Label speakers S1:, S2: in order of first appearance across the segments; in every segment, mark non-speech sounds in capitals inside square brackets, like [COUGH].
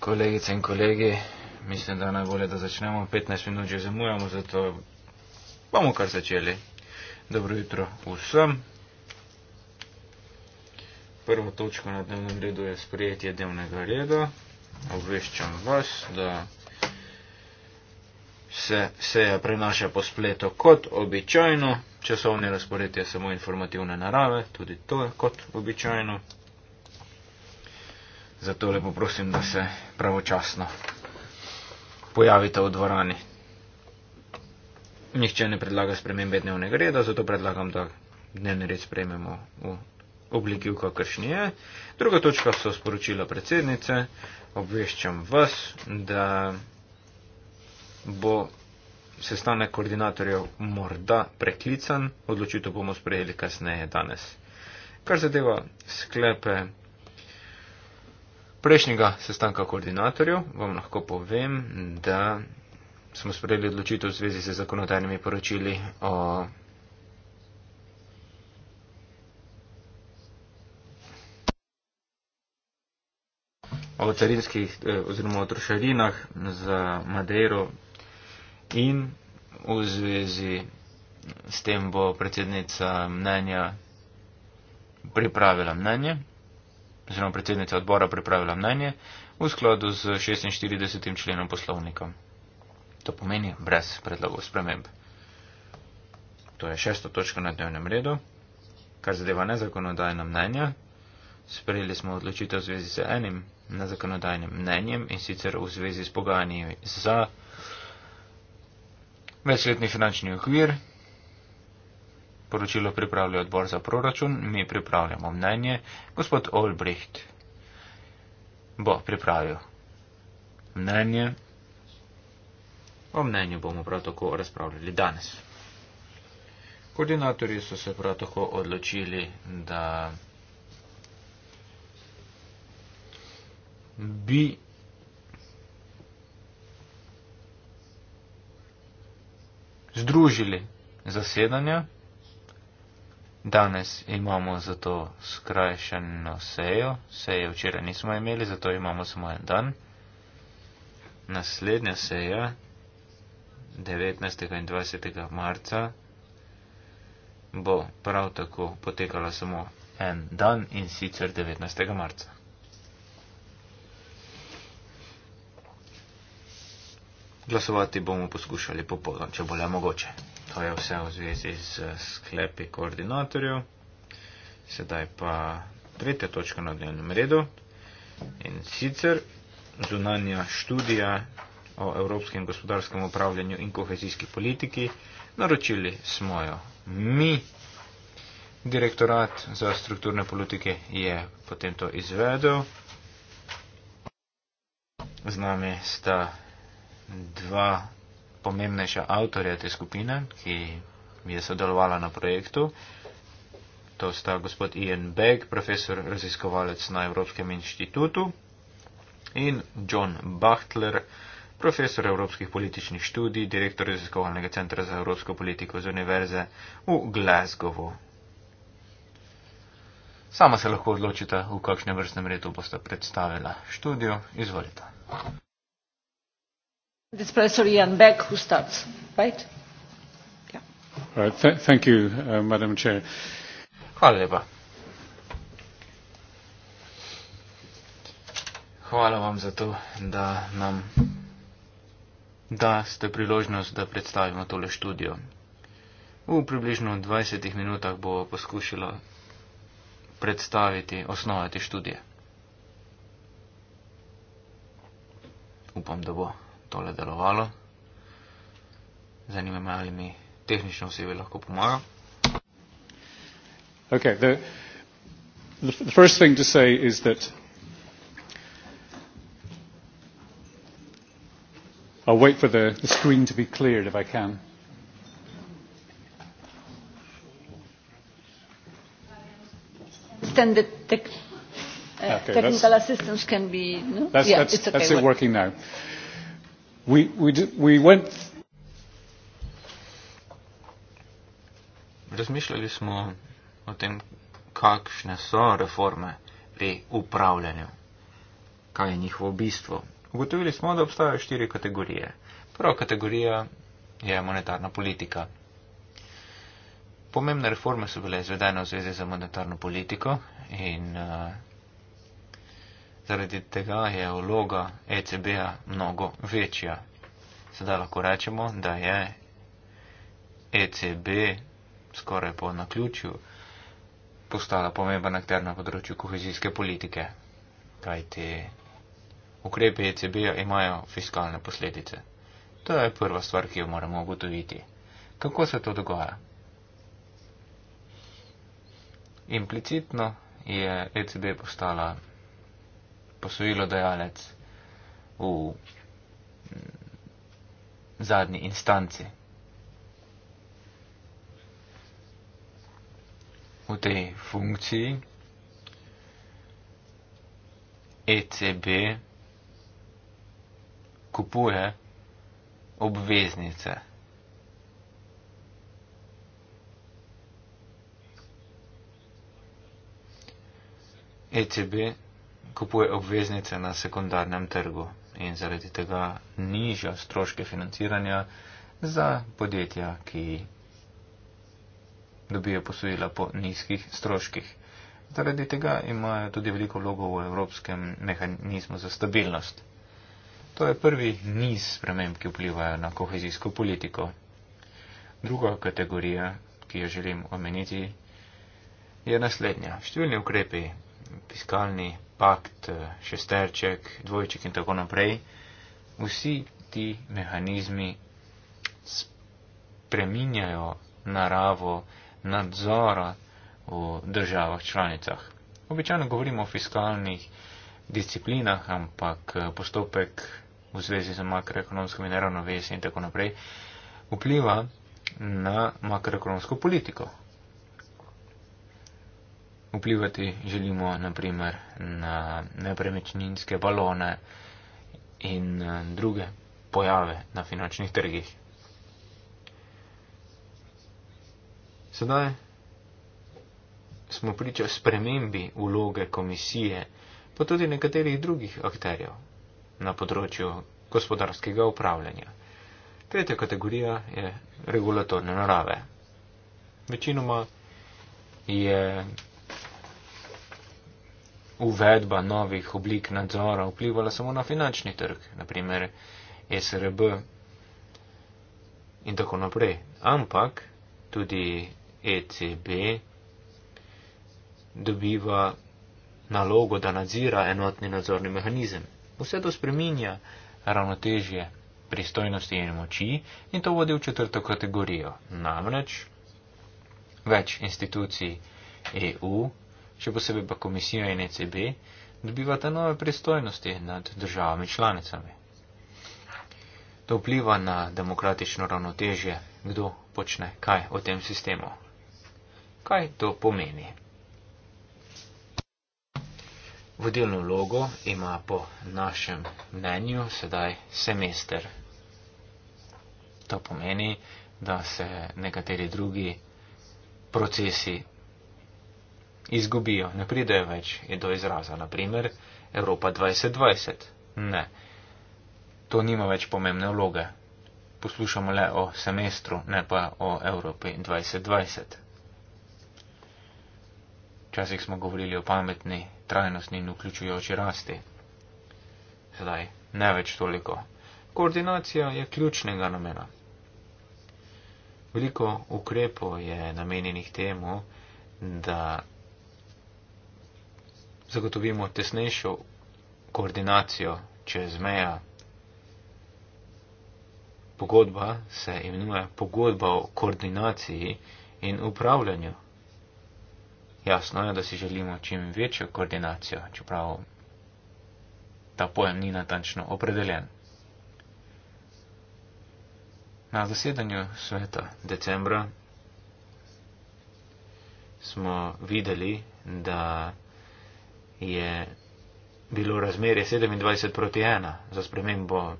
S1: Kolegice in kolegi, mislim, da je najbolje, da začnemo. 15 minut že zamujamo, zato bomo kar začeli. Dobro jutro vsem. Prvo točko na dnevnem redu je sprejetje dnevnega reda. Obveščam vas, da se seja prenaša po spletu kot običajno. Časovni razpored je samo informativne narave, tudi to je kot običajno. Zato lepo prosim, da se pravočasno pojavite v dvorani. Nihče ne predlaga spremembe dnevnega reda, zato predlagam, da dnevni red sprejmemo v obliki, v kakršni je. Druga točka so sporočila predsednice. Obveščam vas, da bo sestanek koordinatorjev morda preklican. Odločitev bomo sprejeli kasneje danes. Kar zadeva sklepe prejšnjega sestanka koordinatorjev vam lahko povem, da smo sprejeli odločitev v zvezi z zakonodajnimi poročili o o carinskih eh, oziroma o trošarinah za Madeiro in v zvezi s tem bo predsednica mnenja pripravila mnenje oziroma predsednica odbora pripravila mnenje v skladu z 46. členom poslovnika. To pomeni brez predlogov sprememb. To je šesto točko na dnevnem redu, kar zadeva nezakonodajna mnenja. Sprejeli smo odločitev v zvezi z enim nezakonodajnim mnenjem in sicer v zvezi s pogajanji za večletni finančni okvir 2014-2020 poročilo pripravlja odbor za proračun, mi pripravljamo mnenje, gospod Olbricht bo pripravil mnenje. O mnenju bomo prav tako razpravljali danes. Koordinatorji so se prav tako odločili, da bi združili zasedanja Danes imamo zato skrajšeno sejo. Seje včeraj nismo imeli, zato imamo samo en dan. Naslednja seja 19. in 20. marca bo prav tako potekala samo en dan in sicer 19. marca. Glasovati bomo poskušali popoldan, če bo le mogoče. To je vse v zvezi z eh, sklepi koordinatorjev. Sedaj pa tretja točka na dnevnem redu in sicer zunanja študija o evropskem gospodarskem upravljanju in kohezijski politiki. Naročili smo jo mi. Direktorat za strukturne politike je potem to izvedel. Z nami sta dva pomembnejša avtorja te skupine, ki je sodelovala na projektu. To sta gospod Ian Begg, profesor raziskovalec na Evropskem inštitutu, in John Bachtler, profesor evropskih političnih študij, direktor raziskovalnega centra za evropsko politiko z univerze v Glasgowu. Sama se lahko odločite, v kakšnem vrstnem redu boste predstavila študijo. Izvolite
S2: it is professor ian beck who starts right
S1: yeah right th thank you uh, madam chair hvala lepa hvala vam za to da nam da ste priložnost da predstavimo tole študijo v približno 20 minutah bo poskušalo predstaviti osnovati študije upam da bo tole delovalo. Zanima me, ali mi tehnično osebi lahko pomaga. Okay, the, the, the first thing to say is that I'll wait for the, the screen to be cleared if I can.
S2: Stand the tech, uh, okay, technical assistance can be. No? That's, yeah, that's, it's okay. that's it
S1: working now. Uh, we we d- we went. Th- Razmišljali smo o tem, kakšne so reforme pri upravljanju, kaj je njihovo bistvo. Ugotovili smo, da obstajajo štiri kategorije. Prva kategorija je monetarna politika. Pomembne reforme so bile izvedene v zvezi z monetarno politiko in eh, Zaradi tega je vloga ECB-a mnogo večja. Sedaj lahko rečemo, da je ECB skoraj po naključju postala pomemben akter na področju kohezijske politike, kajti ukrepe ECB-a imajo fiskalne posledice. To je prva stvar, ki jo moramo ugotoviti. Kako se to dogaja? Implicitno je ECB postala posojilodajalec v mm, zadnji instanci. V tej funkciji ECB kupuje obveznice. ECB kupuje obveznice na sekundarnem trgu in zaradi tega niža stroške financiranja za podjetja, ki dobijo posojila po nizkih stroških. Zaradi tega imajo tudi veliko vlogo v evropskem mehanizmu za stabilnost. To je prvi niz sprememb, ki vplivajo na kohezijsko politiko. Druga kategorija, ki jo želim omeniti, je naslednja. Številni ukrepi, fiskalni, pakt, eh, šesterček, dvojček in tako naprej, vsi ti mehanizmi spreminjajo naravo nadzora v državah članicah. Običajno govorimo o fiskalnih disciplinah, ampak eh, postopek v zvezi z makroekonomskimi neravnovesji in tako naprej vpliva na makroekonomsko politiko vplivati želimo naprimer na nepremičninske balone in eh, druge pojave na finančnih trgih. Sedaj smo priča spremembi vloge komisije, pa tudi nekaterih drugih akterjev na področju gospodarskega upravljanja. Tretja kategorija je regulatorne narave. Večinoma je uvedba novih oblik nadzora vplivala samo na finančni trg, naprimer SRB in tako naprej. Ampak tudi ECB dobiva nalogo, da nadzira enotni nadzorni mehanizem. Vse to spreminja ravnotežje pristojnosti in moči in to vodi v četrto kategorijo. Namreč več institucij EU še posebej pa komisija in ECB, dobivata nove pristojnosti nad državami članicami. To vpliva na demokratično ravnotežje, kdo počne kaj o tem sistemu. Kaj to pomeni? Vodilno vlogo ima po našem mnenju sedaj semester. To pomeni, da se nekateri drugi procesi izgubijo, ne pridejo več do izraza. Naprimer, Evropa 2020. Ne, to nima več pomembne vloge. Poslušamo le o semestru, ne pa o Evropi 2020. Včasih smo govorili o pametni, trajnostni in vključujoči rasti. Zdaj, ne več toliko. Koordinacija je ključnega namena. Veliko ukrepov je namenjenih temu, da zagotovimo tesnejšo koordinacijo čez meja. Pogodba se imenuje pogodba o koordinaciji in upravljanju. Jasno je, da si želimo čim večjo koordinacijo, čeprav ta pojem ni natančno opredeljen. Na zasedanju sveta decembra smo videli, da je bilo razmerje 27 proti 1 za spremembo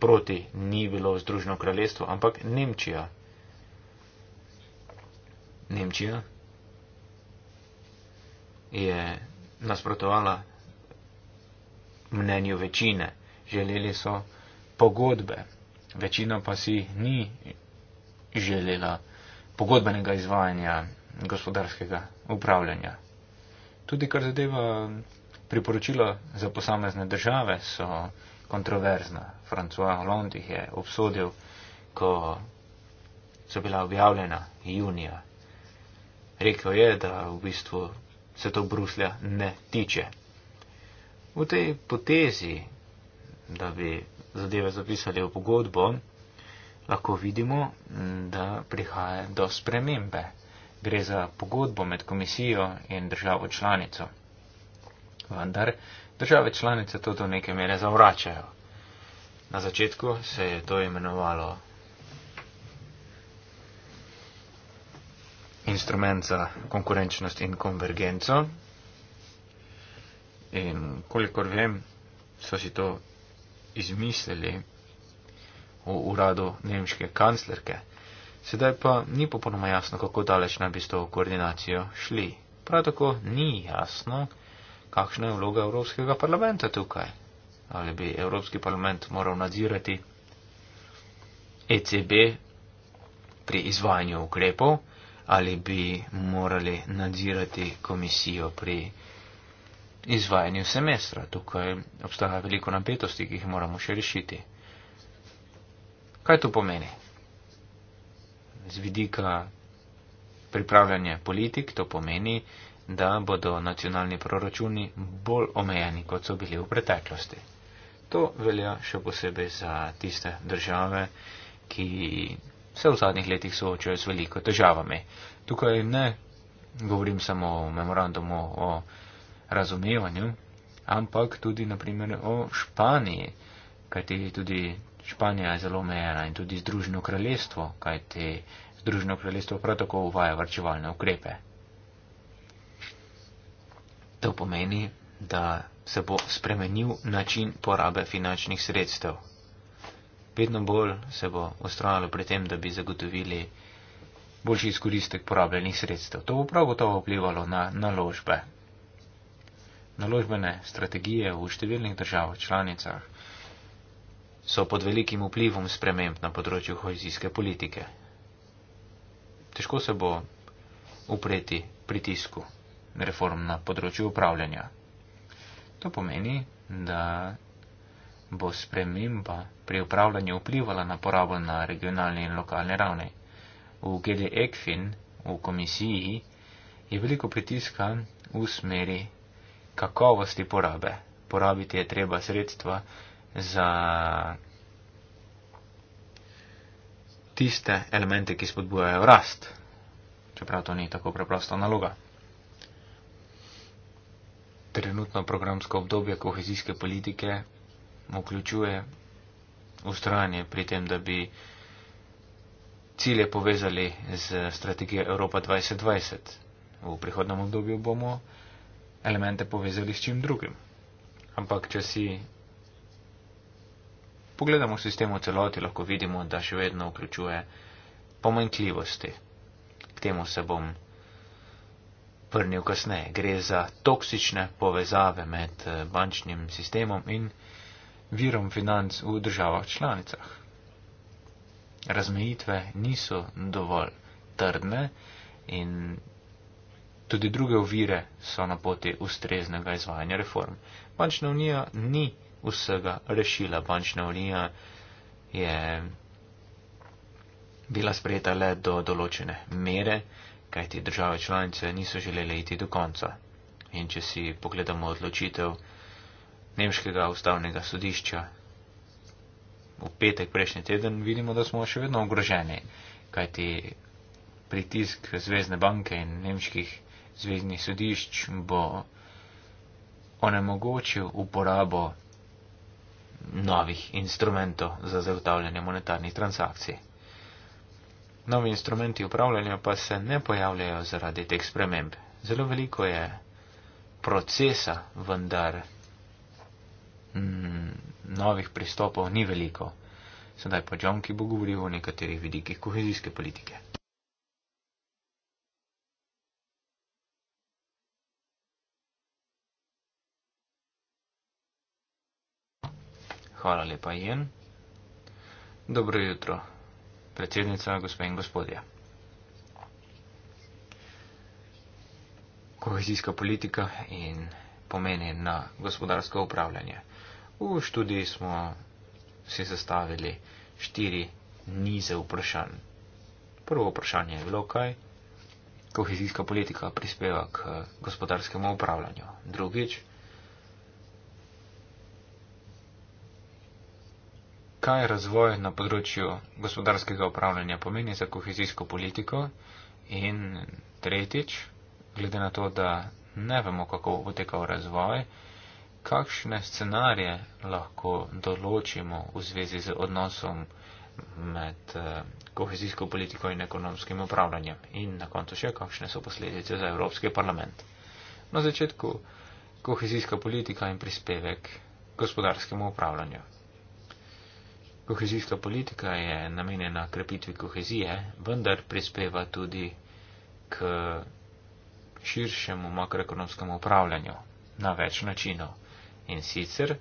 S1: proti ni bilo Združeno kraljestvo, ampak Nemčija. Nemčija je nasprotovala mnenju večine. Želeli so pogodbe. Večina pa si ni želela pogodbenega izvajanja gospodarskega upravljanja. Tudi kar zadeva um, priporočila za posamezne države so kontroverzna. François Hollande jih je obsodil, ko so bila objavljena junija. Rekel je, da v bistvu se to Bruslja ne tiče. V tej potezi, da bi zadeve zapisali v pogodbo, lahko vidimo, da prihaja do spremembe gre za pogodbo med komisijo in državo članico. Vendar države članice to do neke mere zavračajo. Na začetku se je to imenovalo instrument za konkurenčnost in konvergenco. In kolikor vem, so si to izmislili v uradu nemške kanclerke. Sedaj pa ni popolnoma jasno, kako daleč naj bi s to koordinacijo šli. Prav tako ni jasno, kakšna je vloga Evropskega parlamenta tukaj. Ali bi Evropski parlament moral nadzirati ECB pri izvajanju ukrepov, ali bi morali nadzirati komisijo pri izvajanju semestra. Tukaj obstaja veliko napetosti, ki jih moramo še rešiti. Kaj to pomeni? z vidika pripravljanja politik, to pomeni, da bodo nacionalni proračuni bolj omejeni, kot so bili v preteklosti. To velja še posebej za tiste države, ki se v zadnjih letih soočajo z veliko težavami. Tukaj ne govorim samo o memorandumu o razumevanju, ampak tudi naprimer o Španiji, kajti tudi Španija je zelo omejena in tudi Združeno kraljestvo, kajti Združeno kraljestvo prav tako uvaja varčevalne ukrepe. To pomeni, da se bo spremenil način porabe finančnih sredstev. Vedno bolj se bo ustrajalo pri tem, da bi zagotovili boljši izkoristek porabljenih sredstev. To bo prav gotovo vplivalo na naložbe. Naložbene strategije v številnih državah članicah so pod velikim vplivom sprememb na področju hojzijske politike. Težko se bo upreti pritisku reform na področju upravljanja. To pomeni, da bo sprememba pri upravljanju vplivala na porabo na regionalni in lokalni ravni. V GD ECFIN, v komisiji, je veliko pritiska v smeri kakovosti porabe. Porabiti je treba sredstva, za tiste elemente, ki spodbujajo rast. Čeprav to ni tako preprosta naloga. Trenutno programsko obdobje kohezijske politike vključuje ustrajanje pri tem, da bi cilje povezali z strategijo Evropa 2020. V prihodnem obdobju bomo elemente povezali s čim drugim. Ampak, če si pogledamo sistem v celoti, lahko vidimo, da še vedno vključuje pomanjkljivosti. K temu se bom vrnil kasneje. Gre za toksične povezave med eh, bančnim sistemom in virom financ v državah članicah. Razmejitve niso dovolj trdne in tudi druge ovire so na poti ustreznega izvajanja reform. Bančna unija ni vsega rešila. Bančna unija je bila sprejeta le do določene mere, kajti države članice niso želeli iti do konca. In če si pogledamo odločitev Nemškega ustavnega sodišča v petek prejšnji teden, vidimo, da smo še vedno ogroženi, kajti pritisk Zvezdne banke in nemških zvezdnih sodišč bo onemogočil uporabo novih instrumentov za zagotavljanje monetarnih transakcij. Novi instrumenti upravljanja pa se ne pojavljajo zaradi teh sprememb. Zelo veliko je procesa, vendar mm, novih pristopov ni veliko. Sedaj pa John, ki bo govoril o nekaterih vidikih kohezijske politike. Hvala lepa, Jen. Dobro jutro, predsednica, gospe in gospodje. Kohezijska politika in pomeni na gospodarsko upravljanje. V študiji smo si zastavili štiri nize vprašanj. Prvo vprašanje je bilo, kaj kohezijska politika prispeva k gospodarskemu upravljanju. Drugič, kaj razvoj na področju gospodarskega upravljanja pomeni za kohezijsko politiko in tretjič, glede na to, da ne vemo, kako bo potekal razvoj, kakšne scenarije lahko določimo v zvezi z odnosom med eh, kohezijsko politiko in ekonomskim upravljanjem in na koncu še, kakšne so posledice za Evropski parlament. Na začetku kohezijska politika in prispevek gospodarskemu upravljanju. Kohezijska politika je namenjena krepitvi kohezije, vendar prispeva tudi k širšemu makroekonomskemu upravljanju na več načinov. In sicer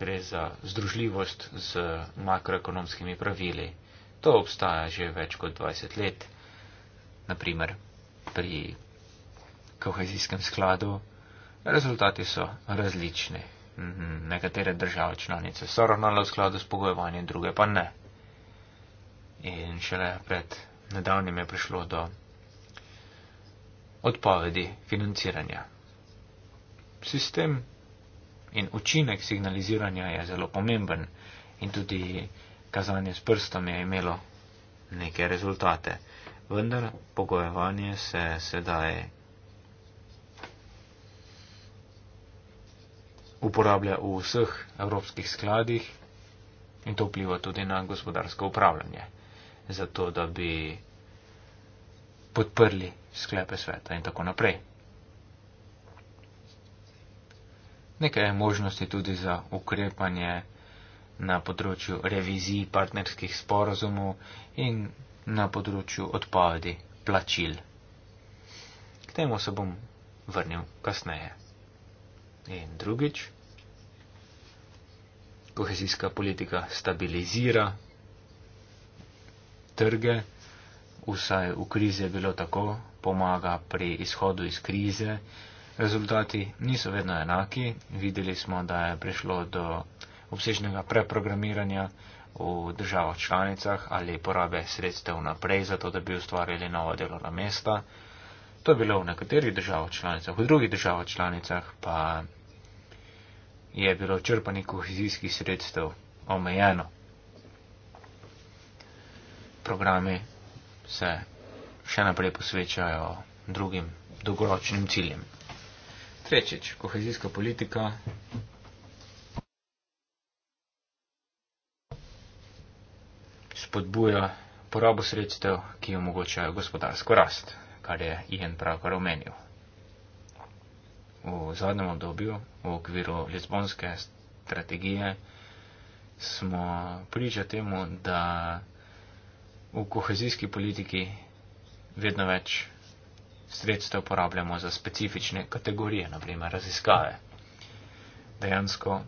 S1: gre za združljivost z makroekonomskimi pravili. To obstaja že več kot 20 let, naprimer pri kohezijskem skladu. Rezultati so različni. Mhm, nekatere države članice so ravnale v skladu s pogojevanjem, druge pa ne. In šele pred nedavnim je prišlo do odpovedi financiranja. Sistem in učinek signaliziranja je zelo pomemben in tudi kazanje s prstom je imelo neke rezultate. Vendar pogojevanje se sedaj uporablja v vseh evropskih skladih in to vpliva tudi na gospodarsko upravljanje, zato da bi podprli sklepe sveta in tako naprej. Nekaj je možnosti tudi za ukrepanje na področju revizij partnerskih sporozumov in na področju odpovedi plačil. K temu se bom vrnil kasneje. In drugič, kohezijska politika stabilizira trge, vsaj v krizi je bilo tako, pomaga pri izhodu iz krize. Rezultati niso vedno enaki. Videli smo, da je prišlo do obsežnega preprogramiranja v državah članicah ali porabe sredstev naprej, zato da bi ustvarjali nova delovna mesta. To je bilo v nekaterih državah članicah, v drugih državah članicah pa je bilo črpanje kohezijskih sredstev omejeno. Programi se še naprej posvečajo drugim dolgoročnim ciljem. Tretjič, kohezijska politika. Podbuja porabo sredstev, ki omogočajo gospodarsko rast kar je Ian pravkar omenil. V zadnjem obdobju, v okviru lizbonske strategije, smo priča temu, da v kohezijski politiki vedno več sredstev porabljamo za specifične kategorije, naprimer raziskave. Dejansko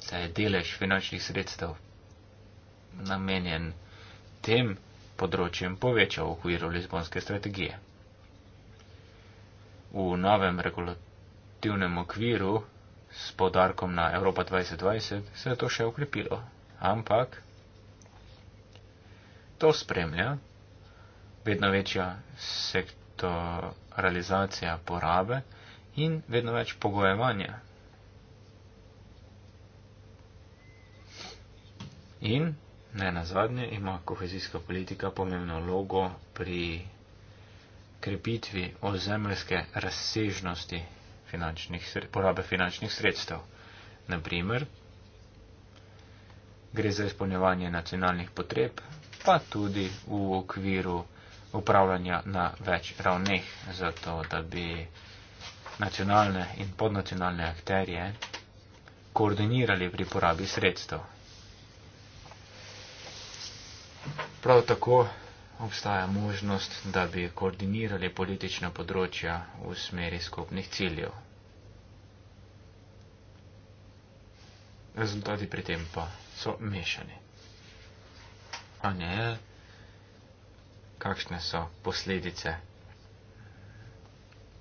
S1: se je delež finančnih sredstev namenjen tem področjem povečal v okviru lizbonske strategije v novem regulativnem okviru s podarkom na Evropa 2020 se je to še ukrepilo. Ampak to spremlja vedno večja sektoralizacija porabe in vedno več pogojevanja. In ne na zadnje ima kohezijska politika pomembno logo pri krepitvi ozemljske razsežnosti finančnih, porabe finančnih sredstev. Naprimer, gre za izpolnjevanje nacionalnih potreb, pa tudi v okviru upravljanja na več ravneh, zato da bi nacionalne in podnacionalne akterje koordinirali pri porabi sredstev. Prav tako obstaja možnost, da bi koordinirali politična področja v smeri skupnih ciljev. Rezultati pri tem pa so mešani. A ne, kakšne so posledice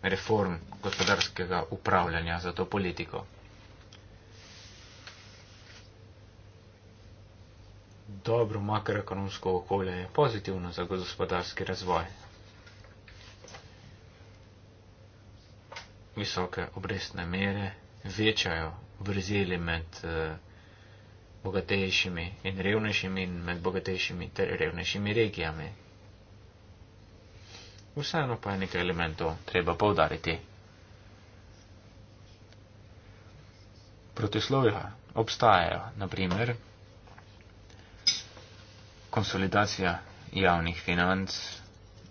S1: reform gospodarskega upravljanja za to politiko? dobro makroekonomsko okolje je pozitivno za gospodarski razvoj. Visoke obrestne mere večajo vrzeli med eh, bogatejšimi in revnejšimi in med bogatejšimi ter revnejšimi regijami. Vseeno pa je nekaj elementov treba povdariti. Protislovja obstajajo, naprimer, konsolidacija javnih financ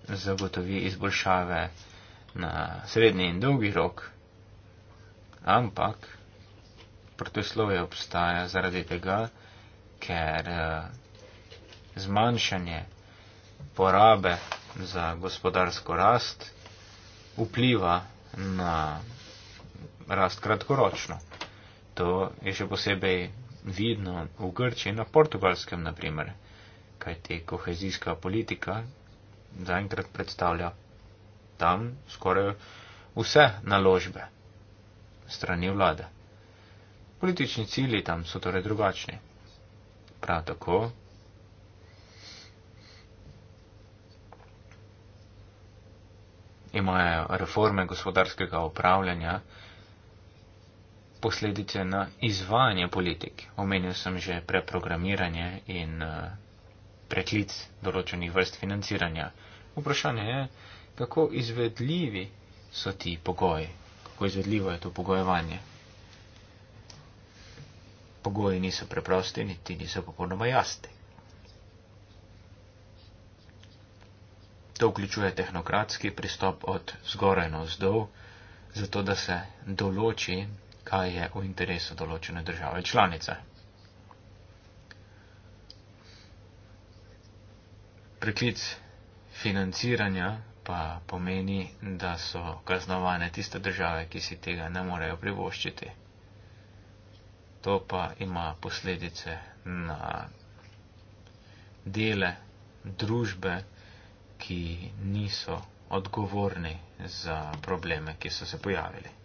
S1: zagotovi izboljšave na srednji in dolgi rok, ampak protislovje obstaja zaradi tega, ker eh, zmanjšanje porabe za gospodarsko rast vpliva na rast kratkoročno. To je še posebej vidno v Grčiji, na portugalskem naprimer kaj te kohezijska politika zaenkrat predstavlja tam skoraj vse naložbe strani vlade. Politični cilji tam so torej drugačni. Prav tako imajo reforme gospodarskega upravljanja posledice na izvajanje politik. Omenil sem že preprogramiranje in uh, preklic določenih vrst financiranja. Vprašanje je, kako izvedljivi so ti pogoji, kako izvedljivo je to pogojevanje. Pogoji niso preprosti, niti niso popolnoma jasni. To vključuje tehnokratski pristop od zgoraj na vzdolj, zato da se določi, kaj je v interesu določene države članice. preklic financiranja pa pomeni, da so kaznovane tiste države, ki si tega ne morejo privoščiti. To pa ima posledice na dele družbe, ki niso odgovorni za probleme, ki so se pojavili.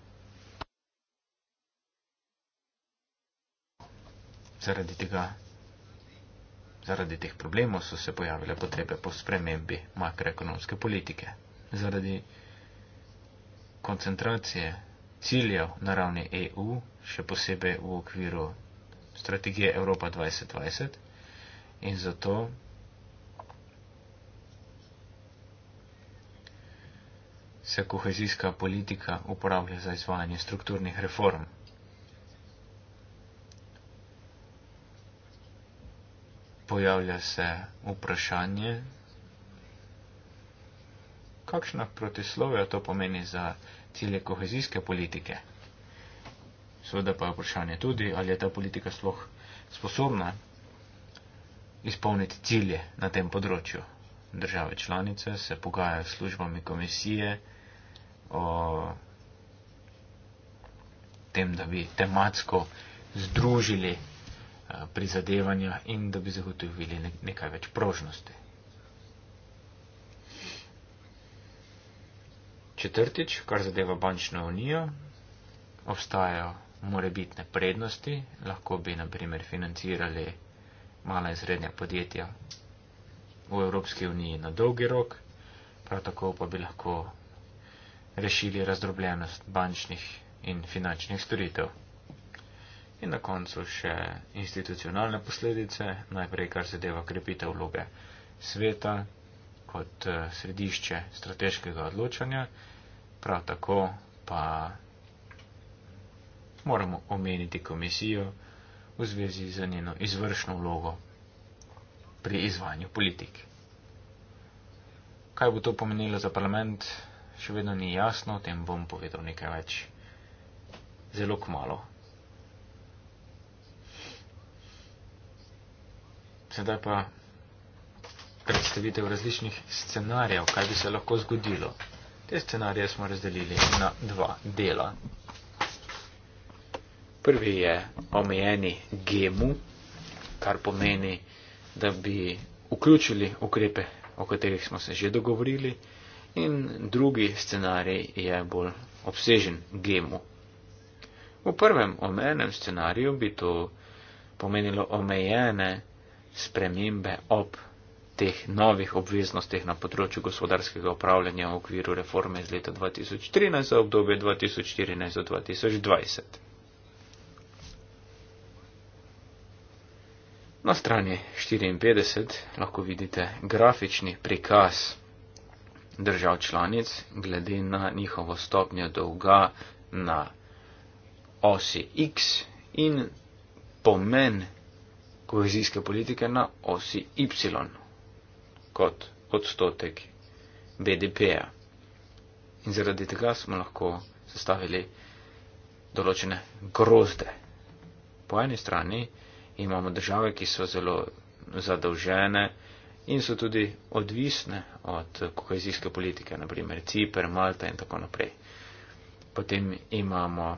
S1: Zaradi tega Zaradi teh problemov so se pojavile potrebe po spremembi makroekonomske politike. Zaradi koncentracije ciljev na ravni EU, še posebej v okviru strategije Evropa 2020 in zato se kohezijska politika uporablja za izvajanje strukturnih reform. pojavlja se vprašanje, kakšna protislovja to pomeni za cilje kohezijske politike. Seveda pa je vprašanje tudi, ali je ta politika sploh sposobna izpolniti cilje na tem področju. Države članice se pogajajo s službami komisije o tem, da bi tematsko združili Eh, prizadevanja in da bi zagotovili nekaj več prožnosti. Četrtič, kar zadeva bančno unijo, obstajajo morebitne prednosti, lahko bi naprimer financirali mala in srednja podjetja v Evropski uniji na dolgi rok, prav tako pa bi lahko rešili razdrobljenost bančnih in finančnih storitev in na koncu še institucionalne posledice, najprej kar zadeva krepitev vloge sveta kot eh, središče strateškega odločanja, prav tako pa moramo omeniti komisijo v zvezi z njeno izvršno vlogo pri izvajanju politik. Kaj bo to pomenilo za parlament, še vedno ni jasno, o tem bom povedal nekaj več zelo kmalo. sedaj pa predstavitev različnih scenarijev, kaj bi se lahko zgodilo. Te scenarije smo razdelili na dva dela. Prvi je omejeni gemu, kar pomeni, da bi vključili ukrepe, o katerih smo se že dogovorili, in drugi scenarij je bolj obsežen gemu. V prvem omenjenem scenariju bi to pomenilo omejene spremembe ob teh novih obveznostih na področju gospodarskega upravljanja v okviru reforme iz leta 2013 za obdobje 2014 do 2020. Na strani 54 lahko vidite grafični prikaz držav članic glede na njihovo stopnjo dolga na osi X in pomen kohezijske politike na osi Y kot odstotek BDP-ja. In zaradi tega smo lahko sestavili določene grozde. Po eni strani imamo države, ki so zelo zadolžene in so tudi odvisne od kohezijske politike, naprimer Cipr, Malta in tako naprej. Potem imamo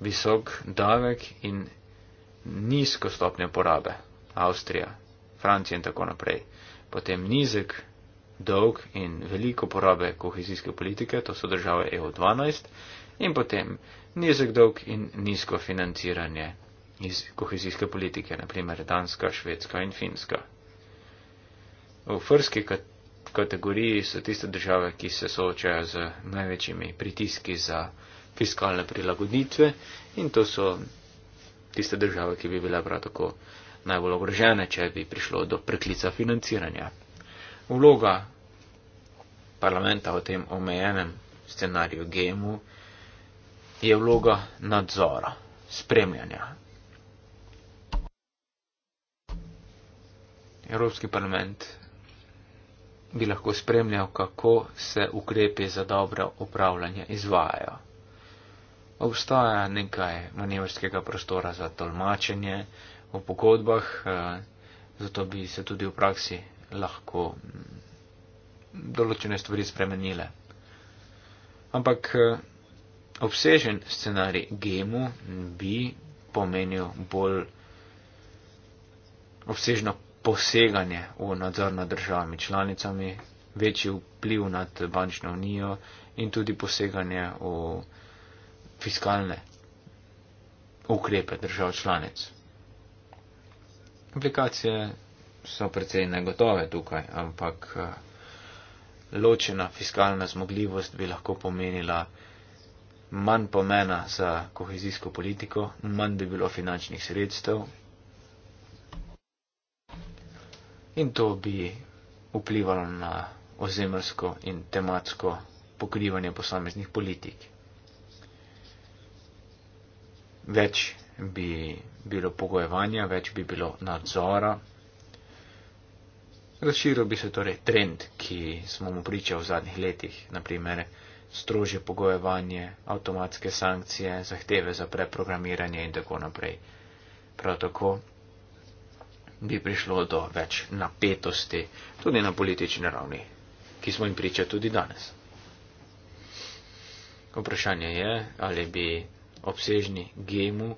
S1: visok davek in nizko stopnjo porabe, Avstrija, Francija in tako naprej, potem nizek dolg in veliko porabe kohezijske politike, to so države EU12, in potem nizek dolg in nizko financiranje iz kohezijske politike, naprimer Danska, Švedska in Finska. V frski kategoriji so tiste države, ki se soočajo z največjimi pritiski za fiskalne prilagoditve in to so tiste države, ki bi bila prav tako najbolj ogrožene, če bi prišlo do preklica financiranja. Vloga parlamenta v tem omejenem scenariju GEMU je vloga nadzora, spremljanja. Evropski parlament bi lahko spremljal, kako se ukrepi za dobro upravljanje izvajajo obstaja nekaj manevrskega prostora za tolmačenje v pogodbah, eh, zato bi se tudi v praksi lahko mm, določene stvari spremenile. Ampak eh, obsežen scenarij gemu bi pomenil bolj obsežno poseganje v nadzor nad državami članicami, večji vpliv nad bančno unijo in tudi poseganje v fiskalne ukrepe držav članic. Implikacije so precej negotove tukaj, ampak eh, ločena fiskalna zmogljivost bi lahko pomenila manj pomena za kohezijsko politiko, manj bi bilo finančnih sredstev in to bi vplivalo na ozemelsko in tematsko pokrivanje posameznih politik več bi bilo pogojevanja, več bi bilo nadzora. Razširil bi se torej trend, ki smo mu pričali v zadnjih letih, naprimer strože pogojevanje, avtomatske sankcije, zahteve za preprogramiranje in tako naprej. Prav tako bi prišlo do več napetosti tudi na politični ravni, ki smo jim pričali tudi danes. Vprašanje je, ali bi obsežni gemu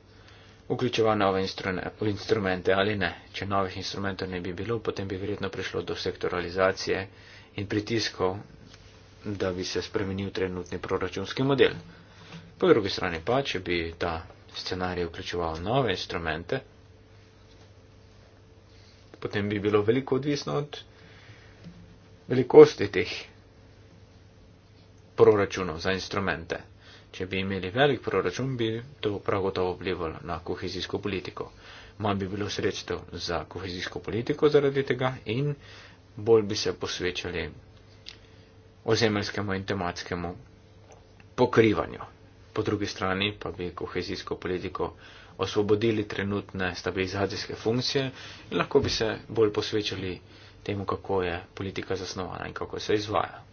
S1: vključeval nove instrumente, instrumente ali ne. Če novih instrumentov ne bi bilo, potem bi verjetno prišlo do sektoralizacije in pritiskov, da bi se spremenil trenutni proračunski model. Po drugi strani pa, če bi ta scenarij vključeval nove instrumente, potem bi bilo veliko odvisno od velikosti teh proračunov za instrumente. Če bi imeli velik proračun, bi to prav gotovo vplivalo na kohezijsko politiko. Manj bi bilo sredstev za kohezijsko politiko zaradi tega in bolj bi se posvečali ozemeljskemu in tematskemu pokrivanju. Po drugi strani pa bi kohezijsko politiko osvobodili trenutne stabilizacijske funkcije in lahko bi se bolj posvečali temu, kako je politika zasnovana in kako se izvaja.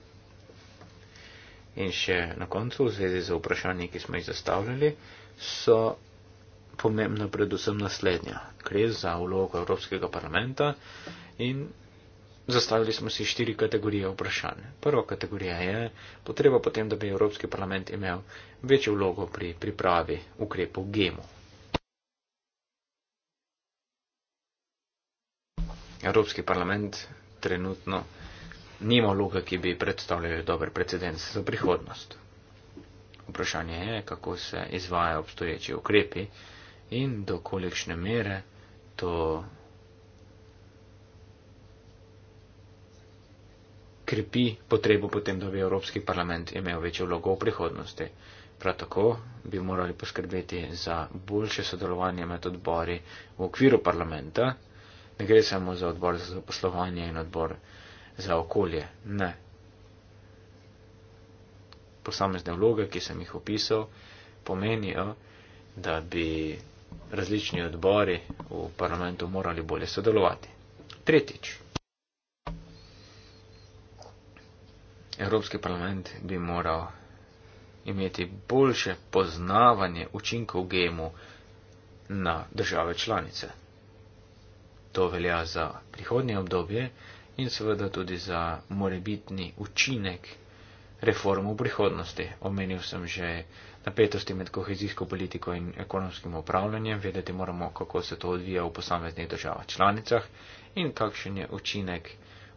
S1: In še na koncu, v zvezi z vprašanji, ki smo jih zastavljali, so pomembna predvsem naslednja. Gre za vlogo Evropskega parlamenta in zastavili smo si štiri kategorije vprašanj. Prva kategorija je potreba potem, da bi Evropski parlament imel večjo vlogo pri pripravi ukrepov GEMO. Evropski parlament trenutno nima luka, ki bi predstavljali dober precedens za prihodnost. Vprašanje je, kako se izvajajo obstoječi ukrepi in do kolikšne mere to krepi potrebo potem, da bi Evropski parlament imel večjo vlogo v prihodnosti. Prav tako bi morali poskrbeti za boljše sodelovanje med odbori v okviru parlamenta. Ne gre samo za odbor za poslovanje in odbor uh, za okolje. Ne. Posamezne vloge, ki sem jih opisal, pomenijo, da bi različni odbori v parlamentu morali bolje sodelovati. Tretjič. Evropski parlament bi moral imeti boljše poznavanje učinkov gemu na države članice. To velja za prihodnje obdobje, in seveda tudi za morebitni učinek reform v prihodnosti. Omenil sem že napetosti med kohezijsko politiko in ekonomskim upravljanjem, vedeti moramo, kako se to odvija v posameznih državah članicah in kakšen je učinek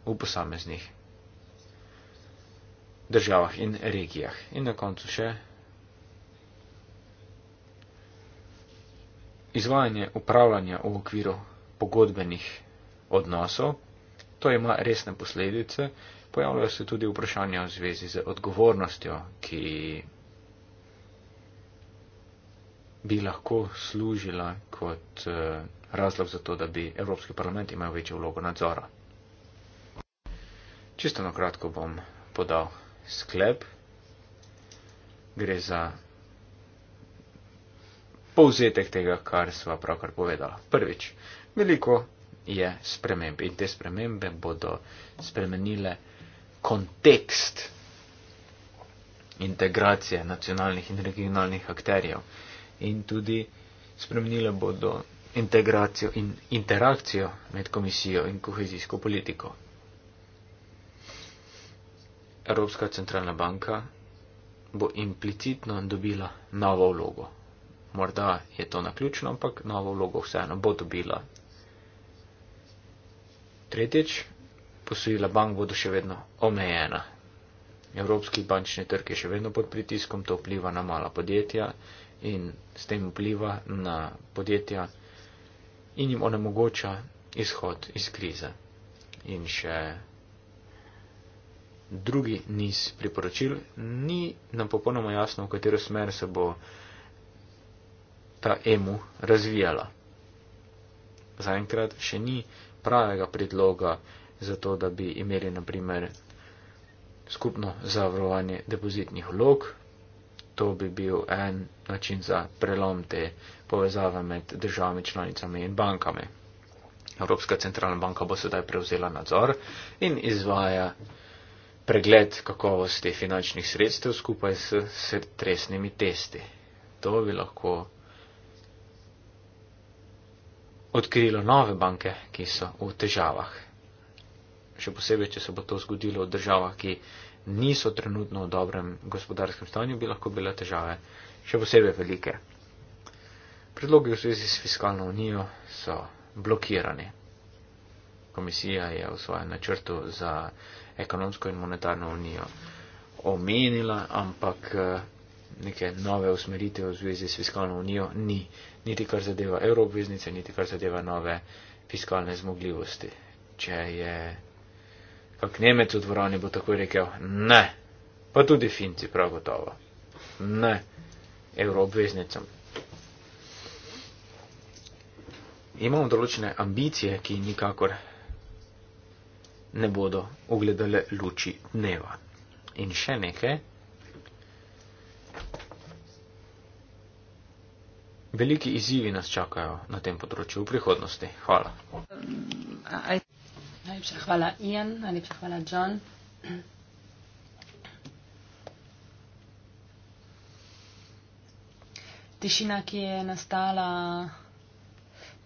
S1: v posameznih državah in regijah. In na koncu še. Izvajanje upravljanja v okviru pogodbenih odnosov To ima resne posledice, pojavljajo se tudi vprašanja v zvezi z odgovornostjo, ki bi lahko služila kot eh, razlog za to, da bi Evropski parlament imel večjo vlogo nadzora. Čisto na kratko bom podal sklep. Gre za povzetek tega, kar sva pravkar povedala. Prvič, veliko je sprememb. In te spremembe bodo spremenile kontekst integracije nacionalnih in regionalnih akterjev in tudi spremenile bodo integracijo in interakcijo med komisijo in kohezijsko politiko. Evropska centralna banka bo implicitno dobila novo vlogo. Morda je to naključno, ampak novo vlogo vseeno bo dobila Tretjič, posojila bank bodo še vedno omejena. Evropski bančni trg je še vedno pod pritiskom, to vpliva na mala podjetja in s tem vpliva na podjetja in jim onemogoča izhod iz krize. In še drugi niz priporočil, ni nam popolnoma jasno, v katero smer se bo ta emu razvijala. Zaenkrat še ni pravega predloga za to, da bi imeli naprimer skupno zavarovanje depozitnih vlog. To bi bil en način za prelom te povezave med državami, članicami in bankami. Evropska centralna banka bo sedaj prevzela nadzor in izvaja pregled kakovosti finančnih sredstev skupaj s, s tresnimi testi. To bi lahko odkrilo nove banke, ki so v težavah. Še posebej, če se bo to zgodilo v državah, ki niso trenutno v dobrem gospodarskem stanju, bi lahko bile težave še posebej velike. Predlogi v zvezi s fiskalno unijo so blokirani. Komisija je v svojem načrtu za ekonomsko in monetarno unijo omenila, ampak eh, neke nove usmeritve v zvezi s fiskalno unijo ni niti kar zadeva evroobveznice, niti kar zadeva nove fiskalne zmogljivosti. Če je kak Nemec v dvorani, bo takoj rekel ne, pa tudi Finci prav gotovo, ne evroobveznicam. Imamo določene ambicije, ki nikakor ne bodo ugledale luči dneva. In še nekaj, Veliki izzivi nas čakajo na tem področju v prihodnosti. Hvala.
S2: Najlepša hvala, Ian, najlepša hvala, John. Tišina, ki je nastala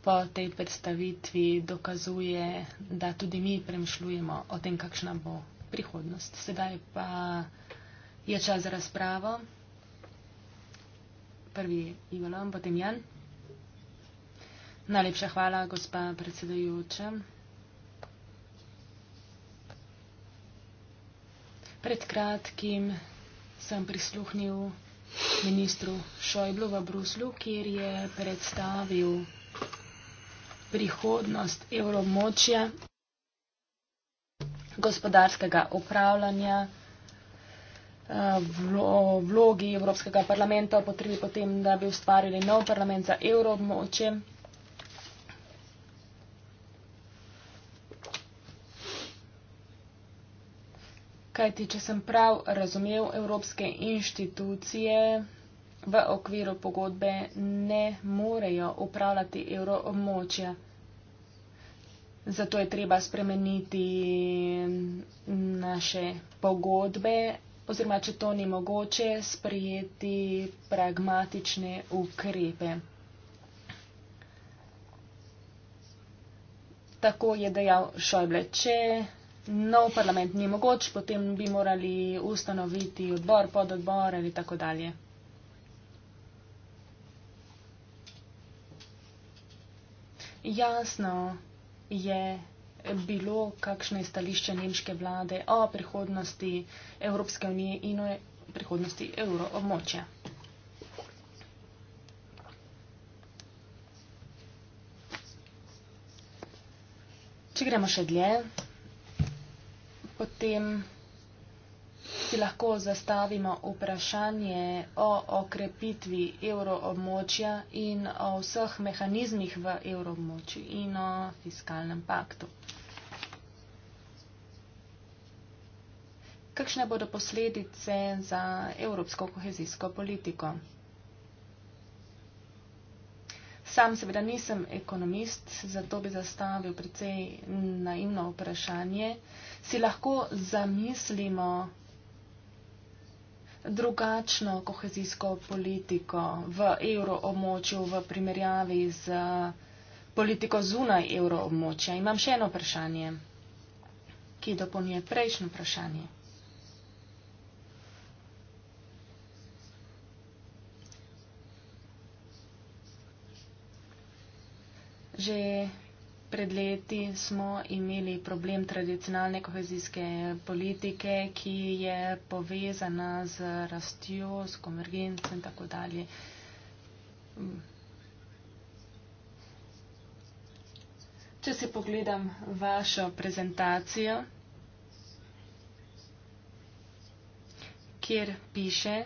S2: po tej predstavitvi, dokazuje, da tudi mi premišljujemo o tem, kakšna bo prihodnost. Sedaj pa je čas za razpravo prvi Ivalo in potem Jan. Najlepša hvala, gospa predsedajoča. Pred kratkim sem prisluhnil ministru Šojblu v Bruslju, kjer je predstavil prihodnost evromočja gospodarskega upravljanja vlogi Evropskega parlamenta o potrebi potem, da bi ustvarili nov parlament za evroobmoče. Kajti, če sem prav razumel, evropske inštitucije v okviru pogodbe ne morejo upravljati evroobmočja. Zato je treba spremeniti naše pogodbe oziroma če to ni mogoče, sprijeti pragmatične ukrepe. Tako je dejal Šojble, če nov parlament ni mogoč, potem bi morali ustanoviti odbor, pododbor ali tako dalje. Jasno je. Yeah bilo, kakšno je stališče nemške vlade o prihodnosti Evropske unije in o prihodnosti evroobmočja. Če gremo še dlje, potem si lahko zastavimo vprašanje o okrepitvi evroobmočja in o vseh mehanizmih v evroobmočju in o fiskalnem paktu. Kakšne bodo posledice za evropsko kohezijsko politiko? Sam seveda nisem ekonomist, zato bi zastavil precej naivno vprašanje. Si lahko zamislimo drugačno kohezijsko politiko v evroobmočju v primerjavi z politiko zunaj evroobmočja. Imam še eno vprašanje, ki dopolnjuje prejšnjo vprašanje. Že Pred leti smo imeli problem tradicionalne kohezijske politike, ki je povezana z rastjo, s konvergenco in tako dalje. Če si pogledam vašo prezentacijo, kjer piše,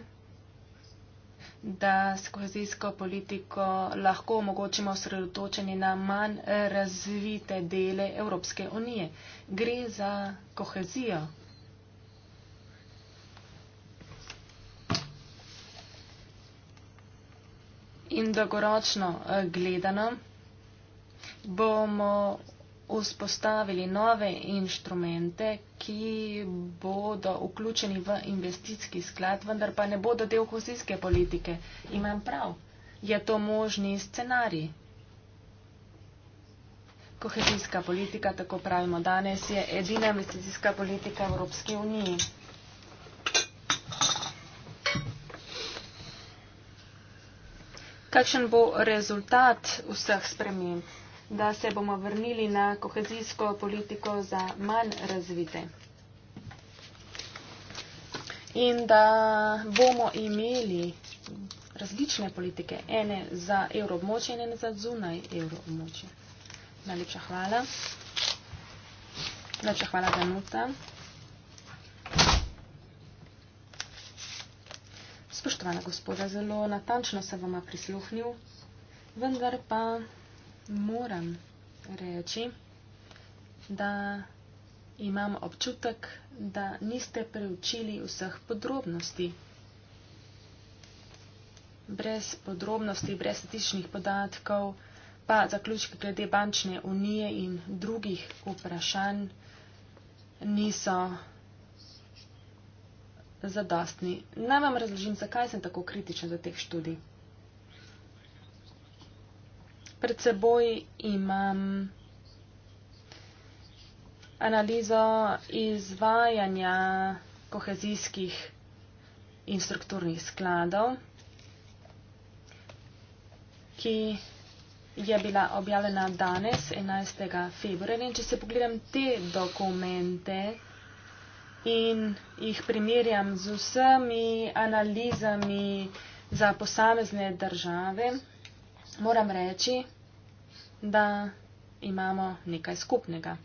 S2: da s kohezijsko politiko lahko omogočimo sredotočenje na manj razvite dele Evropske unije. Gre za kohezijo. In dogoročno eh, gledano bomo vzpostavili nove inštrumente, ki bodo vključeni v investicijski sklad, vendar pa ne bodo del kohezijske politike. Imam prav, je to možni scenarij. Kohezijska politika, tako pravimo danes, je edina investicijska politika Evropske unije. Kakšen bo rezultat vseh sprememb? da se bomo vrnili na kohezijsko politiko za manj razvite. In da bomo imeli različne politike, ene za evroobmočje in ene za zunaj evroobmočje. Najlepša hvala. Najlepša hvala, Danuta. Spoštovana gospoda, zelo natančno se vama prisluhnil, vendar pa moram reči, da imam občutek, da niste preučili vseh podrobnosti. Brez podrobnosti, brez statičnih podatkov, pa zaključki glede bančne unije in drugih vprašanj niso zadostni. Naj vam razložim, zakaj sem tako kritičen za teh študij. Pred seboj imam analizo izvajanja kohezijskih in strukturnih skladov, ki je bila objavljena danes, 11. februar. In če se pogledam te dokumente in jih primerjam z vsemi analizami za posamezne države, moram reči, da imamo nekaj skupnega.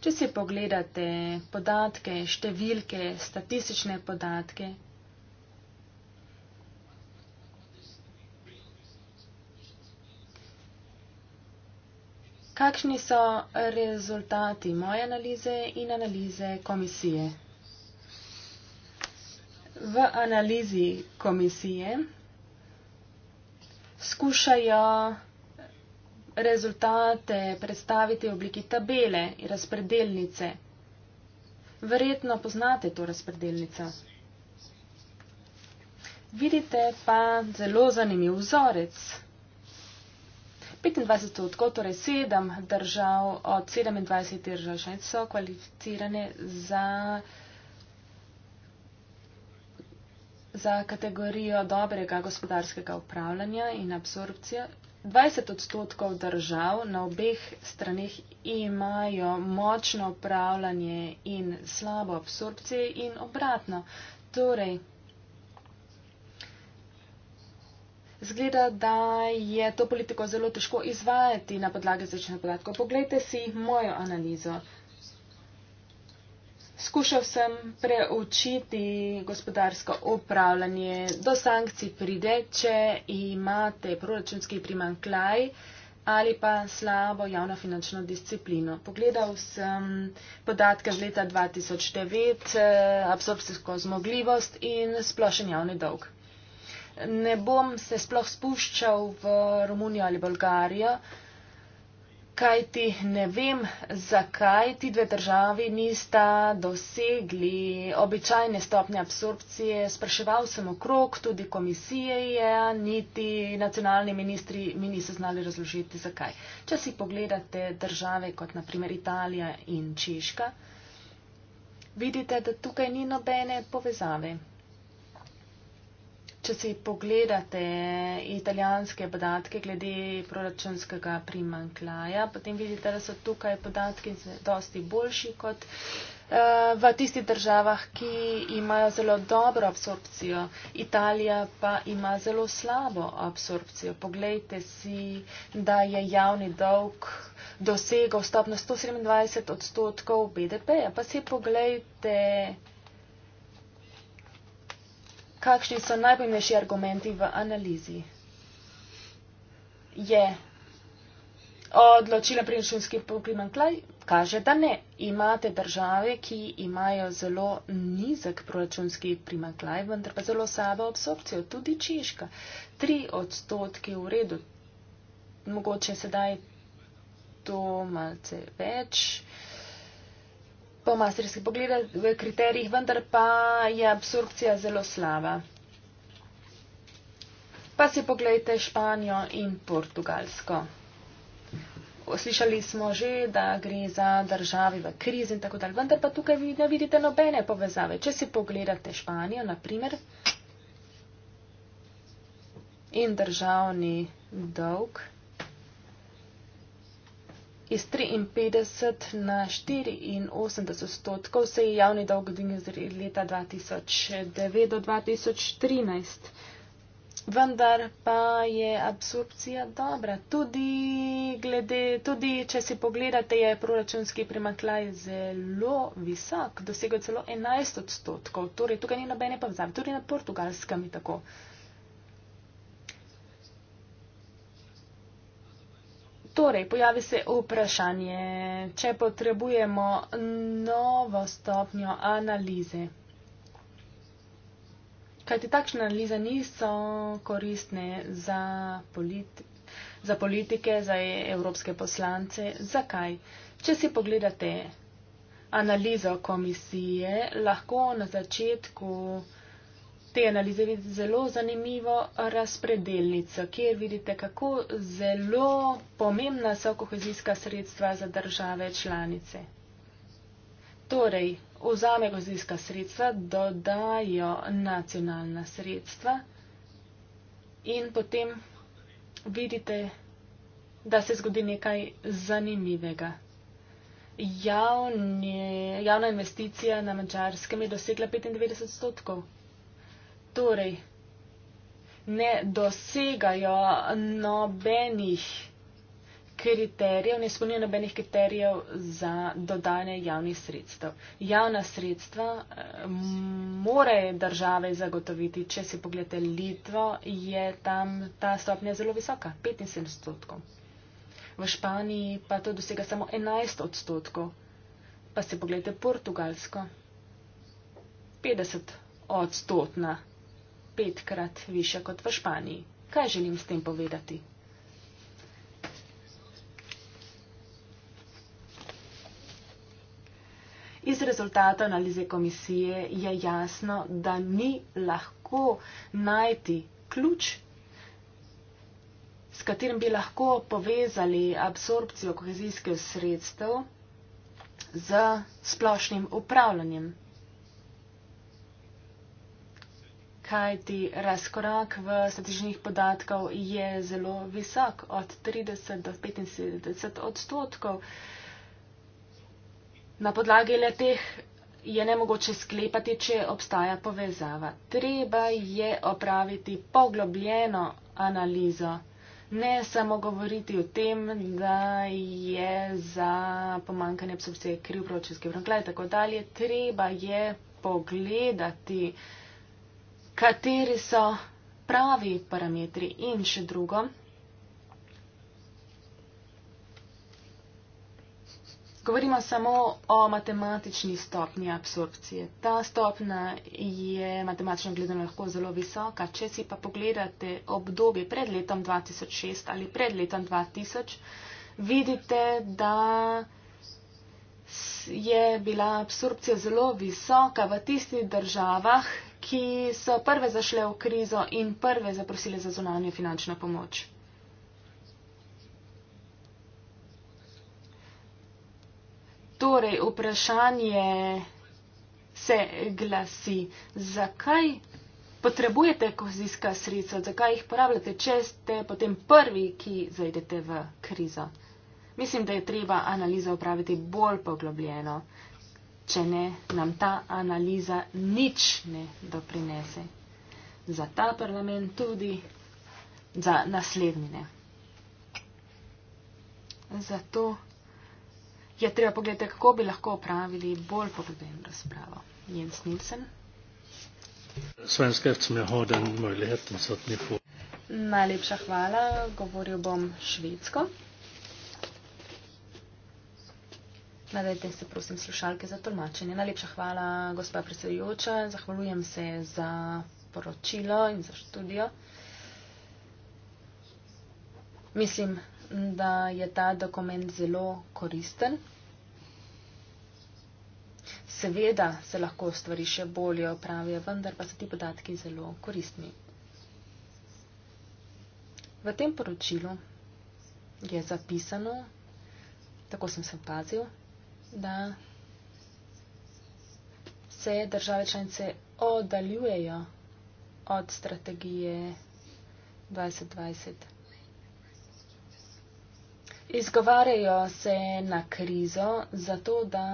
S2: Če si pogledate podatke, številke, statistične podatke, kakšni so rezultati moje analize in analize komisije? V analizi komisije skušajo rezultate predstaviti v obliki tabele in razpredelnice. Verjetno poznate to razpredelnico. Vidite pa zelo zanimiv vzorec. 25 odkot, torej 7 držav od 27 držav članic so kvalificirane za za kategorijo dobrega gospodarskega upravljanja in absorpcije. 20 odstotkov držav na obeh straneh imajo močno upravljanje in slabo absorpcije in obratno. Torej, zgleda, da je to politiko zelo težko izvajati na podlagi zračne podatkov. Poglejte si mojo analizo. Skušal sem preučiti gospodarsko upravljanje. Do sankcij pride, če imate proračunski primankljaj ali pa slabo javno finančno disciplino. Pogledal sem podatke z leta 2009, eh, absorpcijsko zmogljivost in splošen javni dolg. Ne bom se sploh spuščal v Romunijo ali Bolgarijo, kaj ti ne vem, zakaj ti dve državi nista dosegli običajne stopnje absorpcije. Spraševal sem okrog, tudi komisije je, niti nacionalni ministri mi niso znali razložiti, zakaj. Če si pogledate države kot naprimer Italija in Češka, vidite, da tukaj ni nobene povezave. Če si pogledate italijanske podatke glede proračunskega primankljaja, potem vidite, da so tukaj podatki dosti boljši kot eh, v tistih državah, ki imajo zelo dobro absorpcijo. Italija pa ima zelo slabo absorpcijo. Poglejte si, da je javni dolg dosegal stopno 127 odstotkov BDP. Pa si poglejte kakšni so najpomembnejši argumenti v analizi? Je odločilen prinšunski primanklaj? Kaže, da ne. Imate države, ki imajo zelo nizek proračunski primanklaj, vendar pa zelo slabo absorpcijo, tudi Češka. Tri odstotke v redu, mogoče sedaj to malce več. Uh, po masterski pogled v kriterijih, vendar pa je absorpcija zelo slaba. Pa si pogledajte Španijo in Portugalsko. Slišali smo že, da gre za državi v krizi in tako dalje, vendar pa tukaj ne vidite nobene povezave. Če si pogledate Španijo, na primer, in državni dolg, iz 53 na 84 odstotkov se je javni dolg dvignil z leta 2009 do 2013. Vendar pa je absorpcija dobra. Tudi, glede, tudi če si pogledate, je proračunski primaklaj zelo visok, dosegel celo 11 odstotkov. Torej, tukaj ni nobene povzave, tudi na portugalskem je tako. Uh, Torej, pojavi se vprašanje, če potrebujemo novo stopnjo analize. Kajti takšne analize niso koristne za, politi za politike, za evropske poslance. Zakaj? Če si pogledate analizo komisije, lahko na začetku delali zelo zanimivo razpredelnico, kjer vidite, kako zelo pomembna so kohezijska sredstva za države članice. Torej, vzame kohezijska sredstva, dodajo nacionalna sredstva in potem vidite, da se zgodi nekaj zanimivega. Javne, javna investicija na mačarskem je dosegla 95 odstotkov torej ne dosegajo nobenih kriterijev, ne spolnijo nobenih kriterijev za dodanje javnih sredstev. Javna sredstva eh, morajo države zagotoviti, če si pogledate Litvo, je tam ta stopnja zelo visoka, 75 odstotkov. V Španiji pa to dosega samo 11 odstotkov. Pa si pogledajte Portugalsko. 50 odstotna petkrat više kot v Španiji. Kaj želim s tem povedati? Iz rezultata analize komisije je jasno, da ni lahko najti ključ, s katerim bi lahko povezali absorpcijo kohezijskih sredstev z splošnim upravljanjem kajti razkorak v statističnih podatkov je zelo visok, od 30 do 75 odstotkov. Na podlagi le teh je nemogoče sklepati, če obstaja povezava. Treba je opraviti poglobljeno analizo. Ne samo govoriti o tem, da je za pomankanje psovce kriv pročeski vrnklaj in tako dalje. Treba je pogledati kateri so pravi parametri in še drugo. Govorimo samo o matematični stopnji absorpcije. Ta stopna je matematično gledano lahko zelo visoka. Če si pa pogledate obdobje pred letom 2006 ali pred letom 2000, vidite, da je bila absorpcija zelo visoka v tistih državah, ki so prve zašle v krizo in prve zaprosile za zunanjo finančno pomoč. Torej, vprašanje se glasi, zakaj potrebujete kozijska sredstva, zakaj jih porabljate, če ste potem prvi, ki zajdete v krizo. Mislim, da je treba analizo upraviti bolj poglobljeno če ne, nam ta analiza nič ne doprinese. Za ta parlament tudi, za naslednjine. Zato je treba pogledati, kako bi lahko opravili bolj pogleden razpravo. Jens Nilsen.
S1: Svenske cmehoden mojleten sotni fu.
S2: Najlepša hvala, govoril bom švedsko. Navedite se, prosim, slušalke za tolmačenje. Najlepša hvala, gospa predsedujoča. Zahvaljujem se za poročilo in za študijo. Mislim, da je ta dokument zelo koristen. Seveda se lahko stvari še bolje opravijo, vendar pa so ti podatki zelo koristni. V tem poročilu je zapisano, tako sem se opazil, da se države članice oddaljujejo od strategije 2020. Izgovarjajo se na krizo, zato da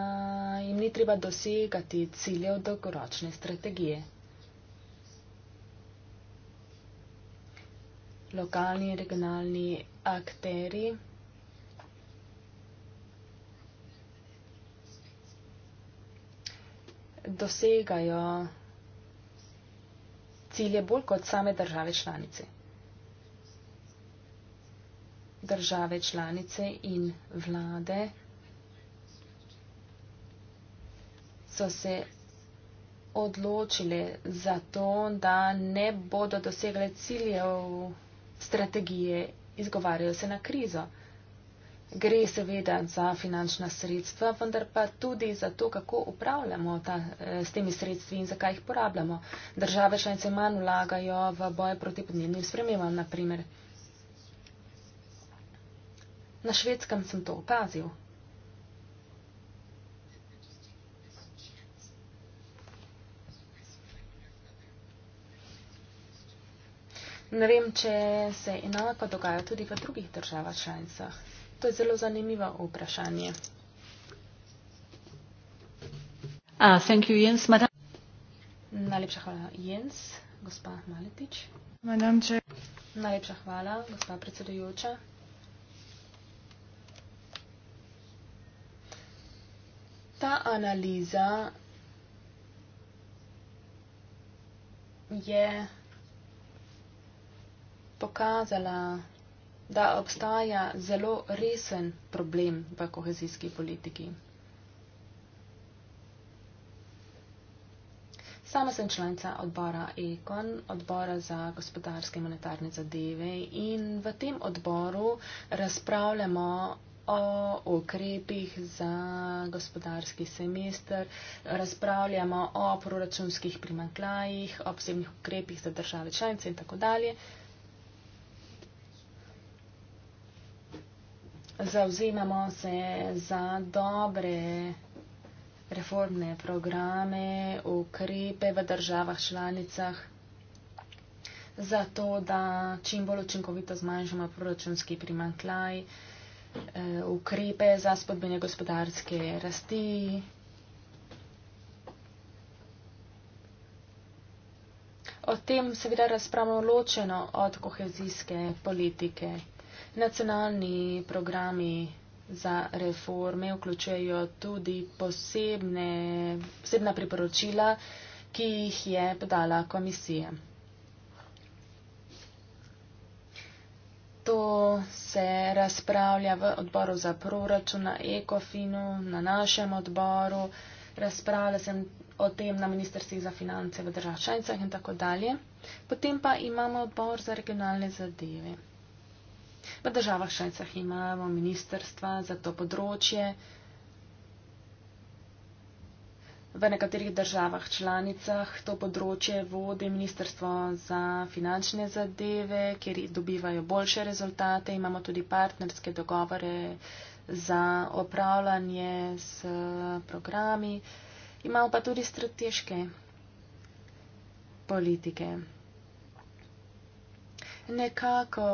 S2: jim ni treba dosegati ciljev dolgoročne strategije. Lokalni in regionalni akteri. dosegajo cilje bolj kot same države članice. Države članice in vlade so se odločile za to, da ne bodo dosegle ciljev strategije, izgovarjajo se na krizo. Gre seveda za finančna sredstva, vendar pa tudi za to, kako upravljamo ta, eh, s temi sredstvi in zakaj jih porabljamo. Države članice manj vlagajo v boje proti podnebnim spremembam, naprimer. Na švedskem sem to opazil. Ne vem, če se enako dogaja tudi v drugih državah članicah. To je zelo zanimivo vprašanje.
S3: Uh, thank you, Jens. Madame.
S2: Najlepša hvala, Jens, gospa Maletič. Madame, Najlepša hvala, gospa predsedujoča. Ta analiza je pokazala da obstaja zelo resen problem v kohezijski politiki. Sama sem članica odbora Ekon, odbora za gospodarske in monetarne zadeve in v tem odboru razpravljamo o ukrepih za gospodarski semester, razpravljamo o proračunskih primanklajih, o posebnih ukrepih za države članice in tako dalje. zauzemamo se za dobre reformne programe, ukrepe v državah članicah, zato da čim bolj učinkovito zmanjšamo proračunski primanklaj, eh, ukrepe za spodbene gospodarske rasti. O tem seveda razpravljamo ločeno od kohezijske politike. Nacionalni programi za reforme vključujejo tudi posebne, posebna priporočila, ki jih je podala komisija. To se razpravlja v odboru za proračuna Ekofinu, na našem odboru, razpravlja sem o tem na ministrstvih za finance v državšanjcah in tako dalje. Potem pa imamo odbor za regionalne zadeve. V državah šajcah imamo ministerstva za to področje. V nekaterih državah članicah to področje vodi Ministrstvo za finančne zadeve, kjer dobivajo boljše rezultate. Imamo tudi partnerske dogovore za opravljanje s programi. Imamo pa tudi strateške politike. Nekako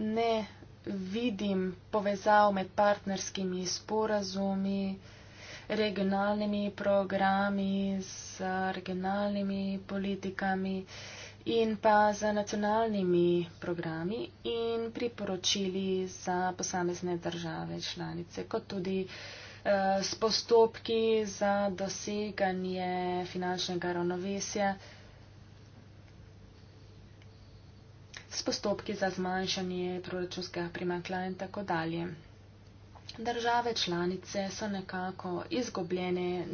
S2: ne vidim povezav med partnerskimi sporazumi, regionalnimi programi z regionalnimi politikami in pa z nacionalnimi programi in priporočili za posamezne države članice, kot tudi eh, s postopki za doseganje finančnega ravnovesja s postopki za zmanjšanje proračunskega primankljaja in tako dalje. Države članice so nekako izgubljene,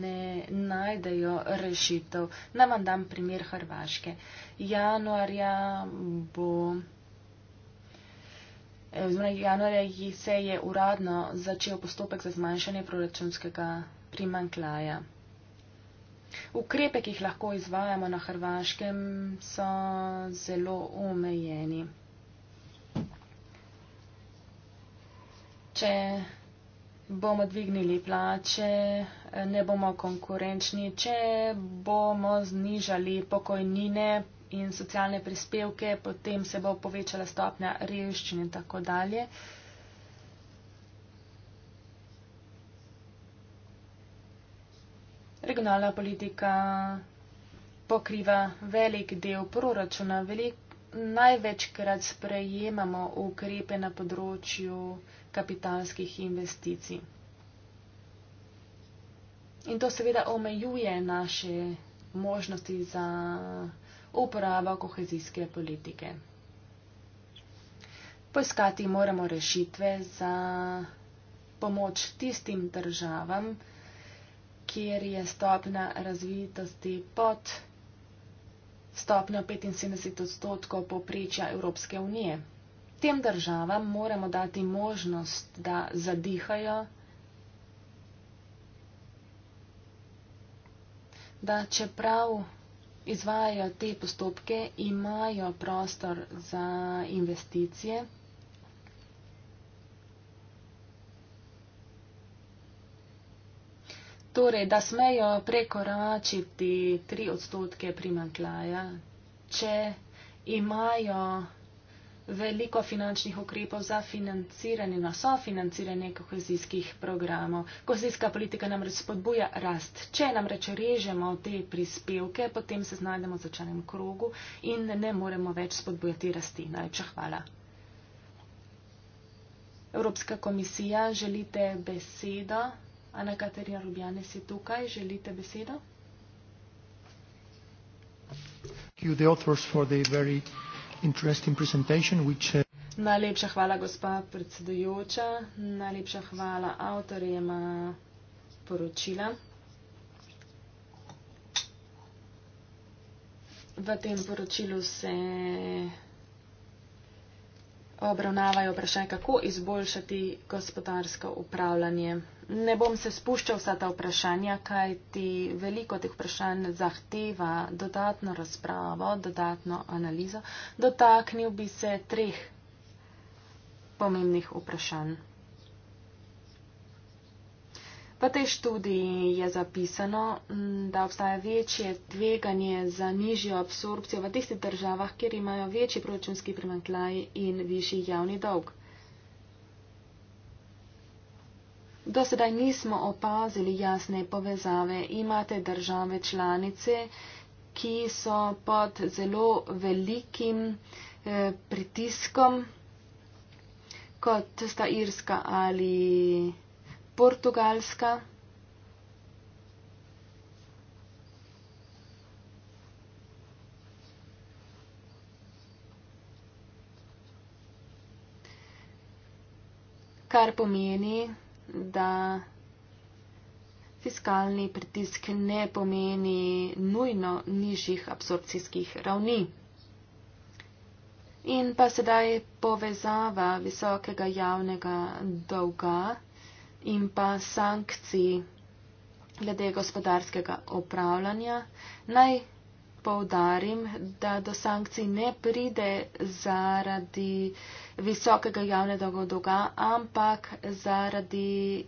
S2: ne najdejo rešitev. Naj vam dam primer Hrvaške. Januarja bo. Eh, Zmrnjega januarja se je uradno začel postopek za zmanjšanje proračunskega primankljaja. Ukrepe, ki jih lahko izvajamo na Hrvaškem, so zelo omejeni. Če bomo dvignili plače, ne bomo konkurenčni. Če bomo znižali pokojnine in socialne prispevke, potem se bo povečala stopnja revščine in tako dalje. regionalna politika pokriva velik del proračuna. Velik, največkrat sprejemamo ukrepe na področju kapitalskih investicij. In to seveda omejuje naše možnosti za uporabo kohezijske politike. Poiskati moramo rešitve za pomoč tistim državam, kjer je stopna razvitosti pod stopno 75 odstotkov poprečja Evropske unije. Tem državam moramo dati možnost, da zadihajo, da čeprav izvajajo te postopke, imajo prostor za investicije. Torej, da smejo prekoračiti 3 odstotke primankljaja, če imajo veliko finančnih ukrepov za financiranje, na sofinanciranje kohezijskih programov. Kohezijska politika namreč spodbuja rast. Če namreč režemo te prispevke, potem se znajdemo v začanem krogu in ne moremo več spodbujati rasti. Najlepša hvala. Evropska komisija, želite besedo? Ana Katerina Rubjane, si tukaj, želite besedo? Which, uh... Najlepša hvala, gospa predsedujoča, najlepša hvala avtorjema poročila. V tem poročilu se obravnavajo vprašanje, kako izboljšati gospodarsko upravljanje. Ne bom se spuščal vsa ta vprašanja, kaj ti veliko teh vprašanj zahteva dodatno razpravo, dodatno analizo. Dotaknil bi se treh pomembnih vprašanj. V tej študiji je zapisano, mm, da obstaja večje tveganje za nižjo absorpcijo v tistih državah, kjer imajo večji proračunski primankljaj in višji javni dolg. Do sedaj nismo opazili jasne povezave. Imate države članice, ki so pod zelo velikim eh, pritiskom, kot sta Irska ali. Portugalska. Kar pomeni, da fiskalni pritisk ne pomeni nujno nižjih absorpcijskih ravni. In pa sedaj povezava visokega javnega dolga in pa sankcij glede gospodarskega upravljanja. Naj povdarim, da do sankcij ne pride zaradi visokega javnega dolga, ampak zaradi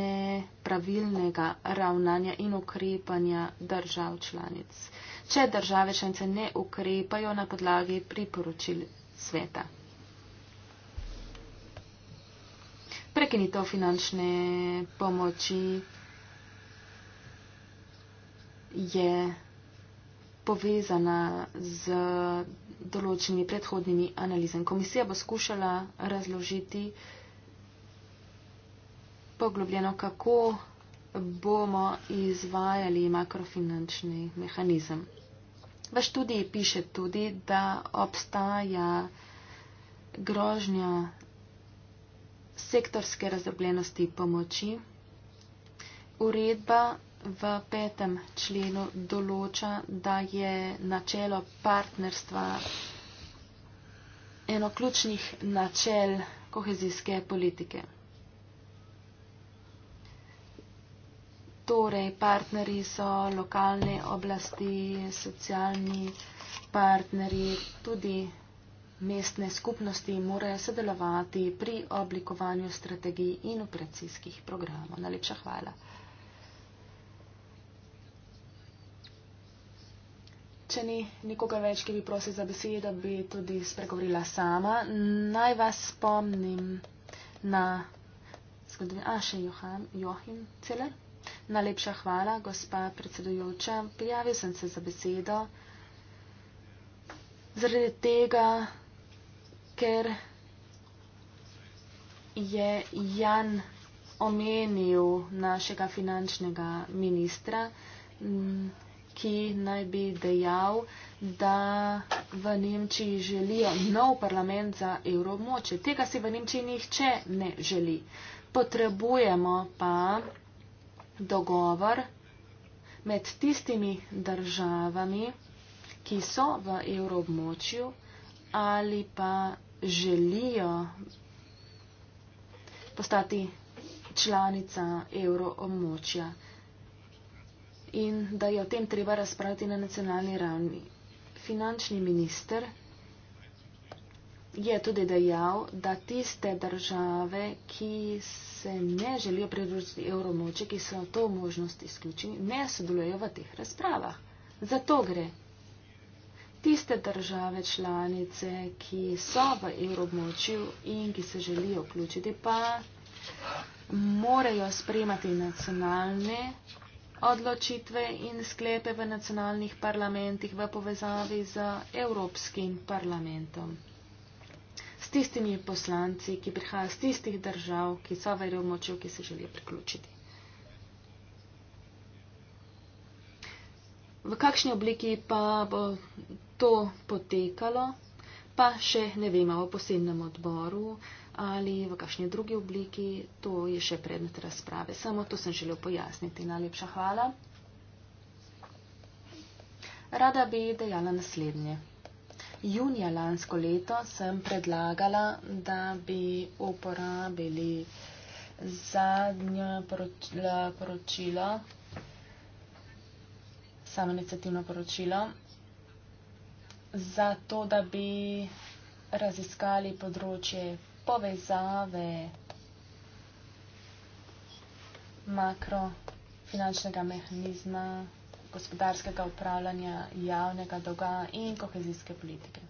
S2: nepravilnega ravnanja in ukrepanja držav članic, če države članice ne ukrepajo na podlagi priporočil sveta. prekinitev finančne pomoči je povezana z določenimi predhodnimi analizami. Komisija bo skušala razložiti poglobljeno, kako bomo izvajali makrofinančni mehanizem. V študiji piše tudi, da obstaja grožnja sektorske razdrobljenosti pomoči. Uredba v petem členu določa, da je načelo partnerstva eno ključnih načel kohezijske politike. Torej, partneri so lokalne oblasti, socialni partneri, tudi mestne skupnosti morajo sodelovati pri oblikovanju strategij in operacijskih programov. Najlepša hvala. Če ni nikoga več, ki bi prosil za besedo, bi tudi spregovorila sama. Naj vas spomnim na zgodovino. A še Johan, Johim Cele. Najlepša hvala, gospa predsedujoča. Prijavil sem se za besedo. Zaradi tega, ker je Jan omenil našega finančnega ministra, ki naj bi dejal, da v Nemčiji želijo nov parlament za evromoče. Tega si v Nemčiji nihče ne želi. Potrebujemo pa dogovor med tistimi državami, ki so v evromočju, ali pa želijo postati članica evroobmočja in da je o tem treba razpraviti na nacionalni ravni. Finančni minister je tudi dejal, da tiste države, ki se ne želijo pridružiti evroobmočju, ki so to možnost izključili, ne sodelujejo v teh razpravah. Zato gre tiste države članice, ki so v evroobmočju in ki se želijo vključiti, pa morajo spremati nacionalne odločitve in sklepe v nacionalnih parlamentih v povezavi z Evropskim parlamentom. S tistimi poslanci, ki prihajajo z tistih držav, ki so v evroobmočju, ki se želijo priključiti. V kakšni obliki pa bo to potekalo, pa še ne vemo v posebnem odboru ali v kakšni drugi obliki, to je še predmet razprave. Samo to sem želel pojasniti. Najlepša hvala. Rada bi dejala naslednje. Junija lansko leto sem predlagala, da bi uporabili zadnje poročilo, samo inicijativno poročilo, za to, da bi raziskali področje povezave makrofinančnega mehanizma, gospodarskega upravljanja javnega dolga in kohezijske politike.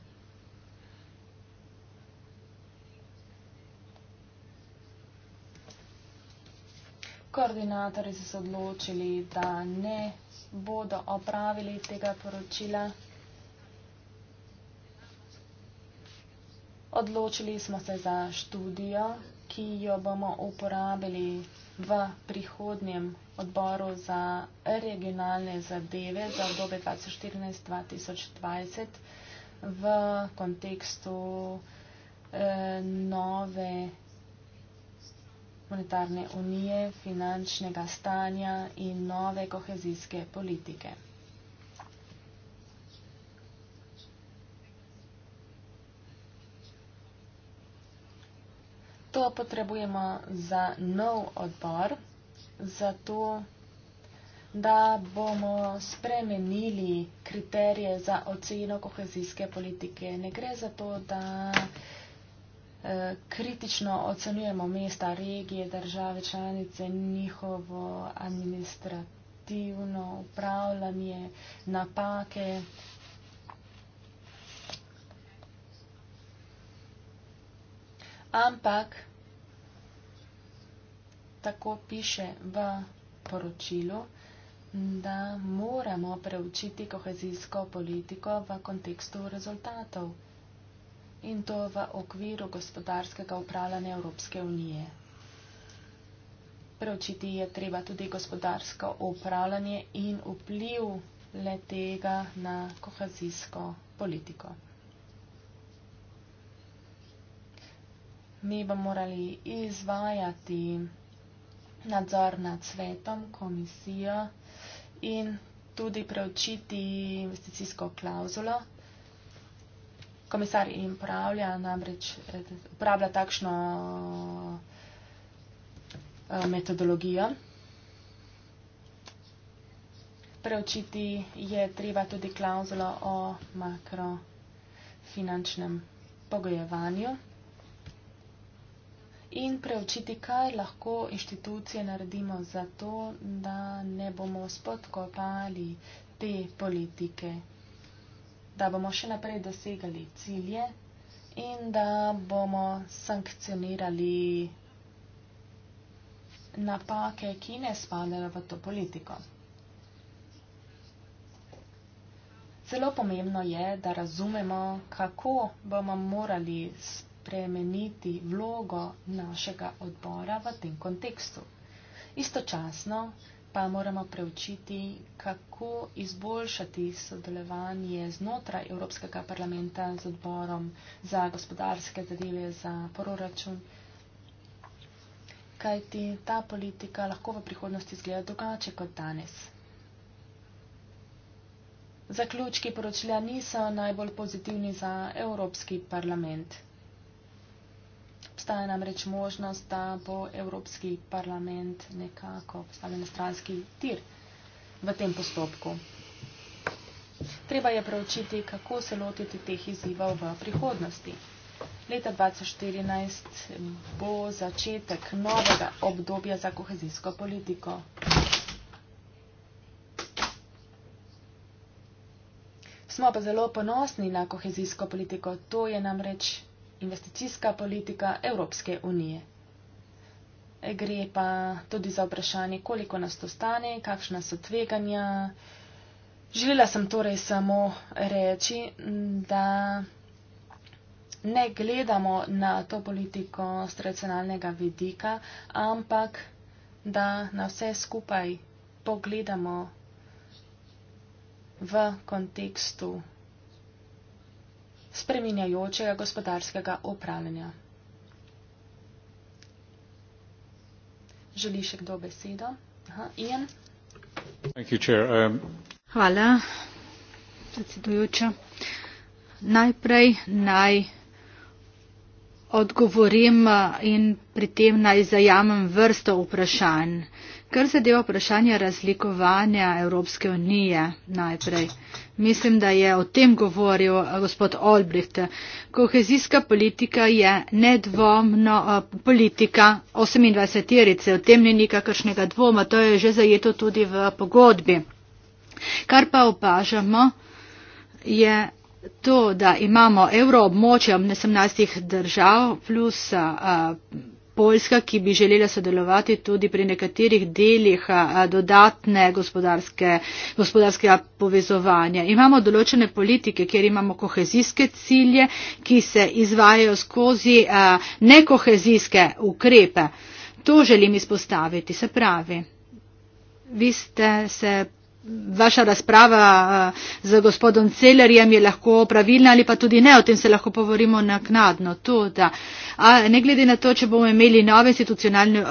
S2: Koordinatori so se odločili, da ne bodo opravili tega poročila. Odločili smo se za študijo, ki jo bomo uporabili v prihodnjem odboru za regionalne zadeve za obdobje 2014-2020 v kontekstu eh, nove monetarne unije, finančnega stanja in nove kohezijske politike. To potrebujemo za nov odbor, zato da bomo spremenili kriterije za oceno kohezijske politike. Ne gre za to, da eh, kritično ocenujemo mesta, regije, države, članice, njihovo administrativno upravljanje, napake, napake, ampak tako piše v poročilu, da moramo preučiti kohezijsko politiko v kontekstu rezultatov in to v okviru gospodarskega upravljanja Evropske unije. Preučiti je treba tudi gospodarsko upravljanje in vpliv letega na kohezijsko politiko. mi bi morali izvajati nadzor nad svetom, komisijo in tudi preučiti investicijsko klauzulo. Komisar jim pravlja namreč, pravlja takšno eh, metodologijo. Preučiti je treba tudi klauzulo o makrofinančnem pogojevanju in preučiti, kaj lahko inštitucije naredimo za to, da ne bomo spodkopali te politike, da bomo še naprej dosegali cilje in da bomo sankcionirali napake, ki ne spadajo v to politiko. Zelo pomembno je, da razumemo, kako bomo morali spodkopati spremeniti vlogo našega odbora v tem kontekstu. Istočasno pa moramo preučiti, kako izboljšati sodelovanje znotraj Evropskega parlamenta z odborom za gospodarske zadeve za proračun, kajti ta politika lahko v prihodnosti izgleda drugače kot danes. Zaključki poročila niso najbolj pozitivni za Evropski parlament. Obstaja namreč možnost, da bo Evropski parlament nekako postavljen stranski tir v tem postopku. Treba je preučiti, kako se lotiti teh izzivov v prihodnosti. Leta 2014 bo začetek novega obdobja za kohezijsko politiko. Smo pa zelo ponosni na kohezijsko politiko. To je namreč investicijska politika Evropske unije. Gre pa tudi za vprašanje, koliko nas to stane, kakšna so tveganja. Želela sem torej samo reči, da ne gledamo na to politiko z tradicionalnega vidika, ampak da na vse skupaj pogledamo v kontekstu spreminjajočega gospodarskega upravljanja. Želi še kdo besedo? Aha, Ian?
S1: Um,
S3: Hvala, predsedujoča. Najprej naj odgovorim uh, in pri tem naj zajamem vrsto vprašanj, Kar zadeva vprašanje razlikovanja Evropske unije najprej. Mislim, da je o tem govoril eh, gospod Olbricht. Kohezijska politika je nedvomno eh, politika 28. -erice. O tem ni nikakršnega dvoma, to je že zajeto tudi v pogodbi. Kar pa opažamo, je to, da imamo evroobmočje ob 18 držav plus. A, eh, Poljska, ki bi želela sodelovati tudi pri nekaterih delih dodatne gospodarske, gospodarskega povezovanja. Imamo določene politike, kjer imamo kohezijske cilje, ki se izvajajo skozi nekohezijske ukrepe. To želim izpostaviti. Se pravi, vi ste se vaša razprava eh, z gospodom Celerjem je lahko pravilna ali pa tudi ne, o tem se lahko povorimo naknadno. Tuda. A ne glede na to, če bomo imeli nove institucionalne eh,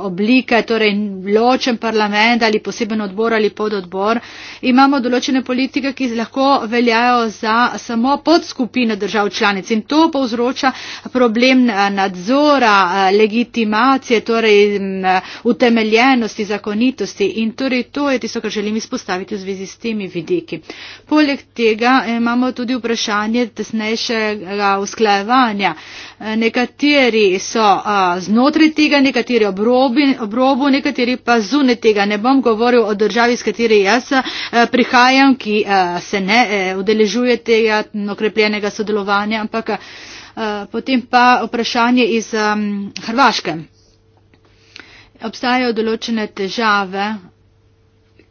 S3: oblike, torej ločen parlament ali poseben odbor ali pododbor, imamo določene politike, ki lahko veljajo za samo podskupine držav članic in to povzroča problem eh, nadzora, legitimacije, torej utemeljenosti, zakonitosti in torej to je tisto, kar želim izpostaviti v zvezi s temi vidiki. Poleg tega eh, imamo tudi vprašanje tesnejšega usklajevanja. Eh, nekateri so a, znotraj tega, nekateri obrobi, obrobu, nekateri pa zunaj tega. Ne bom govoril o državi, iz katere jaz a, eh, prihajam, ki a, se ne udeležuje tega okrepljenega sodelovanja, ampak a, a, potem pa vprašanje iz a, mm, Hrvaške. Obstajajo določene težave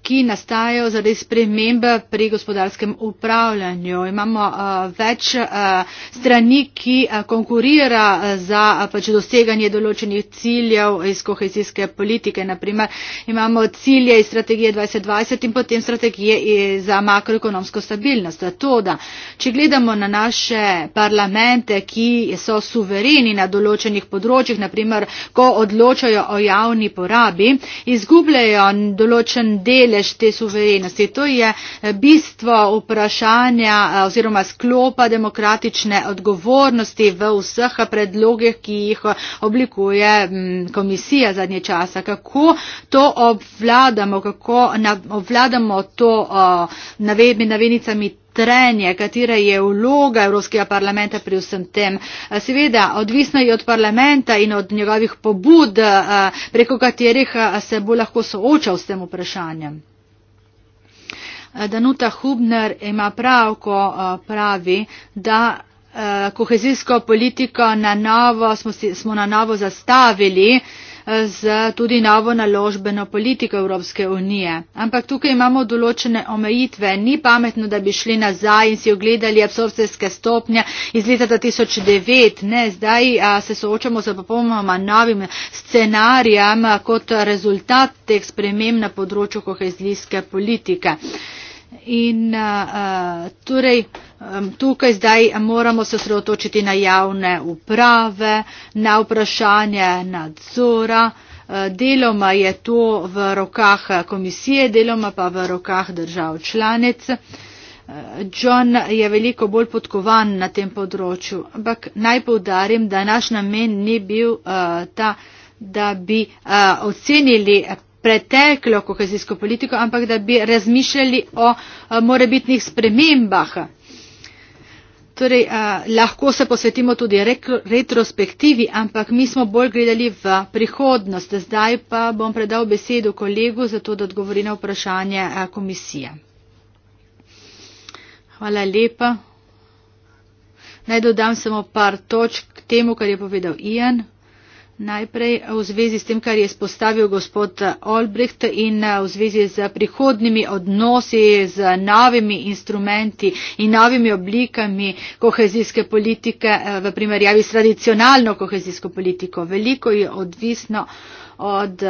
S3: ki nastajajo zaradi spremembe pri gospodarskem upravljanju. Imamo uh, več uh, strani, ki uh, konkurira za uh, pač doseganje določenih ciljev iz kohezijske politike. Naprimer, imamo cilje iz strategije 2020 in potem strategije za makroekonomsko stabilnost. To, da če gledamo na naše parlamente, ki so suvereni na določenih področjih, naprimer, ko odločajo o javni porabi, izgubljajo določen del delež te suverenosti. To je eh, bistvo vprašanja eh, oziroma sklopa demokratične odgovornosti v vseh predlogih, ki jih eh, oblikuje mm, komisija zadnje časa. Kako to obvladamo, kako obvladamo to navednicami trenje, katera je vloga Evropskega parlamenta pri vsem tem. Seveda, odvisno je od parlamenta in od njegovih pobud, preko katerih se bo lahko soočal s tem vprašanjem. Danuta Hubner ima prav, ko pravi, da kohezijsko politiko na novo, smo, si, smo na novo zastavili z tudi novo naložbeno politiko Evropske unije. Ampak tukaj imamo določene omejitve. Ni pametno, da bi šli nazaj in si ogledali absorpcijske stopnje iz leta 2009. Ne, zdaj a, se soočamo z popolnoma novim scenarijem a, kot rezultat teh sprememb na področju kohezijske politike. In a, a, torej tukaj zdaj moramo se osredotočiti na javne uprave, na vprašanje nadzora. E, deloma je to v rokah komisije, deloma pa v rokah držav članic. E, John je veliko bolj podkovan na tem področju, ampak naj povdarim, da naš namen ni bil uh, ta, da bi uh, ocenili preteklo kohezijsko politiko, ampak da bi razmišljali o uh, morebitnih spremembah. Torej, uh, lahko se posvetimo tudi retrospektivi, ampak mi smo bolj gledali v prihodnost. Zdaj pa bom predal besedo kolegu za to, da odgovori na vprašanje uh, komisije. Hvala lepa. Naj dodam samo par točk k temu, kar je povedal Ian najprej v zvezi s tem, kar je spostavil gospod eh, Olbricht in eh, v zvezi z prihodnimi odnosi z novimi instrumenti in novimi oblikami kohezijske politike eh, v primerjavi s tradicionalno kohezijsko politiko. Veliko je odvisno od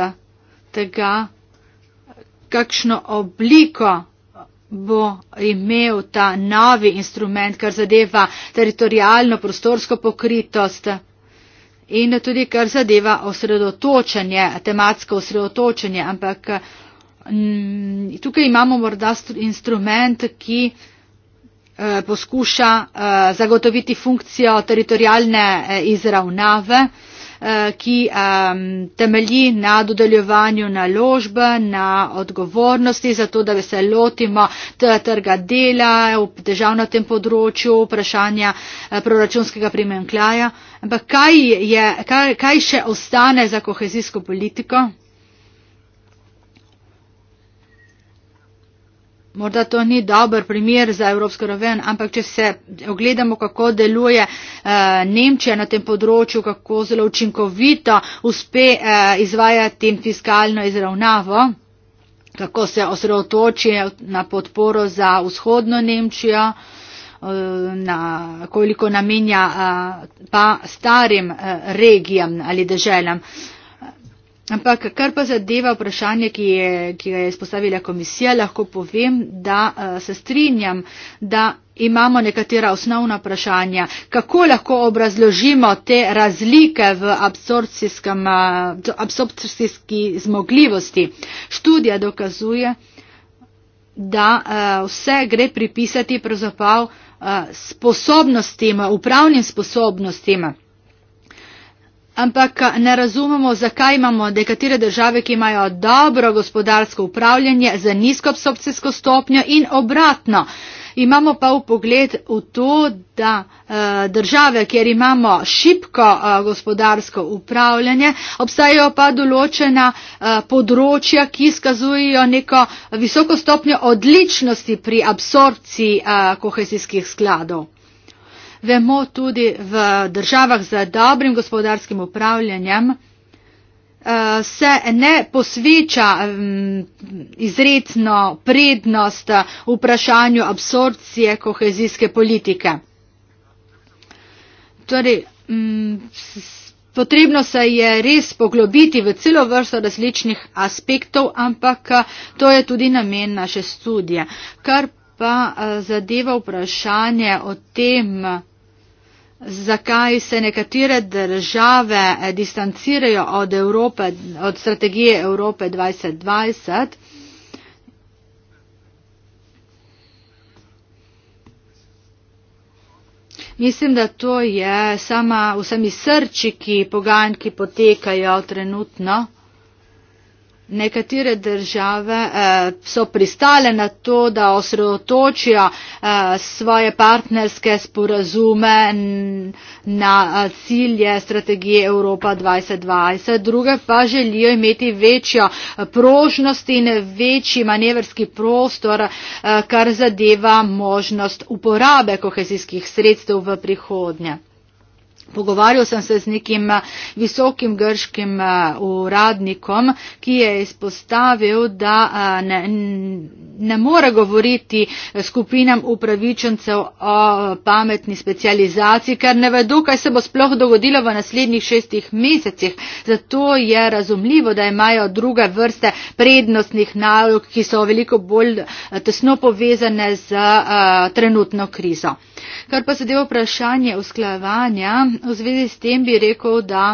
S3: tega, kakšno obliko bo imel ta novi instrument, kar zadeva teritorijalno prostorsko pokritost in tudi kar zadeva osredotočenje, tematsko osredotočenje, ampak mm, tukaj imamo morda instrument, ki eh, poskuša eh, zagotoviti funkcijo teritorijalne eh, izravnave. Eh, ki um, temelji na dodeljevanju naložb, na odgovornosti, zato da se lotimo trga dela, težav na tem področju, vprašanja eh, proračunskega primemklaja. Ampak kaj, je, kaj, kaj še ostane za kohezijsko politiko? Morda to ni dober primer za evropsko raven, ampak če se ogledamo, kako deluje eh, Nemčija na tem področju, kako zelo učinkovito uspe eh, izvajati fiskalno izravnavo, kako se osredotoči na podporo za vzhodno Nemčijo, eh, na koliko namenja eh, pa starim eh, regijam ali deželam. Eh, Ampak kar pa zadeva vprašanje, ki, je, ki ga je izpostavila komisija, lahko povem, da eh, se strinjam, da imamo nekatera osnovna vprašanja. Kako lahko obrazložimo te razlike v eh, absorpcijski zmogljivosti? Študija dokazuje, da eh, vse gre pripisati pravzaprav sposobnostima, upravnim sposobnostima. Ampak ne razumemo, zakaj imamo nekatere države, ki imajo dobro gospodarsko upravljanje za nizko absorpcijsko stopnjo in obratno. Imamo pa v pogled v to, da države, kjer imamo šipko gospodarsko upravljanje, obstajajo pa določena področja, ki skazujejo neko visoko stopnjo odličnosti pri absorpciji kohezijskih skladov. Vemo tudi v državah z dobrim gospodarskim upravljanjem eh, se ne posveča mm, izredno prednost vprašanju absorpcije kohezijske politike. Torej, mm, potrebno se je res poglobiti v celo vrsto različnih aspektov, ampak eh, to je tudi namen naše studije. Kar pa eh, zadeva vprašanje o tem, zakaj se nekatere države eh, distancirajo od, Evrope, od strategije Evrope 2020. Mislim, da to je sama vsemi srčiki pogajanj, ki potekajo trenutno. Nekatere države eh, so pristale na to, da osredotočijo eh, svoje partnerske sporazume na eh, cilje strategije Evropa 2020, druge pa želijo imeti večjo eh, prožnost in večji manevrski prostor, eh, kar zadeva možnost uporabe kohezijskih sredstev v prihodnje. Pogovarjal sem se z nekim eh, visokim grškim eh, uradnikom, ki je izpostavil, da eh, ne, ne more govoriti skupinam upravičencev o pametni specializaciji, ker ne vedo, kaj se bo sploh dogodilo v naslednjih šestih mesecih. Zato je razumljivo, da imajo druge vrste prednostnih nalog, ki so veliko bolj tesno povezane z a, trenutno krizo. Kar pa zadeva vprašanje usklajevanja, v zvezi s tem bi rekel, da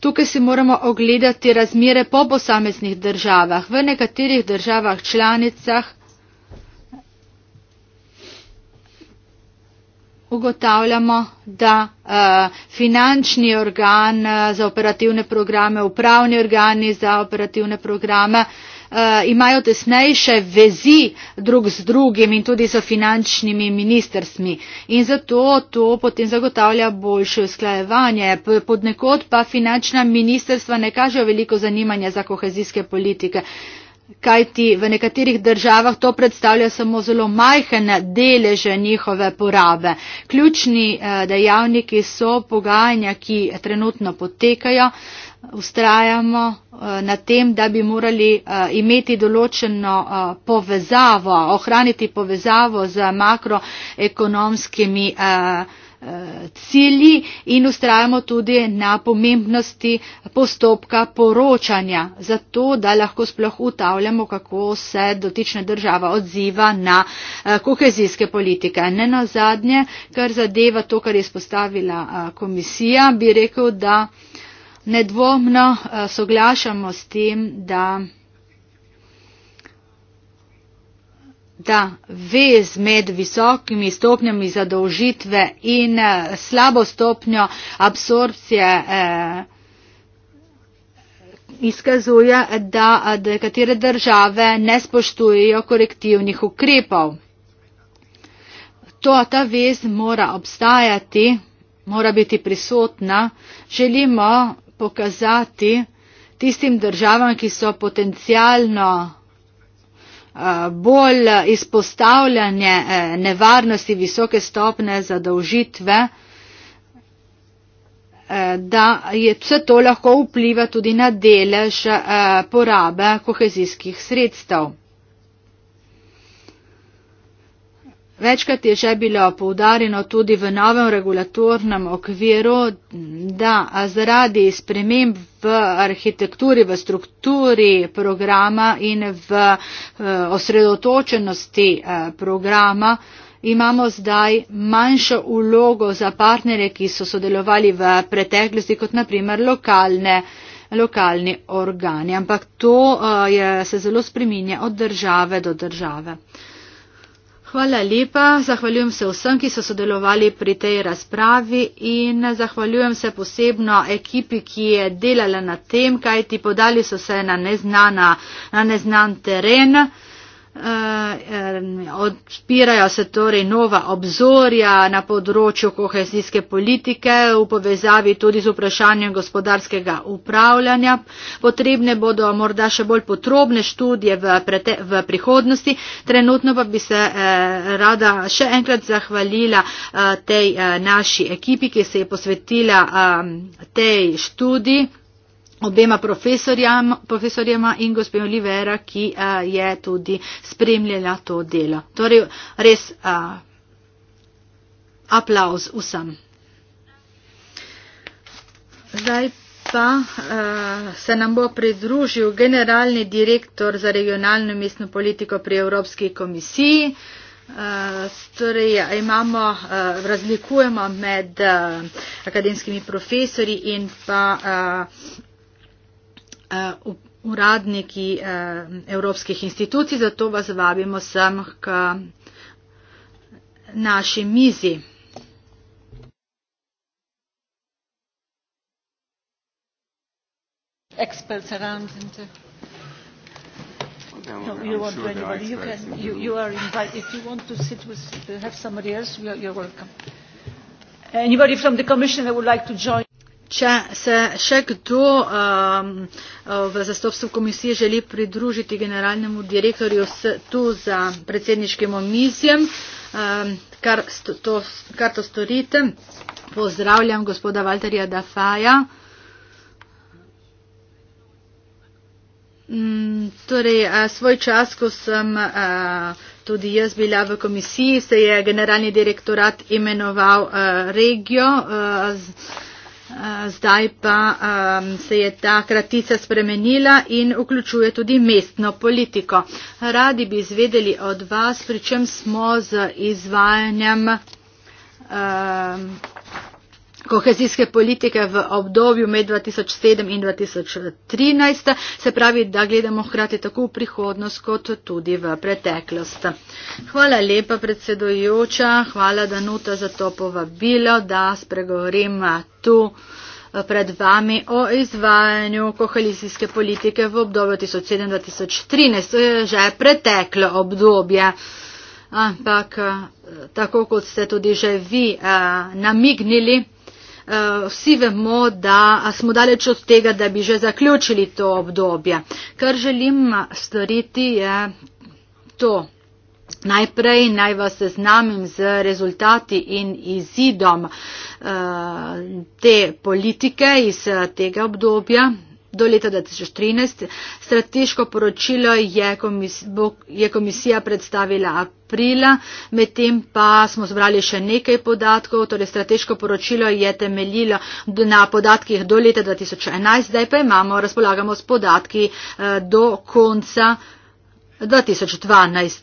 S3: tukaj si moramo ogledati razmere po posameznih državah. V nekaterih državah članicah ugotavljamo, da uh, finančni organ uh, za operativne programe, upravni organi za operativne programe uh, Eh, imajo tesnejše vezi drug z drugim in tudi z finančnimi ministrstvi. In zato to potem zagotavlja boljše usklajevanje. Pod nekod pa finančna ministrstva ne kažejo veliko zanimanja za kohezijske politike. Kaj ti v nekaterih državah to predstavlja samo zelo majhen deleže njihove porabe. Ključni eh, dejavniki so pogajanja, ki trenutno potekajo ustrajamo eh, na tem, da bi morali eh, imeti določeno eh, povezavo, ohraniti povezavo z makroekonomskimi cilji in ustrajamo tudi na pomembnosti postopka poročanja, zato da lahko sploh utavljamo, kako se dotična država odziva na kohezijske politike. Ne na zadnje, kar zadeva to, kar je spostavila komisija, bi rekel, da nedvomno eh, soglašamo s tem, da, da vez med visokimi stopnjami zadolžitve in eh, slabo stopnjo absorpcije eh, izkazuje, da nekatere države ne spoštujejo korektivnih ukrepov. To, ta vez mora obstajati, mora biti prisotna. Želimo pokazati tistim državam, ki so potencijalno eh, bolj izpostavljanje eh, nevarnosti visoke stopne zadolžitve, eh, da je vse to lahko vpliva tudi na delež porabe kohezijskih sredstev. Večkrat je že bilo poudarjeno tudi v novem regulatornem okviru, da zaradi sprememb v arhitekturi, v strukturi programa in v eh, osredotočenosti eh, programa imamo zdaj manjšo ulogo za partnere, ki so sodelovali v preteklosti kot naprimer lokalne lokalni organi, ampak to uh, je, se zelo spreminja od države do države. Hvala lepa. Zahvaljujem se vsem, ki so sodelovali pri tej razpravi in zahvaljujem se posebno ekipi, ki je delala na tem, kaj ti podali so se na, neznana, na neznan teren. Eh, eh, odpirajo se torej nova obzorja na področju kohezijske politike v povezavi tudi z vprašanjem gospodarskega upravljanja. Potrebne bodo morda še bolj potrobne študije v, v prihodnosti. Trenutno pa bi se eh, rada še enkrat zahvalila tej naši ekipi, ki se je posvetila tej študiji obema profesorjema in gospe Olivera, ki a, eh, je tudi spremljala to delo. Torej, res a, eh, aplauz vsem. Zdaj pa a, eh, se nam bo pridružil generalni direktor za regionalno mestno politiko pri Evropski komisiji. Uh, torej, imamo, uh, razlikujemo med uh, akademskimi profesori in pa uh, Uh, uradniki uh, evropskih institucij, zato vas vabimo sem k naši mizi.
S2: Experts around and to... Uh, no, no, you I'm want sure anybody? You can. You, you are invited.
S3: If you want to sit with, have somebody else. You're, you're welcome. Anybody from the Commission that would like to join? Če se še kdo um, uh, v zastopstvu komisije želi pridružiti generalnemu direktorju tu za predsedniškim omizjem, um, kar, to, kar to storite, pozdravljam gospoda Valterja Dafaja. Mm, torej, svoj čas, ko sem uh, tudi jaz bila v komisiji, se je generalni direktorat imenoval uh, regijo. Uh, zdaj pa um, se je ta kratica spremenila in vključuje tudi mestno politiko. Radi bi izvedeli od vas, pri čem smo z izvajanjem um, kohezijske politike v obdobju med 2007 in 2013, se pravi, da gledamo hkrati tako v prihodnost kot tudi v preteklost. Hvala lepa, predsedujoča, hvala Danuta za to povabilo, da spregovorim tu eh, pred vami o izvajanju kohalizijske politike v obdobju 2007-2013. To je že preteklo obdobje, ampak eh, tako kot ste tudi že vi eh, namignili, Eh, vsi vemo, da smo daleč od tega, da bi že zaključili to obdobje. Kar želim storiti je to. Najprej naj vas seznamim z rezultati in izidom eh, te politike iz tega obdobja do leta 2013. Strateško poročilo je, komis, bo, je komisija predstavila aprila, medtem pa smo zbrali še nekaj podatkov, torej strateško poročilo je temeljilo na podatkih do leta 2011, zdaj pa imamo, razpolagamo s podatki eh, do konca 2012.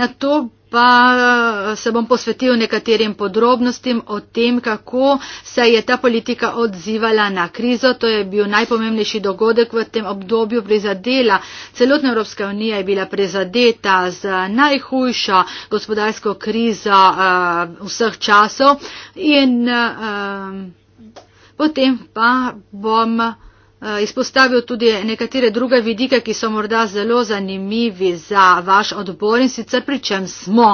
S3: Na to pa eh, se bom posvetil nekaterim podrobnostim o tem, kako se je ta politika odzivala na krizo. To je bil najpomembnejši dogodek v tem obdobju prizadela. Celotna Evropska unija je bila prizadeta z najhujšo gospodarsko krizo uh, vseh časov in uh, potem pa bom. Eh, izpostavil tudi nekatere druge vidike, ki so morda zelo zanimivi za vaš odbor in sicer pri čem smo.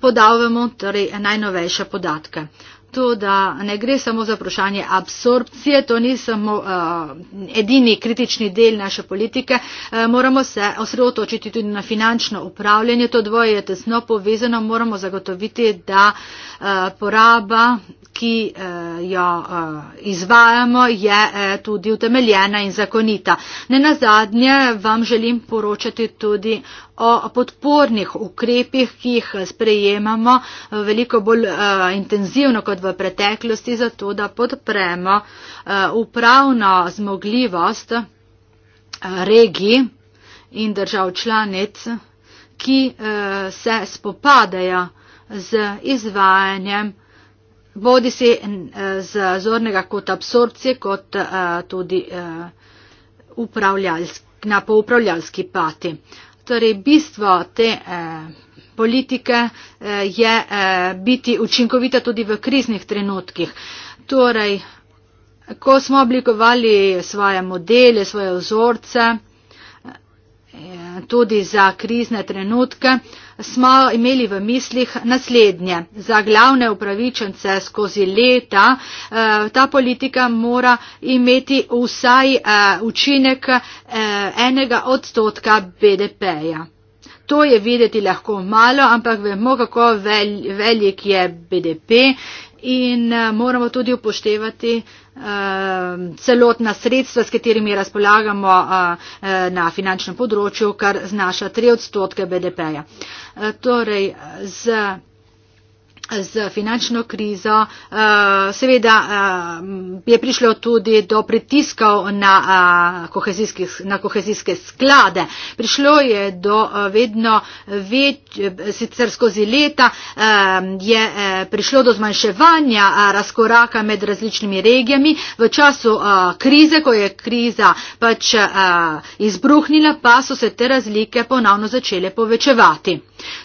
S3: Podavljamo torej najnovejše podatke. To, da ne gre samo za vprašanje absorpcije, to ni samo uh, edini kritični del naše politike, uh, moramo se osredotočiti tudi na finančno upravljanje, to dvoje je tesno povezano, moramo zagotoviti, da uh, poraba ki eh, jo eh, izvajamo, je eh, tudi utemeljena in zakonita. Ne nazadnje vam želim poročati tudi o podpornih ukrepih, ki jih sprejemamo veliko bolj intenzivno kot v preteklosti, zato da podpremo upravno zmogljivost regij in držav članic, ki se spopadajo z izvajanjem bodi si eh, z zornega kot absorpcije, kot eh, tudi eh, na poupravljalski pati. Torej, bistvo te politike je biti učinkovita tudi v kriznih trenutkih. Torej, ko smo oblikovali svoje modele, svoje vzorce, tudi za krizne trenutke, smo imeli v mislih naslednje. Za glavne upravičence skozi leta eh, ta politika mora imeti vsaj eh, učinek eh, enega odstotka BDP-ja. To je videti lahko malo, ampak vemo, kako velik je BDP in moramo tudi upoštevati Um, celotna sredstva, s katerimi razpolagamo uh, uh, na finančnem področju, kar znaša tri odstotke BDP-ja. Uh, torej, z z finančno krizo. Eh, seveda eh, je prišlo tudi do pritiskov na eh, kohezijske, na kohezijske sklade. Prišlo je do vedno več, sicer skozi leta, je prišlo do zmanjševanja razkoraka med različnimi regijami. V času krize, ko je kriza pač izbruhnila, pa so se te razlike ponovno začele povečevati.